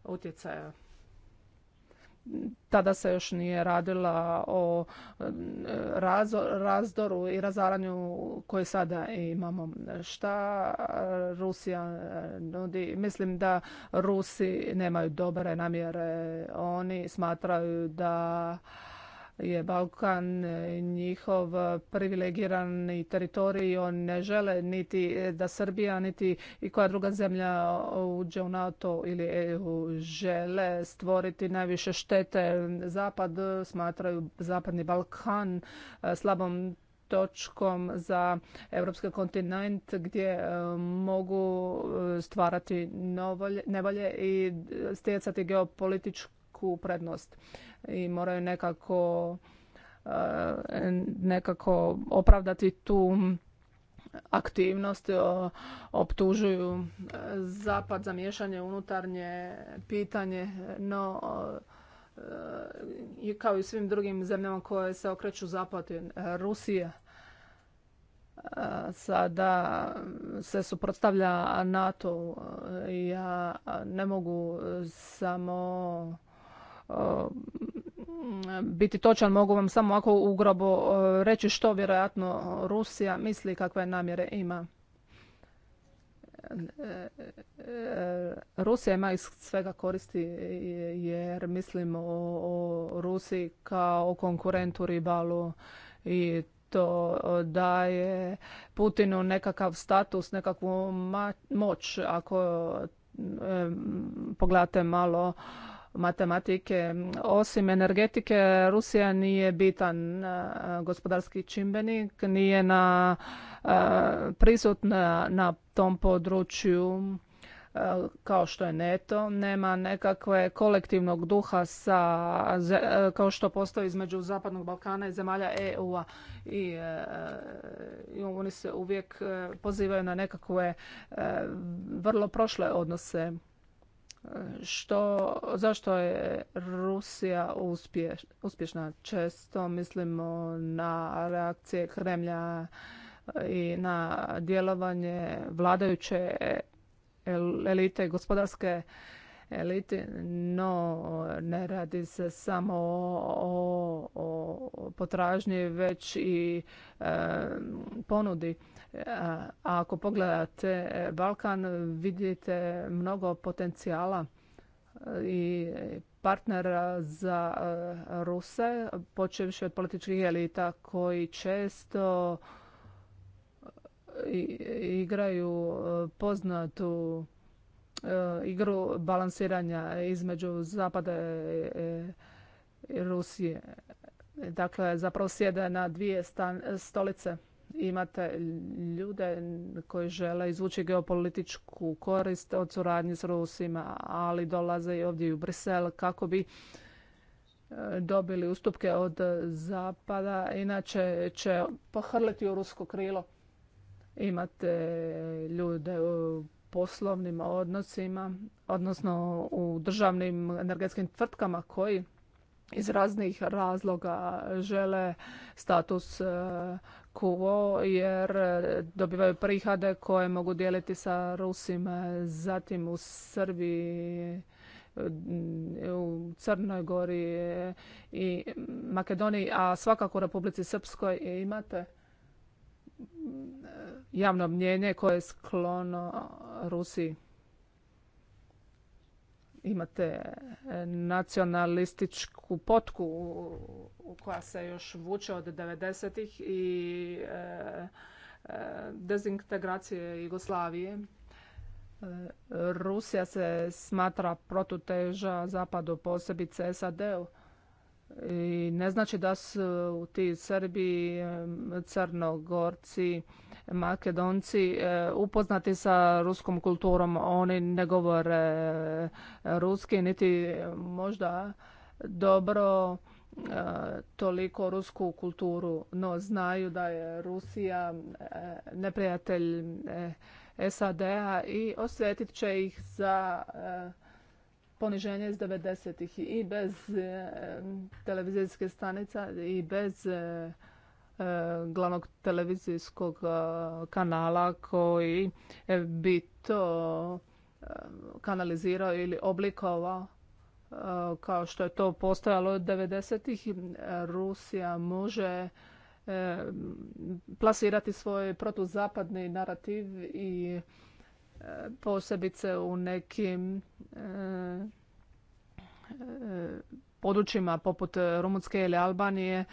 utjecaja. Tada se još nije radila o e, razdoru i razaranju koje sada imamo. Šta Rusija nudi? Mislim da Rusi nemaju dobre namjere. Oni smatraju da je Balkan e, njihov e, privilegirani teritorij. on ne žele niti e, da Srbija, niti i koja druga zemlja uđe u NATO ili EU žele stvoriti najviše štete. Zapad smatraju Zapadni Balkan slabom točkom za europski kontinent gdje mogu stvarati nevolje i stjecati geopolitičku veliku prednost i moraju nekako eh, nekako opravdati tu aktivnost optužuju eh, zapad za miješanje unutarnje pitanje no eh, i kao i svim drugim zemljama koje se okreću zapadu Rusija sada se suprotstavlja NATO ja ne mogu samo biti točan, mogu vam samo ako ugrobo e, reći što vjerojatno Rusija misli kakve namjere ima. E, e, Rusija ima iz svega koristi jer mislim o, Rusiji kao o konkurentu ribalu i to daje Putinu nekakav status, nekakvu moć. Ako pogledate malo matematike. Osim energetike, Rusija nije bitan e, gospodarski čimbenik, nije na, e, prisutna na tom području e, kao što je neto, nema nekakve kolektivnog duha sa, kao što postoji između Zapadnog Balkana i zemalja EU-a. I, I, oni se uvijek pozivaju na nekakve vrlo prošle odnose što, zašto je Rusija uspješna? Često mislimo na reakcije Kremlja e, i na djelovanje vladajuće elite, gospodarske elite, no ne radi se samo o, potražnji, već i e, ponudi. A ako pogledate Balkan, vidite mnogo potencijala e, i partnera za e, Ruse, počevši od političkih elita koji često e, igraju poznatu igru balansiranja između Zapada i Rusije. Dakle, zapravo sjede na dvije stolice imate ljude koji žele izvući geopolitičku korist od suradnje s Rusima, ali dolaze i ovdje u Brisel kako bi e, dobili ustupke od Zapada. Inače će pohrliti u rusko krilo. Imate ljude u poslovnim odnosima, odnosno u državnim energetskim tvrtkama koji iz raznih razloga žele status e, Kuo jer e, dobivaju prihade koje mogu dijeliti sa Rusima, zatim u Srbiji, e, u Crnoj Gori e, i Makedoniji, a svakako u Republici Srpskoj imate javno mnjenje koje je sklono Rusiji imate e, nacionalističku potku koja se još vuče od 90-ih i e, e, dezintegracije Jugoslavije. Rusija se smatra protuteža zapadu, posebice SAD-u i ne znači da su ti Srbi, Crnogorci, Makedonci e, upoznati sa ruskom kulturom. Oni ne govore e, ruski, niti možda dobro e, toliko rusku kulturu, no znaju da je Rusija neprijatelj SAD-a i osjetit će ih za poniženje iz 90-ih i bez e, televizijske stanica i bez e, e, glavnog televizijskog kanala koji bi to kanalizirao ili oblikovao kao što je to postojalo od 90-ih. Rusija može plasirati svoj protuzapadni narativ i posebice u nekim eh, eh, područjima poput Rumunske ili Albanije eh,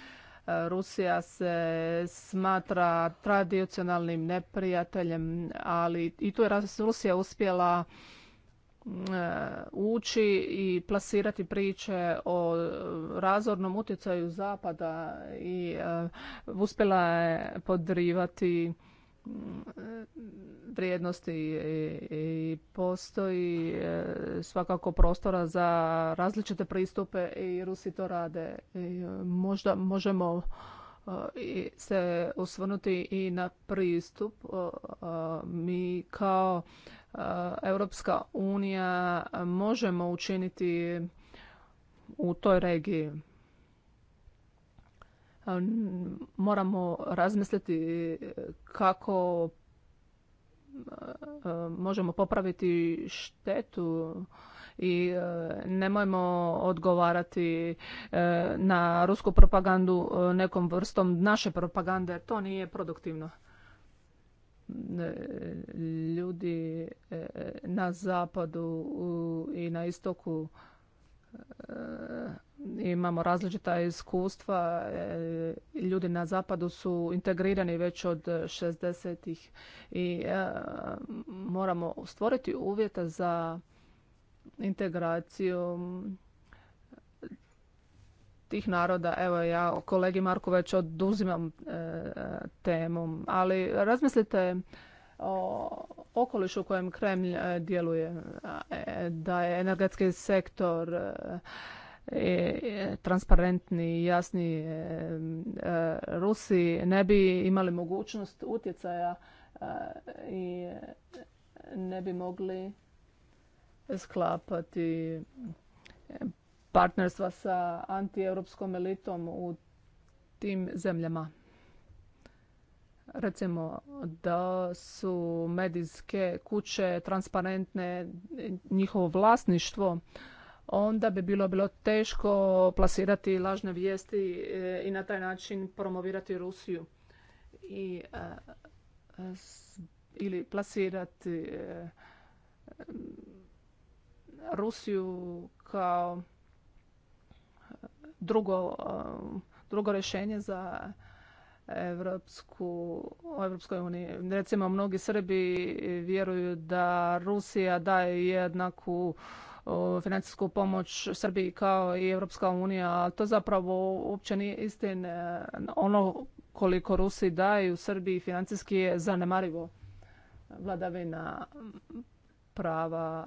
Rusija se smatra tradicionalnim neprijateljem, ali i tu je Rusija uspjela ući i plasirati priče o razornom utjecaju Zapada i uspjela je podrivati vrijednosti i postoji e, svakako prostora za različite pristupe i Rusi to rade. E, možda možemo e, se osvrnuti i na pristup. Mi kao Europska unija možemo učiniti u toj regiji moramo razmisliti e, kako e, možemo popraviti štetu i e, nemojmo odgovarati na rusku propagandu nekom vrstom naše propagande to nije produktivno ljudi na zapadu i na istoku imamo različita iskustva. E, ljudi na zapadu su integrirani već od 60-ih i e, moramo stvoriti uvjeta za integraciju tih naroda. Evo ja kolegi Marku već oduzimam e, temu, ali razmislite o okolišu u kojem Kremlj djeluje, da je energetski sektor transparentni i jasni e, e, Rusi ne bi imali mogućnost utjecaja e, i ne bi mogli sklapati partnerstva sa antieuropskom elitom u tim zemljama. Recimo da su medijske kuće transparentne, njihovo vlasništvo onda bi bilo bilo teško plasirati lažne vijesti eh, i na taj način promovirati Rusiju i eh, ili plasirati eh, Rusiju kao drugo, drugo rješenje za Evropsku, u Evropskoj uniji. Recimo, mnogi Srbi vjeruju da Rusija daje jednaku financijsku pomoć Srbiji kao i Europska unija, to zapravo uopće nije istina. Ono koliko Rusi daju Srbiji financijski je zanemarivo. Vladavina prava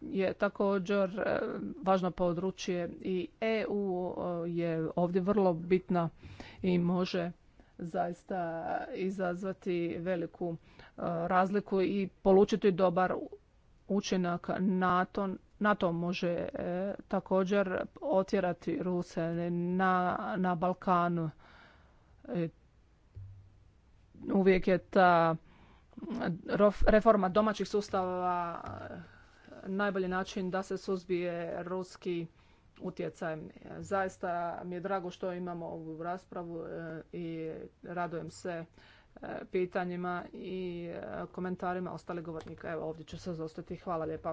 je također e, važno područje i EU e, je ovdje vrlo bitna i može zaista izazvati veliku e, razliku i polučiti dobar učinak. NATO NATO može e, također otjerati Ruse na, na Balkanu. E, uvijek je ta reforma domaćih sustava e, najbolji način da se suzbije ruski utjecaj. Zaista mi je drago što imamo ovu raspravu i radujem se E, pitanjima i e, komentarima ostalih govornika. Evo ovdje ću se zostati. Hvala lijepa.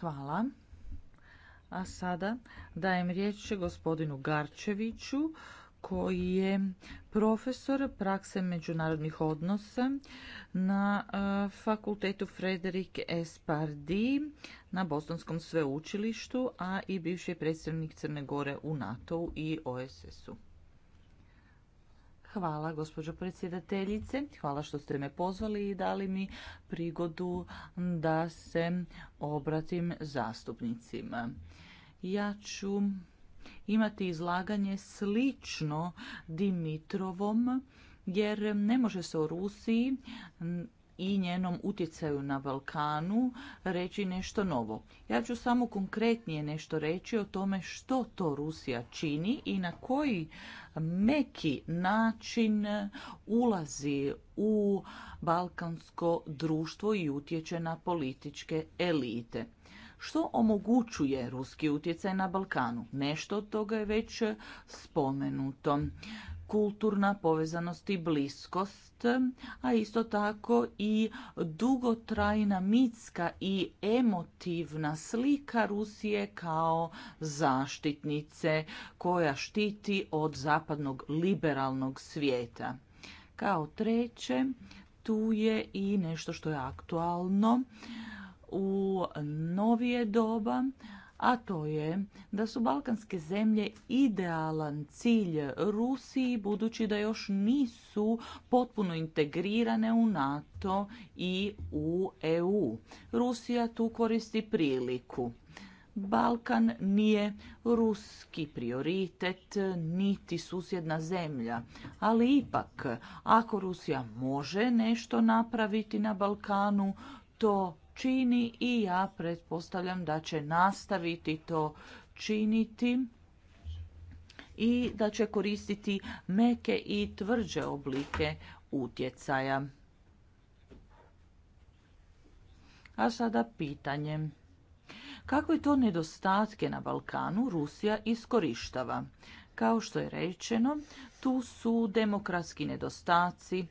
Hvala. A sada dajem riječ gospodinu Garčeviću koji je profesor prakse međunarodnih odnosa na e, fakultetu Frederik Espardi na Bostonskom sveučilištu, a i bivši je predstavnik Crne Gore u NATO-u i OSS-u. Hvala gospođo predsjedateljice, hvala što ste me pozvali i dali mi prigodu da se obratim zastupnicima. Ja ću imati izlaganje slično Dimitrovom jer ne može se o Rusiji i njenom utjecaju na Balkanu reći nešto novo. Ja ću samo konkretnije nešto reći o tome što to Rusija čini i na koji meki način ulazi u balkansko društvo i utječe na političke elite. Što omogućuje ruski utjecaj na Balkanu? Nešto od toga je već spomenuto kulturna povezanost i bliskost, a isto tako i dugotrajna mitska i emotivna slika Rusije kao zaštitnice koja štiti od zapadnog liberalnog svijeta. Kao treće, tu je i nešto što je aktualno u novije doba, a to je da su balkanske zemlje idealan cilj Rusiji budući da još nisu potpuno integrirane u NATO i u EU. Rusija tu koristi priliku. Balkan nije ruski prioritet niti susjedna zemlja, ali ipak ako Rusija može nešto napraviti na Balkanu, to čini i ja pretpostavljam da će nastaviti to činiti i da će koristiti meke i tvrđe oblike utjecaja. A sada pitanje. Kakve to nedostatke na Balkanu Rusija iskorištava? Kao što je rečeno, tu su demokratski nedostaci,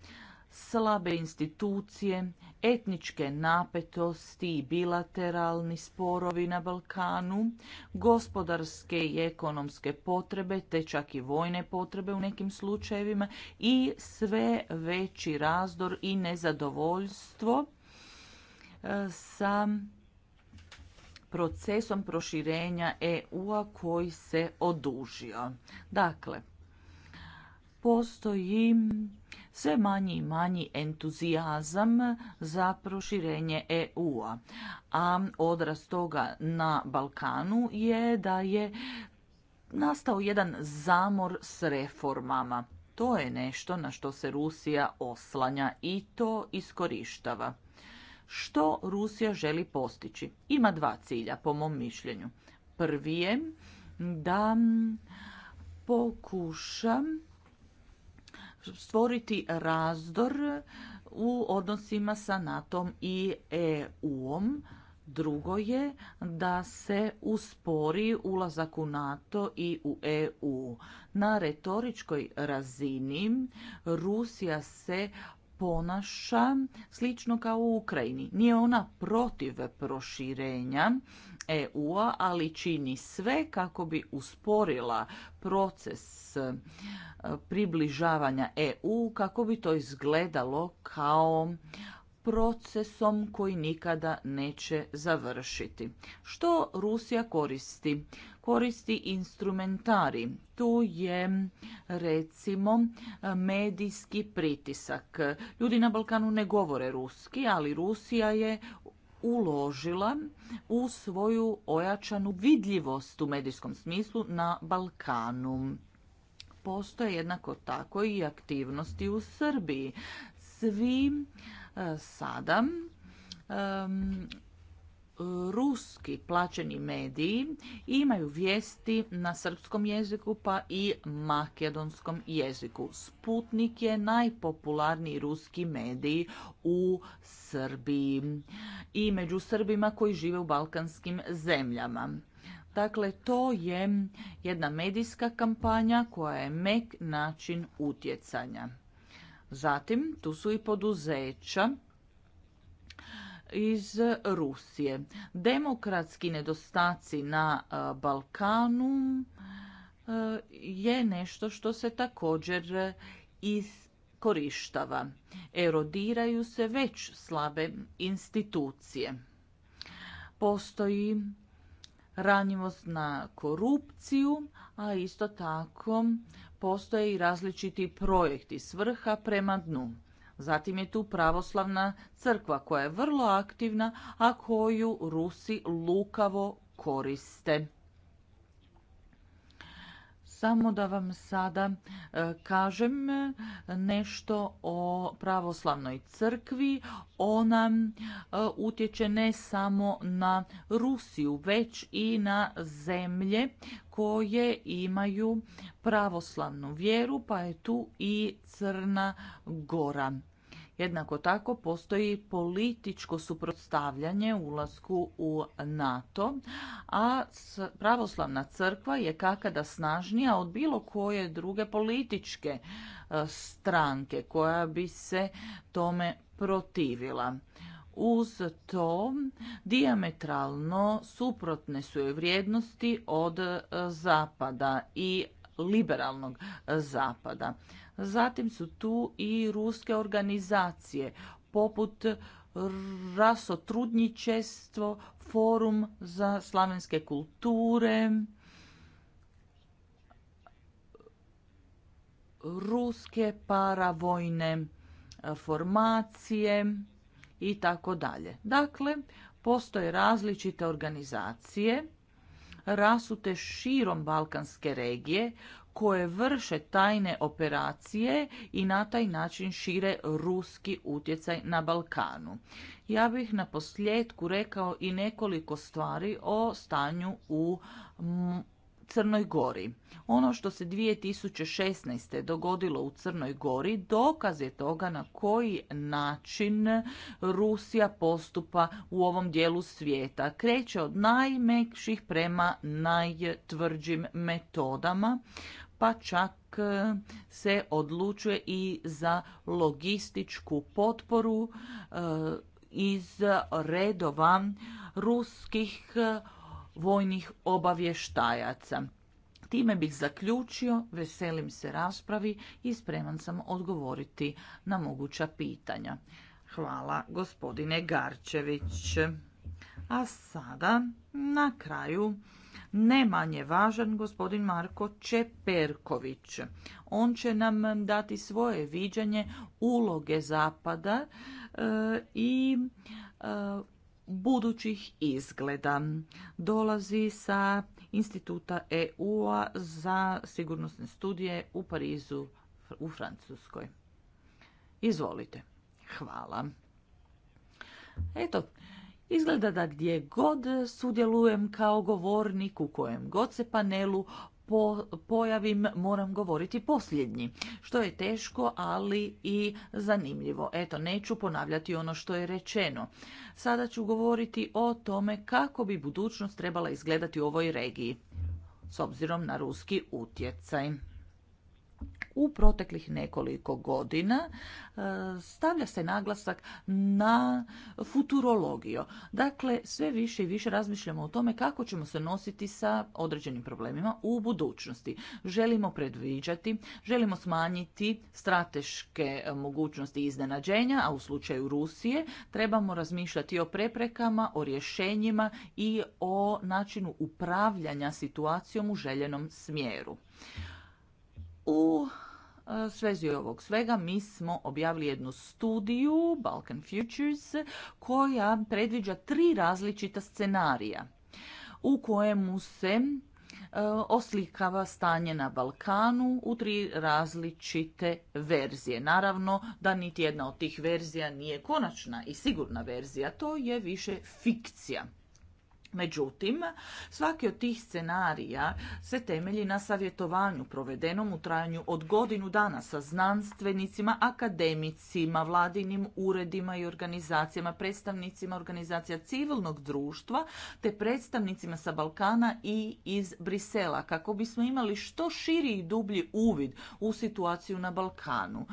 slabe institucije etničke napetosti i bilateralni sporovi na Balkanu, gospodarske i ekonomske potrebe, te čak i vojne potrebe u nekim slučajevima i sve veći razdor i nezadovoljstvo e, sa procesom proširenja EU-a koji se odužio. Dakle, postoji sve manji i manji entuzijazam za proširenje EU-a. A odraz toga na Balkanu je da je nastao jedan zamor s reformama. To je nešto na što se Rusija oslanja i to iskorištava. Što Rusija želi postići? Ima dva cilja, po mom mišljenju. Prvi je da pokuša stvoriti razdor u odnosima sa NATO-om i EU-om. Drugo je da se uspori ulazak u NATO i u EU. Na retoričkoj razini Rusija se ponaša slično kao u Ukrajini. Nije ona protiv proširenja EU-a, ali čini sve kako bi usporila proces e, približavanja EU, kako bi to izgledalo kao procesom koji nikada neće završiti. Što Rusija koristi? Koristi instrumentari. Tu je recimo medijski pritisak. Ljudi na Balkanu ne govore ruski, ali Rusija je uložila u svoju ojačanu vidljivost u medijskom smislu na Balkanu. Postoje jednako tako i aktivnosti u Srbiji. Svi e, sada ruski plaćeni mediji imaju vijesti na srpskom jeziku pa i makedonskom jeziku. Sputnik je najpopularniji ruski mediji u Srbiji i među Srbima koji žive u balkanskim zemljama. Dakle, to je jedna medijska kampanja koja je mek način utjecanja. Zatim, tu su i poduzeća iz Rusije. Demokratski nedostaci na e, Balkanu e, je nešto što se također e, iskorištava. Erodiraju se već slabe institucije. Postoji ranjivost na korupciju, a isto tako postoje i različiti projekti svrha prema dnu. Zatim je tu pravoslavna crkva koja je vrlo aktivna, a koju Rusi lukavo koriste. Samo da vam sada e, kažem e, nešto o pravoslavnoj crkvi. Ona e, utječe ne samo na Rusiju, već i na zemlje koje imaju pravoslavnu vjeru, pa je tu i Crna Gora. Jednako tako postoji političko suprotstavljanje ulasku u NATO, a pravoslavna crkva je kakada snažnija od bilo koje druge političke e, stranke koja bi se tome protivila. Uz to diametralno suprotne su joj vrijednosti od e, zapada i liberalnog zapada. Zatim su tu i ruske organizacije poput Rasotrudničestvo, Forum za slavenske kulture, ruske paravojne e, formacije i tako dalje. Dakle, postoje različite organizacije rasute širom Balkanske regije koje vrše tajne operacije i na taj način šire ruski utjecaj na Balkanu. Ja bih na posljedku rekao i nekoliko stvari o stanju u Crnoj Gori. Ono što se 2016. dogodilo u Crnoj Gori dokaz je toga na koji način Rusija postupa u ovom dijelu svijeta. Kreće od najmekših prema najtvrđim metodama pa čak e, se odlučuje i za logističku potporu e, iz redova ruskih e, vojnih obavještajaca. Time bih zaključio, veselim se raspravi i spreman sam odgovoriti na moguća pitanja. Hvala gospodine Garčević. A sada na kraju ne manje važan gospodin Marko Čeperković. On će nam dati svoje viđanje uloge Zapada e, i e, budućih izgleda. Dolazi sa Instituta EU-a za sigurnosne studije u Parizu u Francuskoj. Izvolite. Hvala. Eto, Izgleda da gdje god sudjelujem kao govornik, u kojem god se panelu pojavim moram govoriti posljednji, što je teško, ali i zanimljivo. Eto, neću ponavljati ono što je rečeno. Sada ću govoriti o tome kako bi budućnost trebala izgledati u ovoj regiji, s obzirom na ruski utjecaj u proteklih nekoliko godina e, stavlja se naglasak na futurologiju. Dakle, sve više i više razmišljamo o tome kako ćemo se nositi sa određenim problemima u budućnosti. Želimo predviđati, želimo smanjiti strateške mogućnosti iznenađenja, a u slučaju Rusije trebamo razmišljati o preprekama, o rješenjima i o načinu upravljanja situacijom u željenom smjeru. U E, svezi ovog svega mi smo objavili jednu studiju Balkan Futures koja predviđa tri različita scenarija u kojemu se e, oslikava stanje na Balkanu u tri različite verzije. Naravno da niti jedna od tih verzija nije konačna i sigurna verzija, to je više fikcija. Međutim, svaki od tih scenarija se temelji na savjetovanju provedenom u trajanju od godinu dana sa znanstvenicima, akademicima, vladinim uredima i organizacijama, predstavnicima organizacija civilnog društva te predstavnicima sa Balkana i iz Brisela kako bismo imali što širi i dublji uvid u situaciju na Balkanu.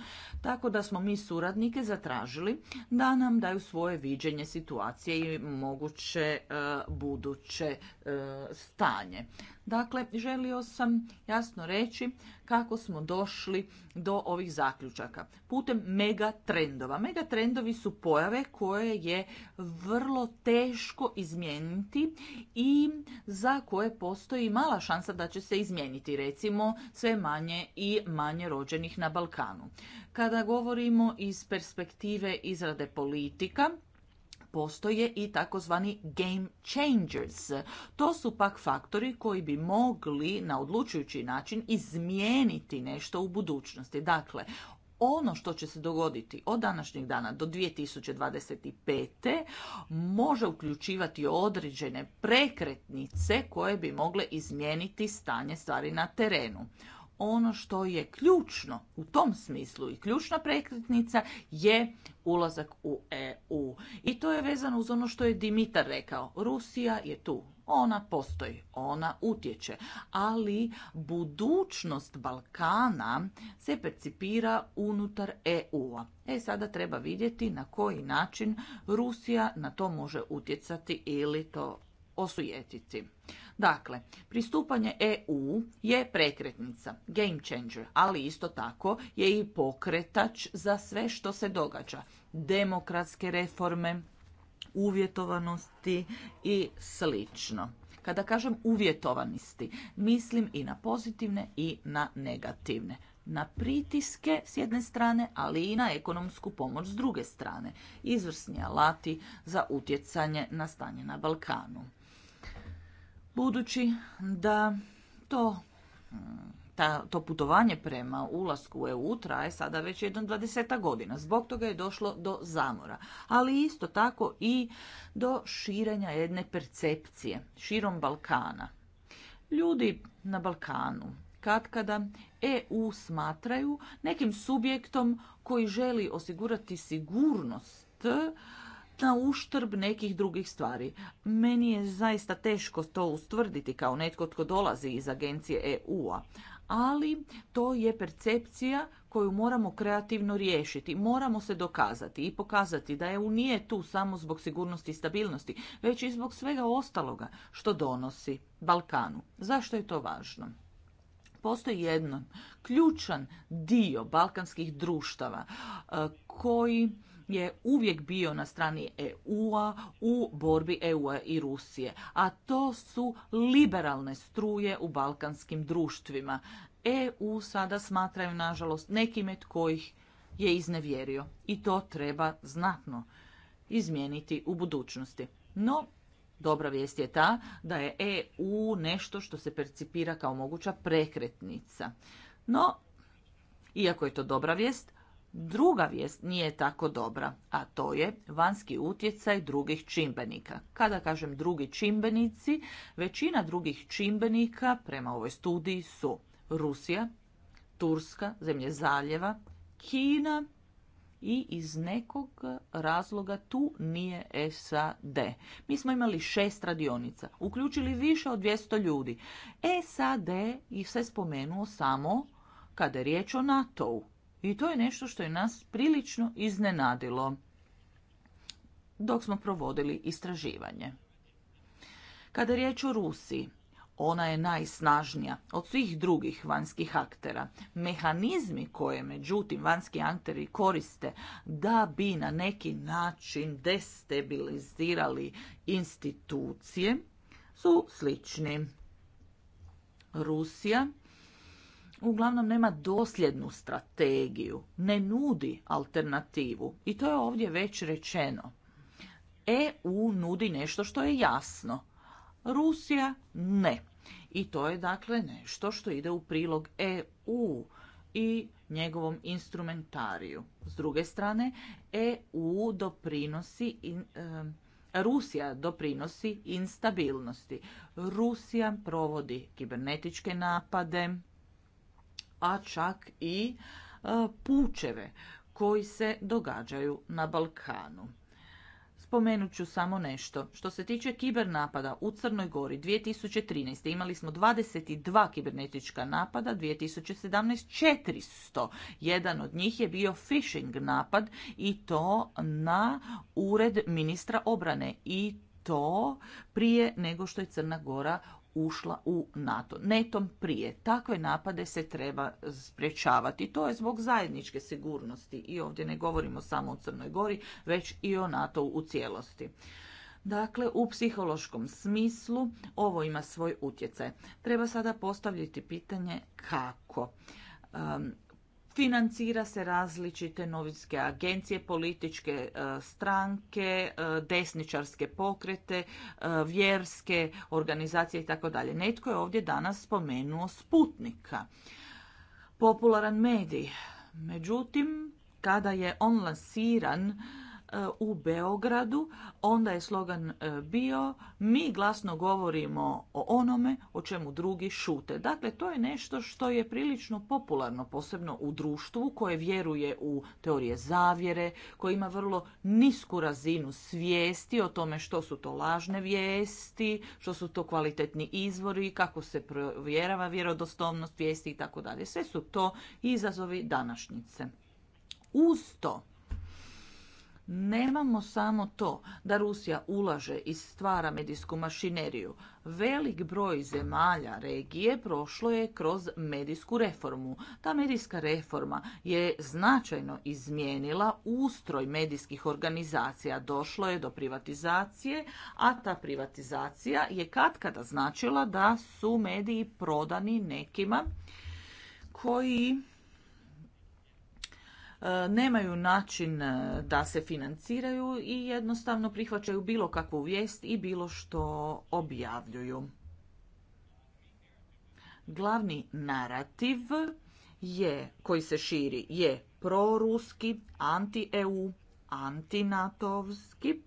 Tako da smo mi suradnike zatražili da nam daju svoje viđenje situacije i moguće budućnosti. E, buduće e, stanje. Dakle, želio sam jasno reći kako smo došli do ovih zaključaka. Putem megatrendova. Megatrendovi su pojave koje je vrlo teško izmijeniti i za koje postoji mala šansa da će se izmijeniti. Recimo, sve manje i manje rođenih na Balkanu. Kada govorimo iz perspektive izrade politika, postoje i takozvani game changers. To su pak faktori koji bi mogli na odlučujući način izmijeniti nešto u budućnosti. Dakle, ono što će se dogoditi od današnjeg dana do 2025. može uključivati određene prekretnice koje bi mogle izmijeniti stanje stvari na terenu ono što je ključno u tom smislu i ključna prekretnica je ulazak u EU. I to je vezano uz ono što je Dimitar rekao. Rusija je tu. Ona postoji, ona utječe, ali budućnost Balkana se percipira unutar EU-a. E sada treba vidjeti na koji način Rusija na to može utjecati ili to osujetiti. Dakle, pristupanje EU je prekretnica, game changer, ali isto tako je i pokretač za sve što se događa. Demokratske reforme, uvjetovanosti i slično. Kada kažem uvjetovanosti, mislim i na pozitivne i na negativne. Na pritiske s jedne strane, ali i na ekonomsku pomoć s druge strane. Izvrsni alati za utjecanje na stanje na Balkanu budući da to ta, to putovanje prema ulasku u EU traje sada već jedan dvadeseta godina. Zbog toga je došlo do zamora, ali isto tako i do širenja jedne percepcije širom Balkana. Ljudi na Balkanu kad kada EU smatraju nekim subjektom koji želi osigurati sigurnost na uštrb nekih drugih stvari. Meni je zaista teško to ustvrditi kao netko tko dolazi iz agencije EU-a, ali to je percepcija koju moramo kreativno riješiti. Moramo se dokazati i pokazati da EU nije tu samo zbog sigurnosti i stabilnosti, već i zbog svega ostaloga što donosi Balkanu. Zašto je to važno? Postoji jedan ključan dio balkanskih društava eh, koji je uvijek bio na strani EU-a u borbi EU-a i Rusije, a to su liberalne struje u balkanskim društvima. EU sada smatraju, nažalost, nekim tko kojih je iznevjerio i to treba znatno izmijeniti u budućnosti. No, dobra vijest je ta da je EU nešto što se percipira kao moguća prekretnica. No, iako je to dobra vijest, Druga vijest nije tako dobra, a to je vanjski utjecaj drugih čimbenika. Kada kažem drugi čimbenici, većina drugih čimbenika prema ovoj studiji su Rusija, Turska, zemlje zaljeva, Kina i iz nekog razloga tu nije SAD. Mi smo imali šest radionica, uključili više od 200 ljudi. SAD ih se spomenuo samo kada je riječ o NATO-u i to je nešto što je nas prilično iznenadilo dok smo provodili istraživanje. Kada je riječ o Rusiji, ona je najsnažnija od svih drugih vanjskih aktera. Mehanizmi koje, međutim, vanjski akteri koriste da bi na neki način destabilizirali institucije su slični. Rusija uglavnom nema dosljednu strategiju, ne nudi alternativu. I to je ovdje već rečeno. EU nudi nešto što je jasno. Rusija ne. I to je dakle nešto što ide u prilog EU i njegovom instrumentariju. S druge strane, EU doprinosi Rusija doprinosi instabilnosti. Rusija provodi kibernetičke napade, a čak i e, pučeve koji se događaju na Balkanu. Spomenut ću samo nešto. Što se tiče kiber napada u Crnoj Gori 2013. imali smo 22 kibernetička napada, 2017. 400. Jedan od njih je bio phishing napad i to na ured ministra obrane i to prije nego što je Crna Gora ušla u NATO. Netom prije. Takve napade se treba sprječavati. To je zbog zajedničke sigurnosti. I ovdje ne govorimo samo o Crnoj Gori, već i o NATO u cijelosti. Dakle, u psihološkom smislu ovo ima svoj utjecaj. Treba sada postavljati pitanje kako. Financira se različite novinske agencije, političke e, stranke, e, desničarske pokrete, e, vjerske organizacije itd. Netko je ovdje danas spomenuo Sputnika. Popularan medij. Međutim, kada je on lansiran u Beogradu, onda je slogan e, bio mi glasno govorimo o onome o čemu drugi šute. Dakle, to je nešto što je prilično popularno, posebno u društvu koje vjeruje u teorije zavjere, koje ima vrlo nisku razinu svijesti o tome što su to lažne vijesti, što su to kvalitetni izvori, kako se provjerava vjerodostojnost vijesti i tako dalje. Sve su to izazovi današnjice. Uz to, nemamo samo to da Rusija ulaže i stvara medijsku mašineriju. Velik broj zemalja regije prošlo je kroz medijsku reformu. Ta medijska reforma je značajno izmijenila ustroj medijskih organizacija. Došlo je do privatizacije, a ta privatizacija je katkada značila da su mediji prodani nekima koji nemaju način e, da se financiraju i jednostavno prihvaćaju bilo kakvu vijest i bilo što objavljuju. Glavni narativ je, koji se širi je proruski, anti-EU, antinatovski,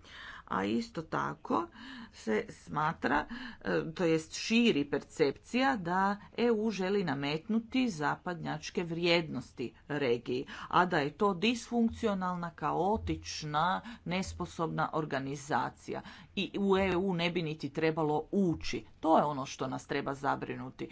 a isto tako se smatra, e, to jest širi percepcija da EU želi nametnuti zapadnjačke vrijednosti regiji, a da je to disfunkcionalna, kaotična, nesposobna organizacija i u EU ne bi niti trebalo ući. To je ono što nas treba zabrinuti.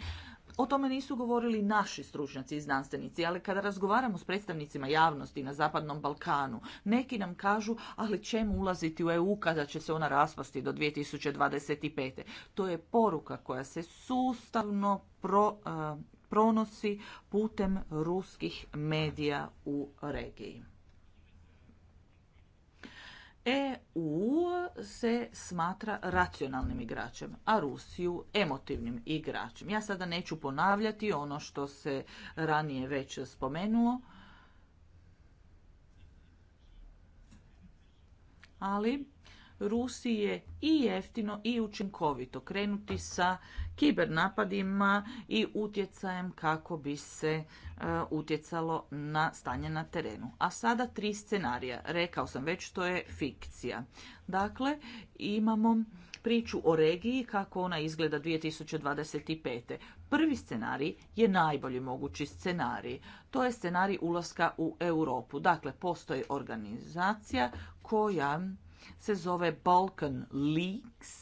O tome nisu govorili naši stručnjaci i znanstvenici, ali kada razgovaramo s predstavnicima javnosti na Zapadnom Balkanu, neki nam kažu, ali čemu ulaziti u EU kada će se ona raspasti do 2025. To je poruka koja se sustavno pro, eh, pronosi putem ruskih medija u regiji. EU se smatra racionalnim igračem, a Rusiju emotivnim igračem. Ja sada neću ponavljati ono što se ranije već spomenulo, ali Rusije i jeftino i učinkovito krenuti sa kibernapadima i utjecajem kako bi se e, utjecalo na stanje na terenu. A sada tri scenarija. Rekao sam već to je fikcija. Dakle, imamo priču o regiji kako ona izgleda 2025. Prvi scenarij je najbolji mogući scenarij. To je scenarij ulaska u Europu. Dakle, postoji organizacija koja se zove Balkan Leaks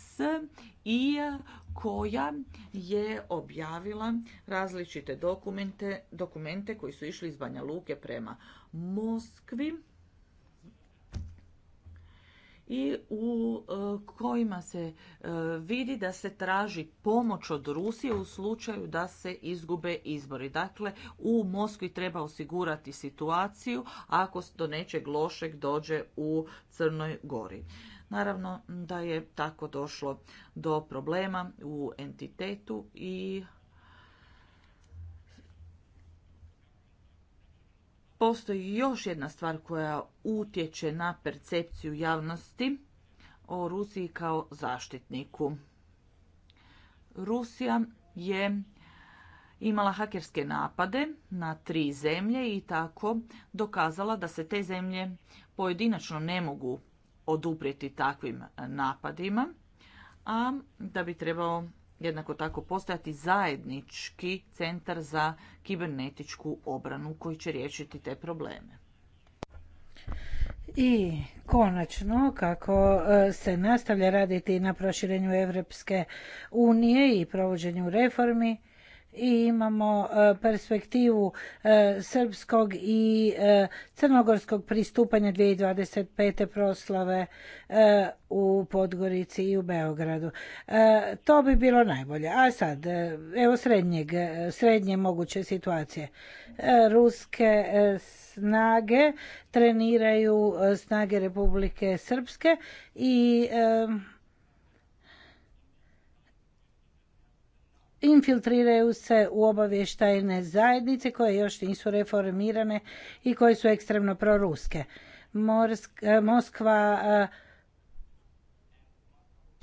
i koja je objavila različite dokumente, dokumente koji su išli iz Banja Luke prema Moskvi i u e, kojima se e, vidi da se traži pomoć od Rusije u slučaju da se izgube izbori. Dakle, u Moskvi treba osigurati situaciju ako do nečeg lošeg dođe u Crnoj Gori. Naravno da je tako došlo do problema u entitetu i Postoji još jedna stvar koja utječe na percepciju javnosti o Rusiji kao zaštitniku. Rusija je imala hakerske napade na tri zemlje i tako dokazala da se te zemlje pojedinačno ne mogu oduprijeti takvim napadima, a da bi trebao jednako tako postojati zajednički centar za kibernetičku obranu koji će riješiti te probleme. I konačno, kako e, se nastavlja raditi na proširenju europske unije i provođenju reformi, i imamo e, perspektivu e, srpskog i e, crnogorskog pristupanja 2025. proslave u Podgorici i u Beogradu. To bi bilo najbolje. A sad, evo srednjeg, srednje moguće situacije. Ruske snage treniraju snage Republike Srpske i infiltriraju se u obavještajne zajednice koje još nisu reformirane i koje su ekstremno proruske. E, Moskva e,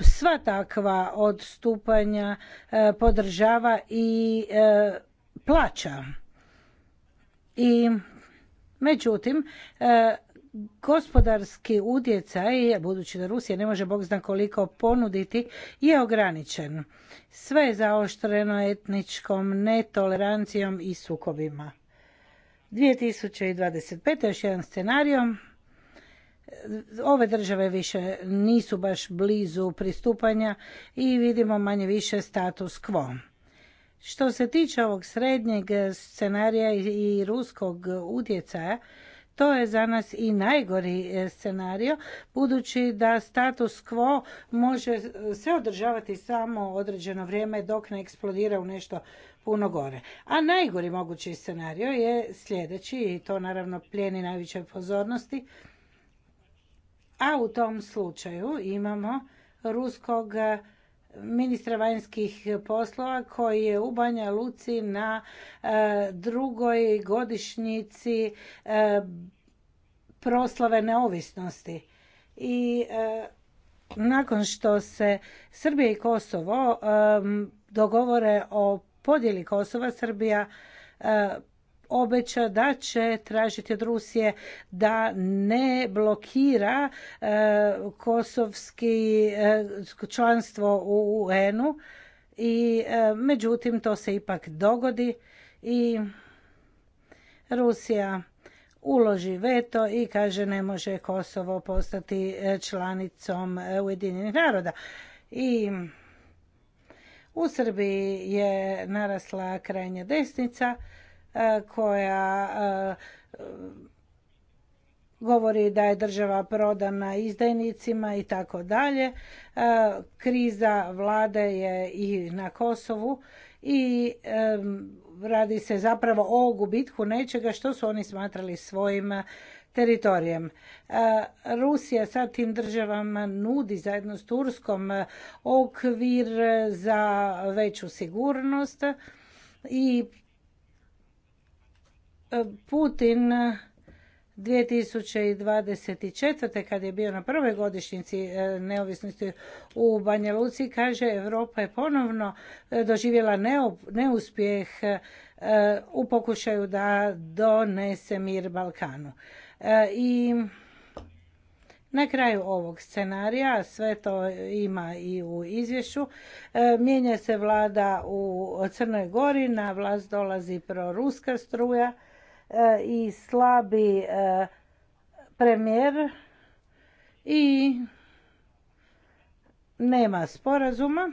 sva takva odstupanja e, podržava i plaća. I međutim gospodarski utjecaj, budući da Rusija ne može bog zna koliko ponuditi, je ograničen. Sve je zaoštreno etničkom netolerancijom i sukobima. 2025. još jedan scenarijom. Ove države više nisu baš blizu pristupanja i vidimo manje više status quo. Što se tiče ovog srednjeg scenarija i ruskog utjecaja, to je za nas i najgori e, scenario, budući da status quo može e, se održavati samo određeno vrijeme dok ne eksplodira u nešto puno gore. A najgori mogući scenario je sljedeći i to naravno plijeni najveće pozornosti. A u tom slučaju imamo ruskog ministra vanjskih poslova koji je u Banja Luci na e, drugoj godišnjici e, proslave neovisnosti. I e, nakon što se Srbija i Kosovo dogovore o podjeli Kosova, Srbija obeća da će tražiti od Rusije da ne blokira e, kosovski e, članstvo u UN-u i e, međutim to se ipak dogodi i Rusija uloži veto i kaže ne može Kosovo postati članicom Ujedinjenih naroda. I u Srbiji je narasla krajnja desnica E, koja e, govori da je država prodana izdajnicima i tako dalje. E, kriza vlade je i na Kosovu i radi se zapravo o gubitku nečega što su oni smatrali svojim teritorijem. Rusija sa tim državama nudi zajedno s Turskom okvir za veću sigurnost i Putin 2024. kad je bio na prvoj godišnjici e, neovisnosti u Banja Luci, kaže Europa je ponovno e, doživjela neuspjeh e, u pokušaju da donese mir Balkanu. I na kraju ovog scenarija, sve to ima i u izvješću, mijenja se vlada u Crnoj Gori, na vlast dolazi proruska struja, E, i slabi e, premijer i nema sporazuma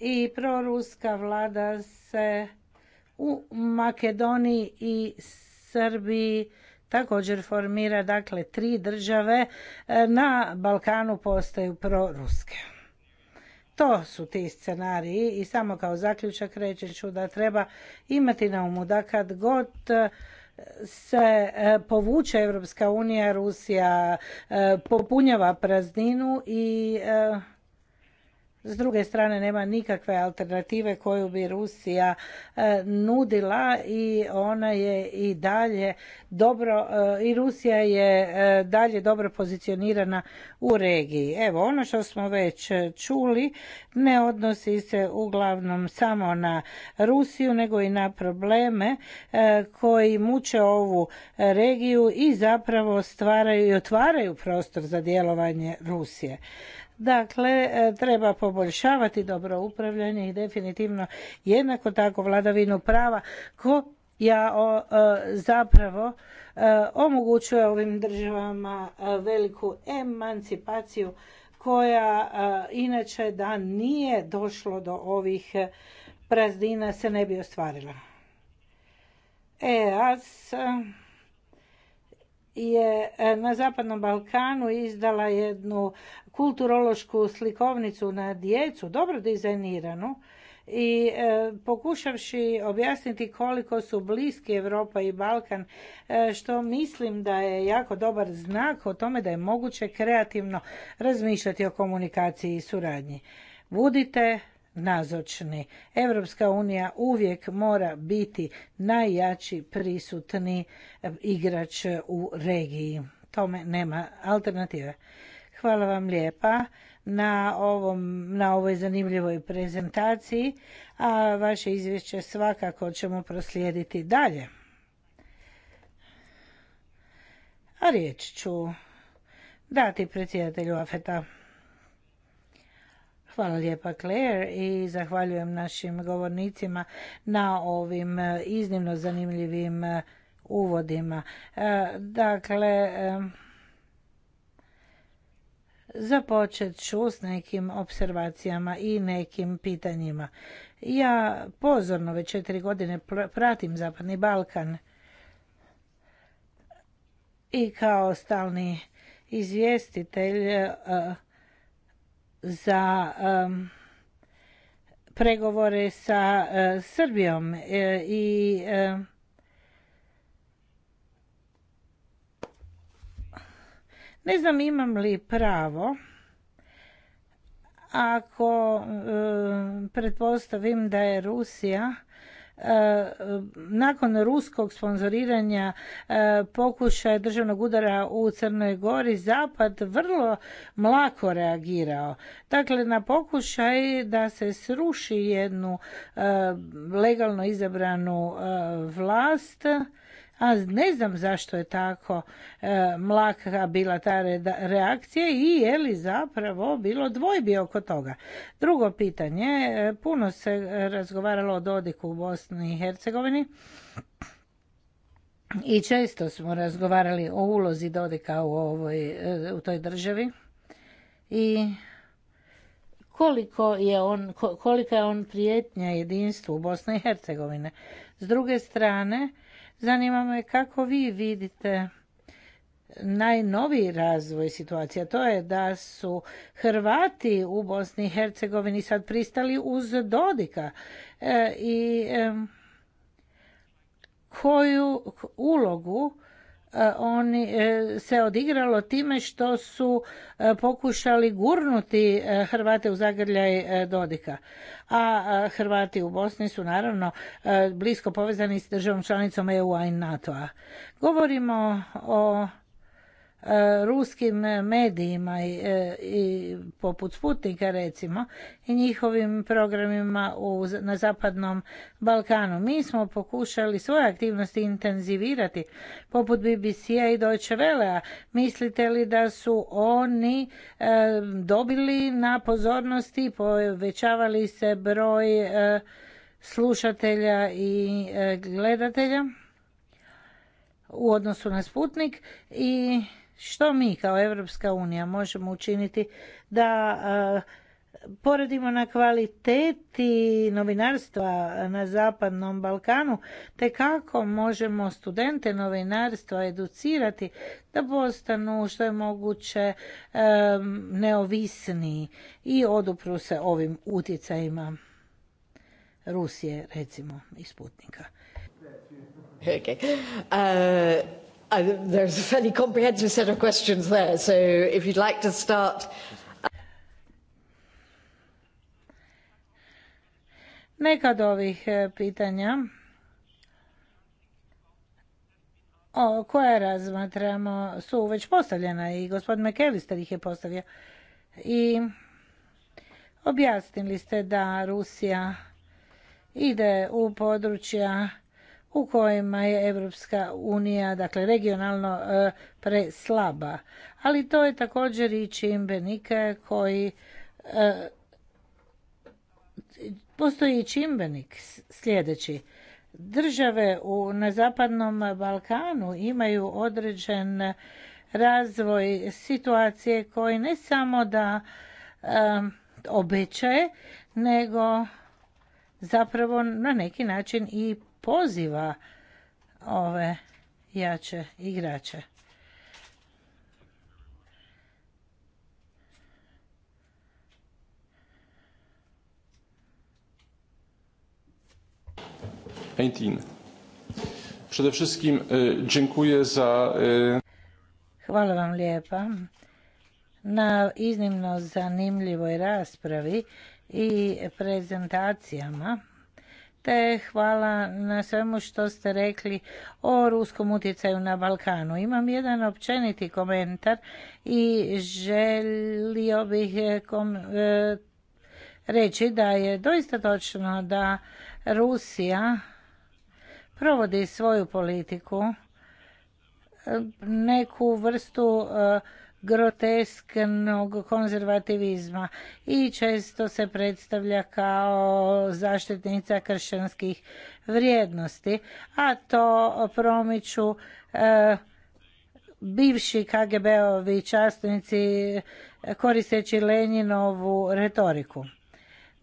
i proruska vlada se u Makedoniji i Srbiji također formira dakle tri države e, na Balkanu postaju proruske. To su ti scenariji i samo kao zaključak reći ću da treba imati na umu da kad god e, se e, povuče Europska unija, Rusija e, popunjava prazninu i s druge strane nema nikakve alternative koju bi Rusija e, nudila i ona je i dalje dobro e, i Rusija je e, dalje dobro pozicionirana u regiji. Evo ono što smo već čuli ne odnosi se uglavnom samo na Rusiju nego i na probleme koji muče ovu regiju i zapravo stvaraju i otvaraju prostor za djelovanje Rusije. Dakle, e, treba poboljšavati dobro upravljanje i definitivno jednako tako vladavinu prava ko ja e, zapravo e, omogućuje ovim državama veliku emancipaciju koja inače da nije došlo do ovih prazdina se ne bi ostvarila. EAS je e, na Zapadnom Balkanu izdala jednu kulturološku slikovnicu na djecu, dobro dizajniranu, i e, pokušavši objasniti koliko su bliski Europa i Balkan, e, što mislim da je jako dobar znak o tome da je moguće kreativno razmišljati o komunikaciji i suradnji. Budite nazočni. Europska unija uvijek mora biti najjači prisutni eh, igrač u regiji. Tome nema alternative. Hvala vam lijepa na, ovom, na ovoj zanimljivoj prezentaciji, a vaše izvješće svakako ćemo proslijediti dalje. A riječ ću dati predsjedatelju Afeta. Hvala lijepa Claire i zahvaljujem našim govornicima na ovim e, iznimno zanimljivim e, uvodima. E, dakle, započet ću s nekim observacijama i nekim pitanjima. Ja pozorno već četiri godine pratim Zapadni Balkan i kao stalni izvjestitelj za pregovore sa e, Srbijom e, i e, ne znam imam li pravo ako pretpostavim da je Rusija E, nakon ruskog sponzoriranja e, pokušaja državnog udara u Crnoj Gori zapad vrlo mlako reagirao. Dakle na pokušaj da se sruši jednu e, legalno izabranu vlast a ne znam zašto je tako e, mlaka bila ta reakcija i je li zapravo bilo dvojbi oko toga. Drugo pitanje, e, puno se razgovaralo o Dodiku u Bosni i Hercegovini i često smo razgovarali o ulozi Dodika u, ovoj, e, u toj državi i koliko je on, kolika je on prijetnja jedinstvu Bosne i Hercegovine. S druge strane, Zanima me kako vi vidite najnoviji razvoj situacija. To je da su Hrvati u Bosni i Hercegovini sad pristali uz Dodika e, i koju ulogu E, oni e, se odigralo time što su e, pokušali gurnuti Hrvate u zagrljaj Dodika. A Hrvati u Bosni su naravno blisko povezani s državom članicom EU-a i NATO-a. Govorimo o E, ruskim medijima e, i, poput Sputnika recimo i njihovim programima u, na zapadnom Balkanu. Mi smo pokušali svoje aktivnosti intenzivirati poput BBC-a i Deutsche a Mislite li da su oni e, dobili na pozornosti, povećavali se broj slušatelja i gledatelja u odnosu na Sputnik i što mi kao Europska unija možemo učiniti da poredimo na kvaliteti novinarstva na Zapadnom Balkanu, te kako možemo studente novinarstva educirati da postanu što je moguće neovisniji i odupru se ovim utjecajima Rusije, recimo, i Sputnika. Uh, i, there's a fairly comprehensive set of questions there, so if you'd like to start... Neka od ovih e, pitanja o koje razmatramo su već postavljena i gospodin McAllister ih je postavio. I objasnili ste da Rusija ide u područja u kojima je Europska unija, dakle regionalno e, preslaba. Ali to je također i e, čimbenik koji postoji čimbenik sljedeći. Države u, na Zapadnom Balkanu imaju određen razvoj situacije koji ne samo da e, obećaje, nego zapravo na neki način i poziva ove jače igrače. Przede wszystkim e, dziękuję za... E, Hvala vam lijepa na iznimno zanimljivoj raspravi i prezentacijama te hvala na svemu što ste rekli o ruskom utjecaju na Balkanu. Imam jedan općeniti komentar i želio bih eh, kom, eh, reći da je doista točno da Rusija provodi svoju politiku eh, neku vrstu grotesknog konzervativizma i često se predstavlja kao zaštitnica kršćanskih vrijednosti, a to promiču e, bivši KGB-ovi častnici koristeći Leninovu retoriku.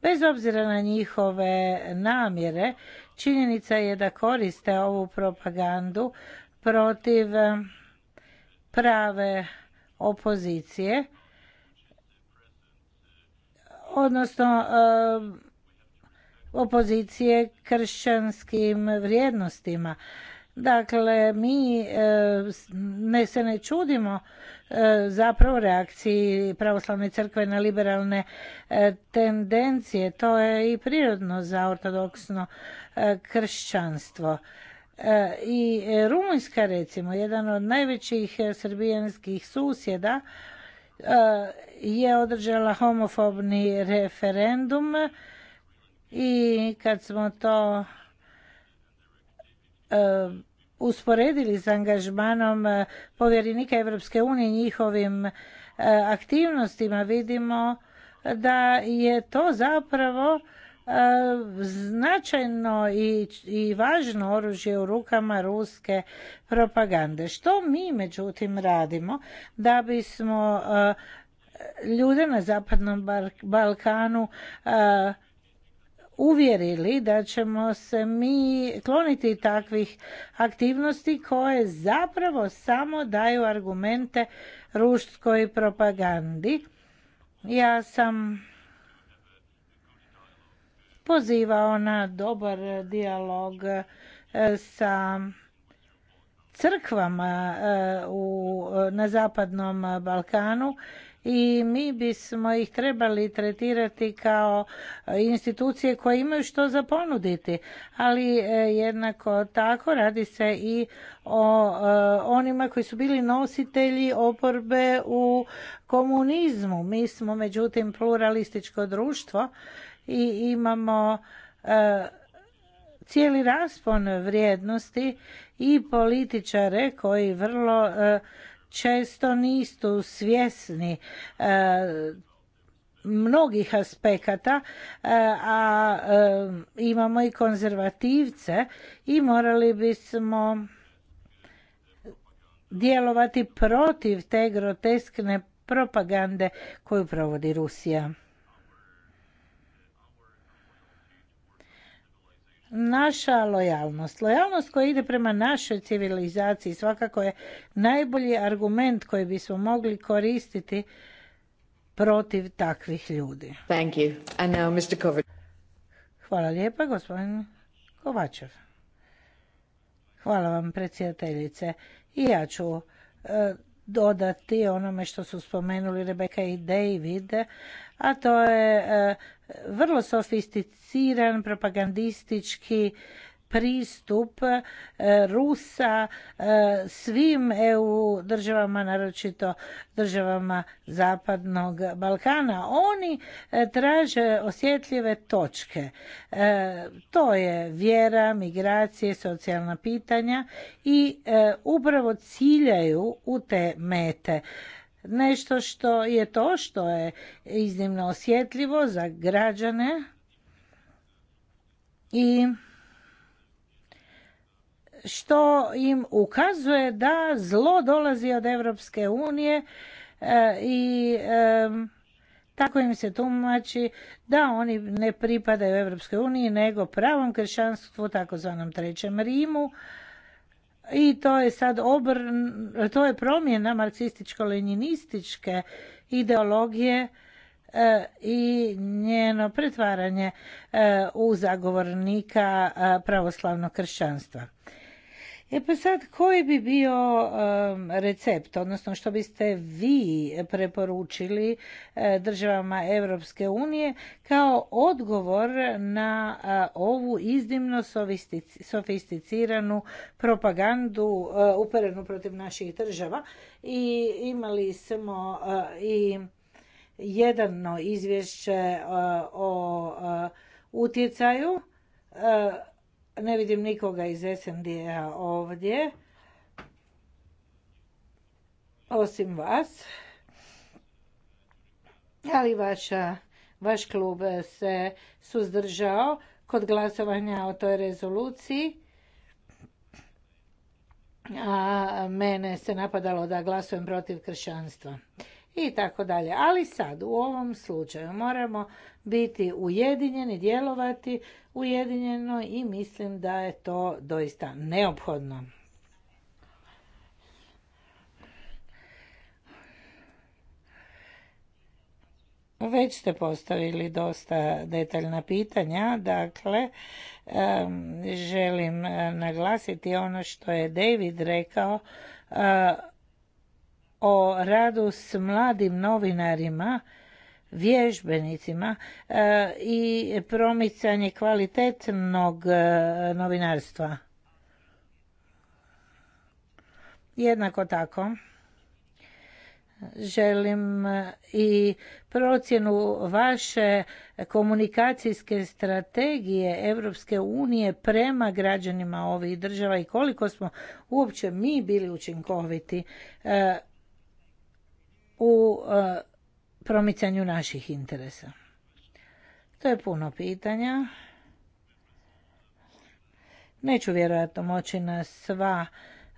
Bez obzira na njihove namjere, činjenica je da koriste ovu propagandu protiv e, prave opozicije, odnosno eh, opozicije kršćanskim vrijednostima. Dakle, mi eh, ne se ne čudimo eh, zapravo reakciji pravoslavne crkve na liberalne tendencije. To je i prirodno za ortodoksno kršćanstvo. E, I e, Rumunjska recimo, jedan od najvećih e, srbijanskih susjeda, je održala homofobni referendum i kad smo to usporedili s angažmanom povjerenika Evropske unije njihovim aktivnostima vidimo da je to zapravo E, značajno i, i važno oružje u rukama ruske propagande. Što mi međutim radimo da bismo e, ljude na Zapadnom Balkanu e, uvjerili da ćemo se mi kloniti takvih aktivnosti koje zapravo samo daju argumente ruskoj propagandi. Ja sam pozivao na dobar dijalog e, sa crkvama e, na zapadnom Balkanu i mi bismo ih trebali tretirati kao institucije koje imaju što za ponuditi. Ali e, jednako tako radi se i o onima koji su bili nositelji oporbe u komunizmu. Mi smo međutim pluralističko društvo i imamo e, cijeli raspon vrijednosti i političare koji vrlo e, često nisu svjesni e, mnogih aspekata a imamo i konzervativce i morali bismo djelovati protiv te groteskne propagande koju provodi Rusija naša lojalnost. Lojalnost koja ide prema našoj civilizaciji svakako je najbolji argument koji bismo mogli koristiti protiv takvih ljudi. Thank you. And now Mr. Hvala lijepa, gospodin Kovačev. Hvala vam, predsjedateljice. I ja ću e, dodati onome što su spomenuli Rebeka i David, a to je e, vrlo sofisticiran propagandistički pristup e, Rusa e, svim EU državama, naročito državama Zapadnog Balkana. Oni e, traže osjetljive točke. To je vjera, migracije, socijalna pitanja i upravo ciljaju u te mete nešto što je to što je iznimno osjetljivo za građane i što im ukazuje da zlo dolazi od Europske unije e, i e, tako im se tumači da oni ne pripadaju Europskoj uniji nego pravom kršćanstvu, takozvanom trećem Rimu i to je sad obr, to je promjena marksističko-leninističke ideologije e, i njeno pretvaranje e, u zagovornika e, pravoslavnog kršćanstva. E pa sad, koji bi bio recept, odnosno što biste vi preporučili e, državama Europske unije kao odgovor na e, ovu iznimno sofisticiranu propagandu e, uperenu protiv naših država i imali smo i jedano izvješće o utjecaju ne vidim nikoga iz smd a ovdje. Osim vas. Ali vaša, vaš klub se suzdržao kod glasovanja o toj rezoluciji. A mene se napadalo da glasujem protiv kršćanstva i tako dalje. Ali sad u ovom slučaju moramo biti ujedinjeni, djelovati ujedinjeno i mislim da je to doista neophodno. Već ste postavili dosta detaljna pitanja, dakle želim eh, naglasiti ono što je David rekao eh, o radu s mladim novinarima, vježbenicima e, i promicanje kvalitetnog e, novinarstva. Jednako tako želim e, i procjenu vaše komunikacijske strategije Europske unije prema građanima ovih država i koliko smo uopće mi bili učinkoviti u e, promicanju naših interesa? To je puno pitanja. Neću vjerojatno moći na sva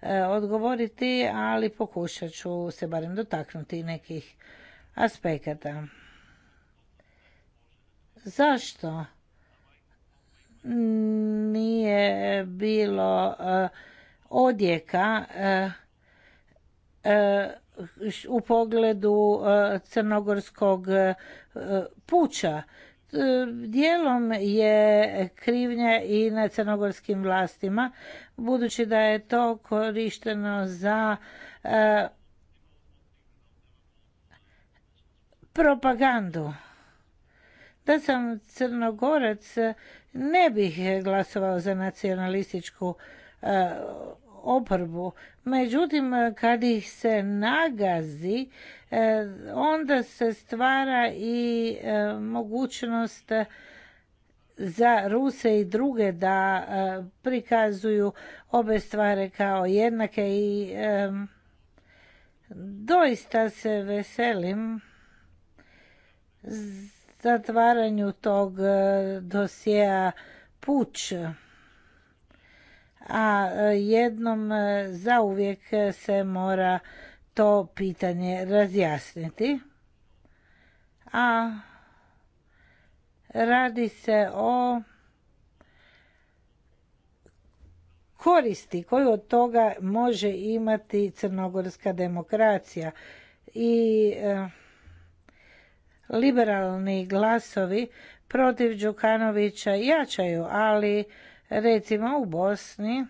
e, odgovoriti, ali pokušat ću se barem dotaknuti nekih aspekata. Zašto nije bilo e, odjeka u pogledu e, crnogorskog e, puća. E, dijelom je krivnja i na crnogorskim vlastima, budući da je to korišteno za propagandu. Da sam crnogorec, ne bih glasovao za nacionalističku oporbu. Međutim, kad ih se nagazi, e, onda se stvara i e, mogućnost za Ruse i druge da e, prikazuju obe stvari kao jednake i doista se veselim zatvaranju tog dosjea puća a e, jednom e, zauvijek se mora to pitanje razjasniti. A radi se o koristi koju od toga može imati crnogorska demokracija i e, liberalni glasovi protiv Đukanovića jačaju, ali Recimo u Bosni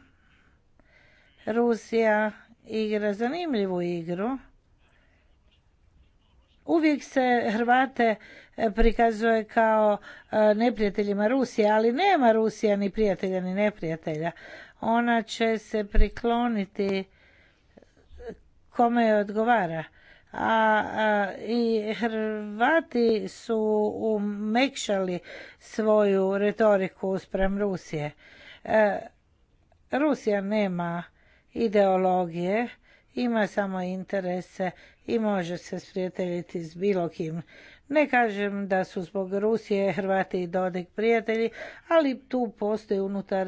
Rusija igra zanimljivu igru. Uvijek se Hrvate e, prikazuje kao e, neprijateljima Rusije, ali nema Rusija ni prijatelja ni neprijatelja. Ona će se prikloniti kome je odgovara a i Hrvati su umekšali svoju retoriku sprem Rusije. E, Rusija nema ideologije, ima samo interese i može se sprijateljiti s bilo kim. Ne kažem da su zbog Rusije Hrvati i Dodik prijatelji, ali tu postoji unutar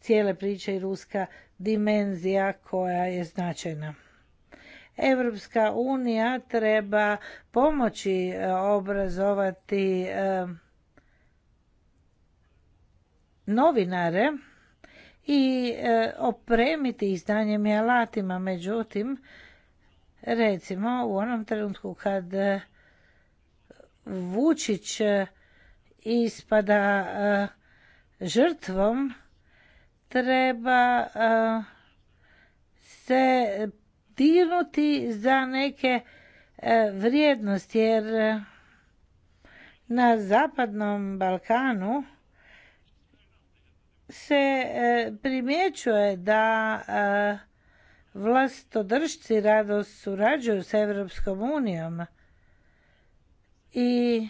cijele priče i ruska dimenzija koja je značajna. Evropska unija treba pomoći e, obrazovati e, novinare i e, opremiti ih znanjem i alatima. Međutim, recimo u onom trenutku kad Vučić ispada žrtvom, treba se dirnuti za neke e, vrijednosti jer e, na zapadnom Balkanu se e, primjećuje da vlastodržci rado surađuju s Europskom unijom i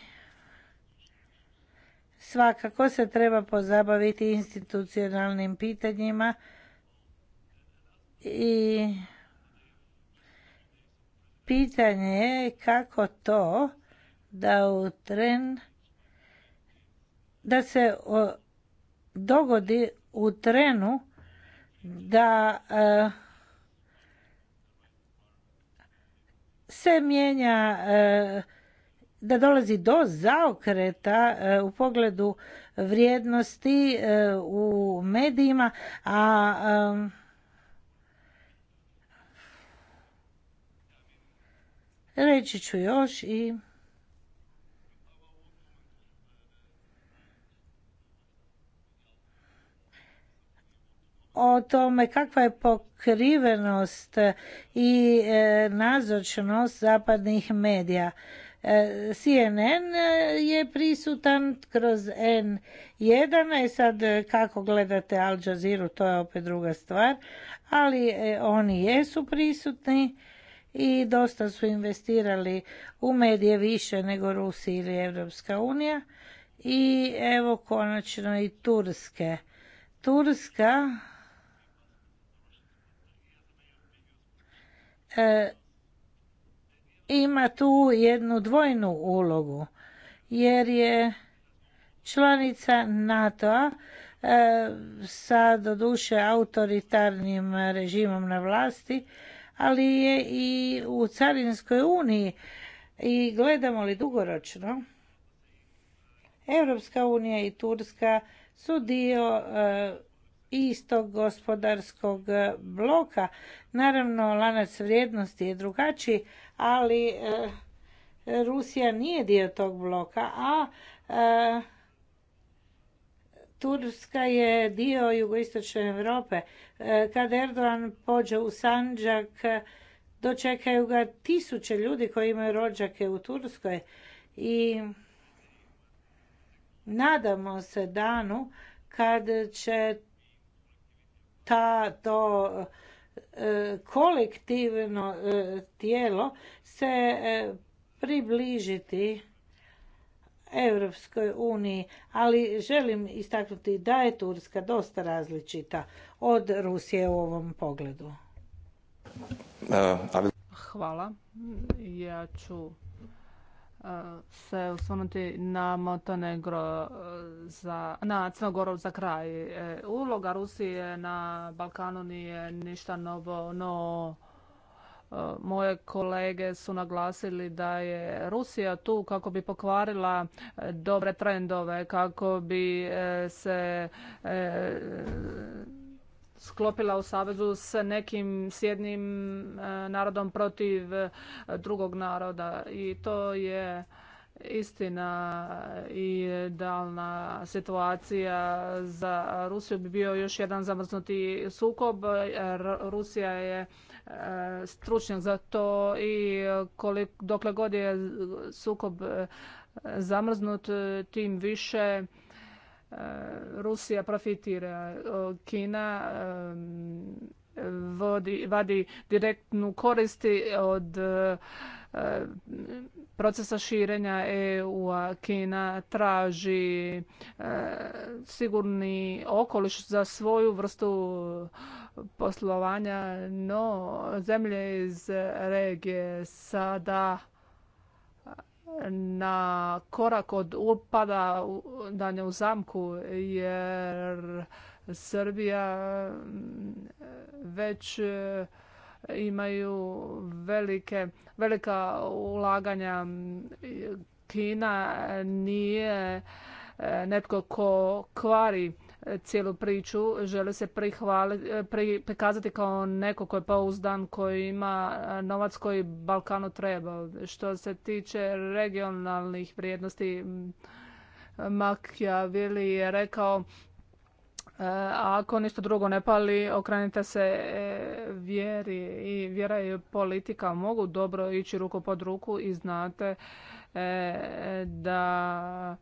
svakako se treba pozabaviti institucionalnim pitanjima i pitanje je kako to da u tren da se dogodi u trenu da e, se mijenja e, da dolazi do zaokreta e, u pogledu vrijednosti u medijima a Reći ću još i o tome kakva je pokrivenost i e, nazočnost zapadnih medija. E, CNN je prisutan kroz N1, i e, sad kako gledate Al Jazeera, to je opet druga stvar, ali oni jesu prisutni i dosta su investirali u medije više nego Rusi ili Evropska unija i evo konačno i Turske. Turska e, ima tu jednu dvojnu ulogu jer je članica NATO-a e, sa doduše autoritarnim režimom na vlasti ali je i u Carinskoj uniji. I gledamo li dugoročno, Europska unija i Turska su dio e, istog gospodarskog e, bloka. Naravno, lanac vrijednosti je drugačiji, ali e, Rusija nije dio tog bloka, a Turska je dio jugoistočne Europe. E, kad Erdogan pođe u Sanđak, dočekaju ga tisuće ljudi koji imaju rođake u Turskoj i nadamo se danu kad će ta to e, kolektivno e, tijelo se približiti Europskoj uniji, ali želim istaknuti da je Turska dosta različita od Rusije u ovom pogledu. Eh, Hvala. Ja ću eh, se osvrnuti na Montenegro eh, za, na crnogorov za kraj. Uloga Rusije na Balkanu nije ništa novo, no E, moje kolege su naglasili da je Rusija tu kako bi pokvarila e, dobre trendove, kako bi e, se sklopila u savezu s nekim sjednim narodom protiv drugog naroda i to je istina i idealna situacija za Rusiju bi bio još jedan zamrznuti sukob. Rusija je stručnjak za to i kolik dokle god je sukob e, zamrznut, e, tim više e, Rusija profitira. Kina vodi, vadi direktnu koristi od procesa širenja EU-a. Kina traži sigurni okoliš za svoju vrstu poslovanja, no zemlje iz regije sada eh, na korak od upada ne u zamku jer Srbija mm, već eh, imaju velike, velika ulaganja. Mm, Kina eh, nije netko ko kvari cijelu priču želi se prihvali, e, prikazati kao neko koji je pouzdan, koji ima e, novac koji Balkanu treba. Što se tiče regionalnih vrijednosti, Machiavelli je rekao a e, ako ništa drugo ne pali, okrenite se vjeri i vjera i politika mogu dobro ići ruku pod ruku i znate da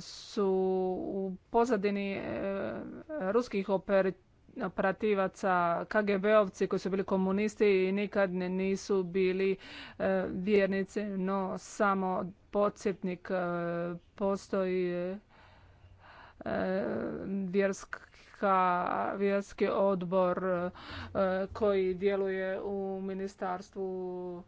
su u pozadini e, ruskih operativaca KGB-ovci koji su bili komunisti i nikad nisu bili e, vjernici, no samo podsjetnik e, postoji vjerska, vjerski odbor koji djeluje u ministarstvu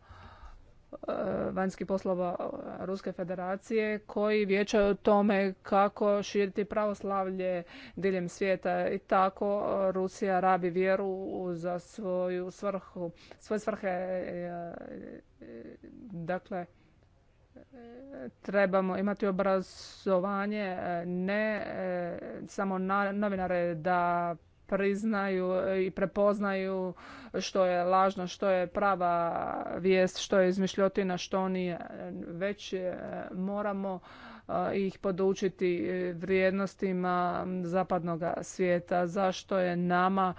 E, vanjskih poslova e, Ruske federacije koji vječaju o tome kako širiti pravoslavlje diljem svijeta i tako e, Rusija rabi vjeru za svoju svrhu, svoje svrhe. Dakle, trebamo imati obrazovanje ne samo novinare da priznaju e, i prepoznaju što je lažno, što je prava vijest, što je izmišljotina, što nije. Već e, moramo e, ih podučiti vrijednostima zapadnog svijeta, zašto je nama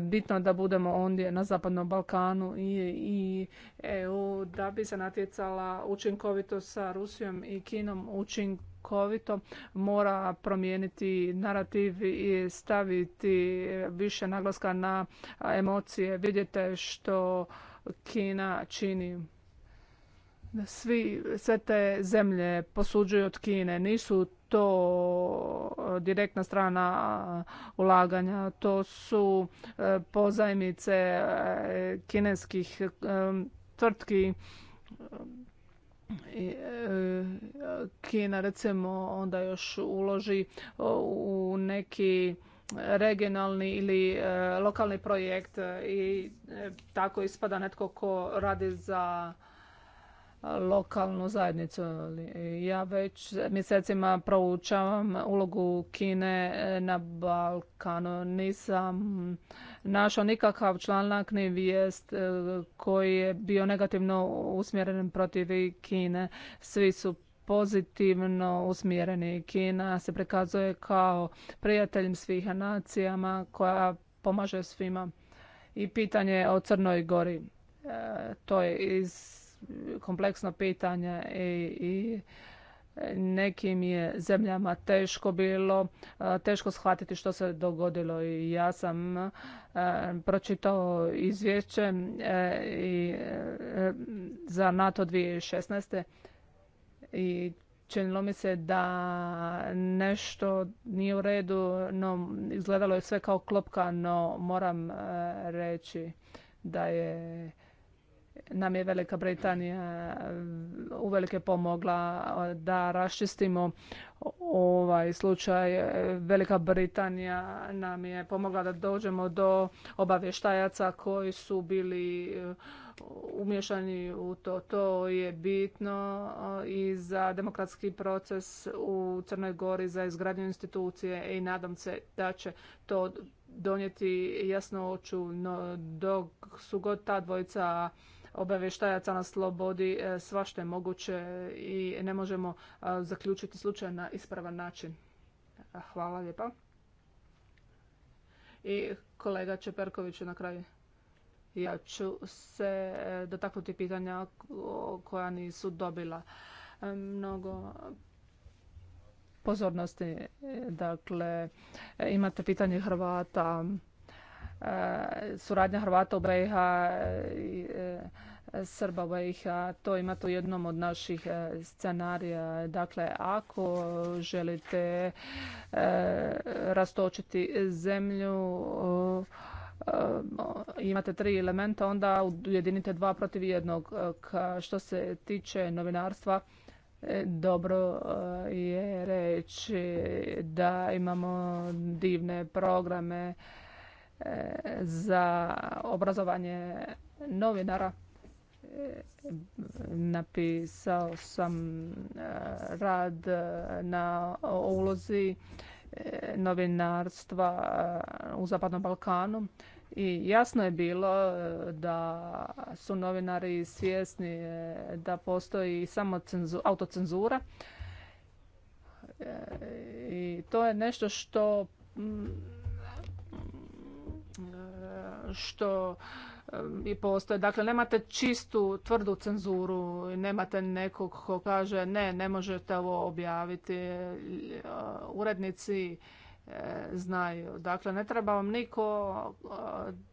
bitno da budemo ondje na zapadnom Balkanu i, i EU da bi se natjecala učinkovito sa Rusijom i Kinom učinkovito učinkovito mora promijeniti narativ i staviti više naglaska na emocije. Vidite što Kina čini. Svi, sve te zemlje posuđuju od Kine. Nisu to direktna strana ulaganja. To su e, pozajmice e, kineskih e, tvrtki E, Kina recimo onda još uloži u neki regionalni ili e, lokalni projekt i e, tako ispada netko ko radi za lokalnu zajednicu. Ja već mjesecima proučavam ulogu Kine na Balkanu. Nisam našao nikakav članak ni vijest e, koji je bio negativno usmjeren protiv Kine. Svi su pozitivno usmjereni. Kina se prikazuje kao prijateljem svih nacijama koja pomaže svima. I pitanje o Crnoj Gori. E, to je iz kompleksno pitanje i nekim je zemljama teško bilo, teško shvatiti što se dogodilo i ja sam pročitao izvješće e, i e, za NATO 2016. i činilo mi se da nešto nije u redu, no izgledalo je sve kao klopka, no moram e, reći da je nam je Velika Britanija eh, uvelike pomogla eh, da raščistimo ovaj slučaj. Eh, Velika Britanija nam je pomogla da dođemo do obavještajaca koji su bili umješani u to. To je bitno i za demokratski proces u Crnoj Gori, za izgradnju institucije i nadam se da će to donijeti jasno oču, no dok su god ta dvojica obavještajaca na slobodi, e, svašta je moguće i ne možemo e, zaključiti slučaj na ispravan način. E, hvala lijepa. I kolega Čeperković na kraju. Ja ću se dotaknuti pitanja koja nisu dobila mnogo pozornosti. Dakle, imate pitanje Hrvata E, suradnja Hrvata u BiH i e, e, Srba u BiH. To imate u jednom od naših scenarija. Dakle, ako želite rastočiti zemlju, imate tri elementa, onda ujedinite dva protiv jednog. Što se tiče novinarstva, dobro je reći da imamo divne programe za obrazovanje novinara napisao sam e, rad e, na ulozi e, novinarstva u Zapadnom Balkanu i jasno je bilo da su novinari svjesni da postoji samo autocenzura i to je nešto što što e, i postoje. Dakle, nemate čistu, tvrdu cenzuru, nemate nekog ko kaže ne, ne možete ovo objaviti. E, urednici e, znaju. Dakle, ne treba vam niko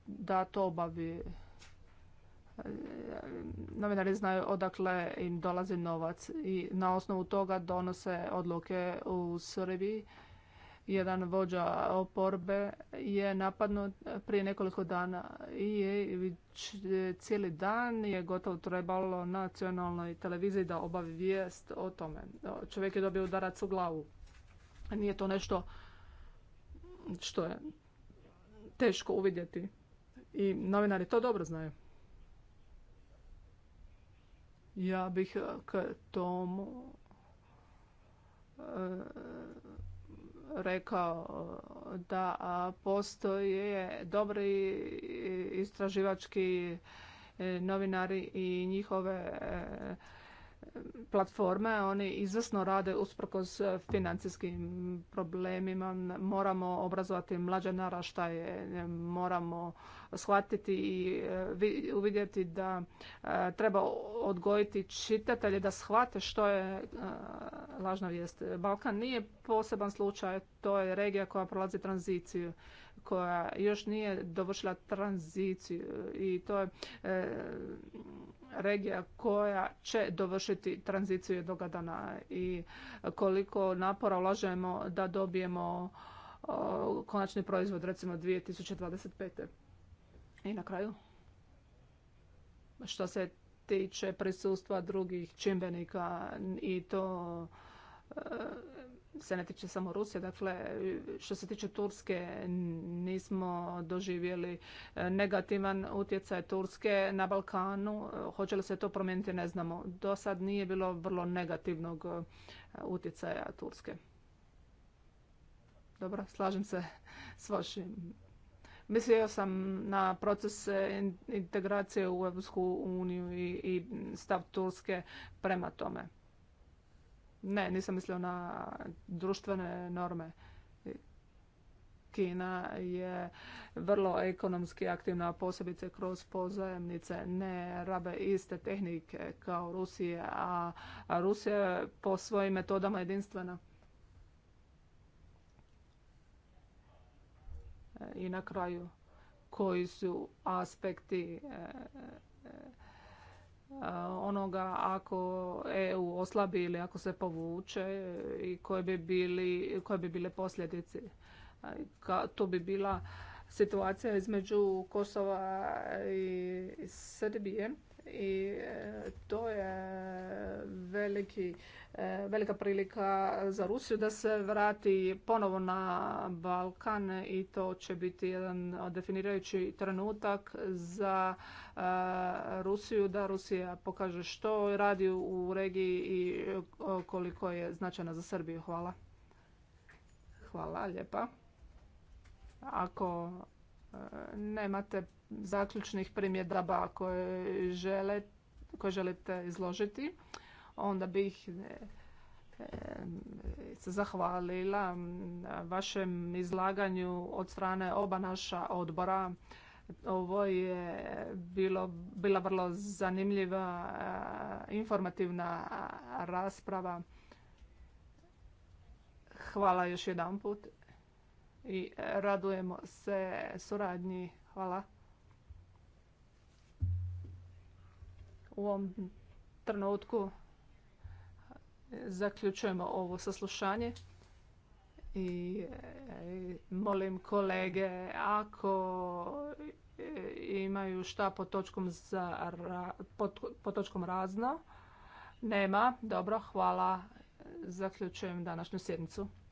da to obavi. Novinari znaju odakle im dolazi novac i na osnovu toga donose odluke u Srbiji jedan vođa oporbe je napadnut prije nekoliko dana i je e, cijeli dan je gotovo trebalo nacionalnoj televiziji da obavi vijest o tome. E, čovjek je dobio udarac u glavu. Nije to nešto što je teško uvidjeti. I novinari to dobro znaju. Ja bih e, k tomu rekao da postoje dobri istraživački novinari i njihove platforme, oni izvrsno rade usprkos e, financijskim problemima. Moramo obrazovati mlađe naraštaje, e, moramo shvatiti i e, uvidjeti da treba odgojiti čitatelje da shvate što je lažna vijest. Balkan nije poseban slučaj, to je regija koja prolazi tranziciju koja još nije dovršila tranziciju i to je regija koja će dovršiti tranziciju jednog dana i koliko napora ulažemo da dobijemo konačni proizvod recimo 2025. I na kraju, što se tiče prisustva drugih čimbenika i to e, se ne tiče samo Rusije, dakle što se tiče Turske nismo doživjeli e, negativan utjecaj Turske na Balkanu. Hoće li se to promijeniti ne znamo. Do sad nije bilo vrlo negativnog e, utjecaja Turske. Dobro, slažem se s vašim. Mislio sam na proces integracije u EU i stav Turske prema tome. Ne, nisam mislio na društvene norme. Kina je vrlo ekonomski aktivna, posebice kroz pozajemnice. Ne rabe iste tehnike kao Rusije, a Rusija je po svojim metodama jedinstvena. I na kraju, koji su aspekti e, e, onoga ako EU oslabi ili ako se povuče i koje bi, bili, koje bi bile posljedice. To bi bila situacija između Kosova i Srbije i e, to je veliki, e, velika prilika za Rusiju da se vrati ponovo na Balkan i to će biti jedan definirajući trenutak za e, Rusiju da Rusija pokaže što radi u regiji i koliko je značajna za Srbiju. Hvala. Hvala lijepa. Ako nemate zaključnih primjedaba koje, žele, koje želite izložiti, onda bih e, e, se zahvalila vašem izlaganju od strane oba naša odbora. Ovo je bilo, bila vrlo zanimljiva e, informativna rasprava. Hvala još jedanput i radujemo se suradnji. Hvala. U ovom trenutku e, zaključujemo ovo saslušanje i e, molim kolege ako e, imaju šta po točkom, za, pod, točkom razno. Nema. Dobro, hvala. Zaključujem današnju sjednicu.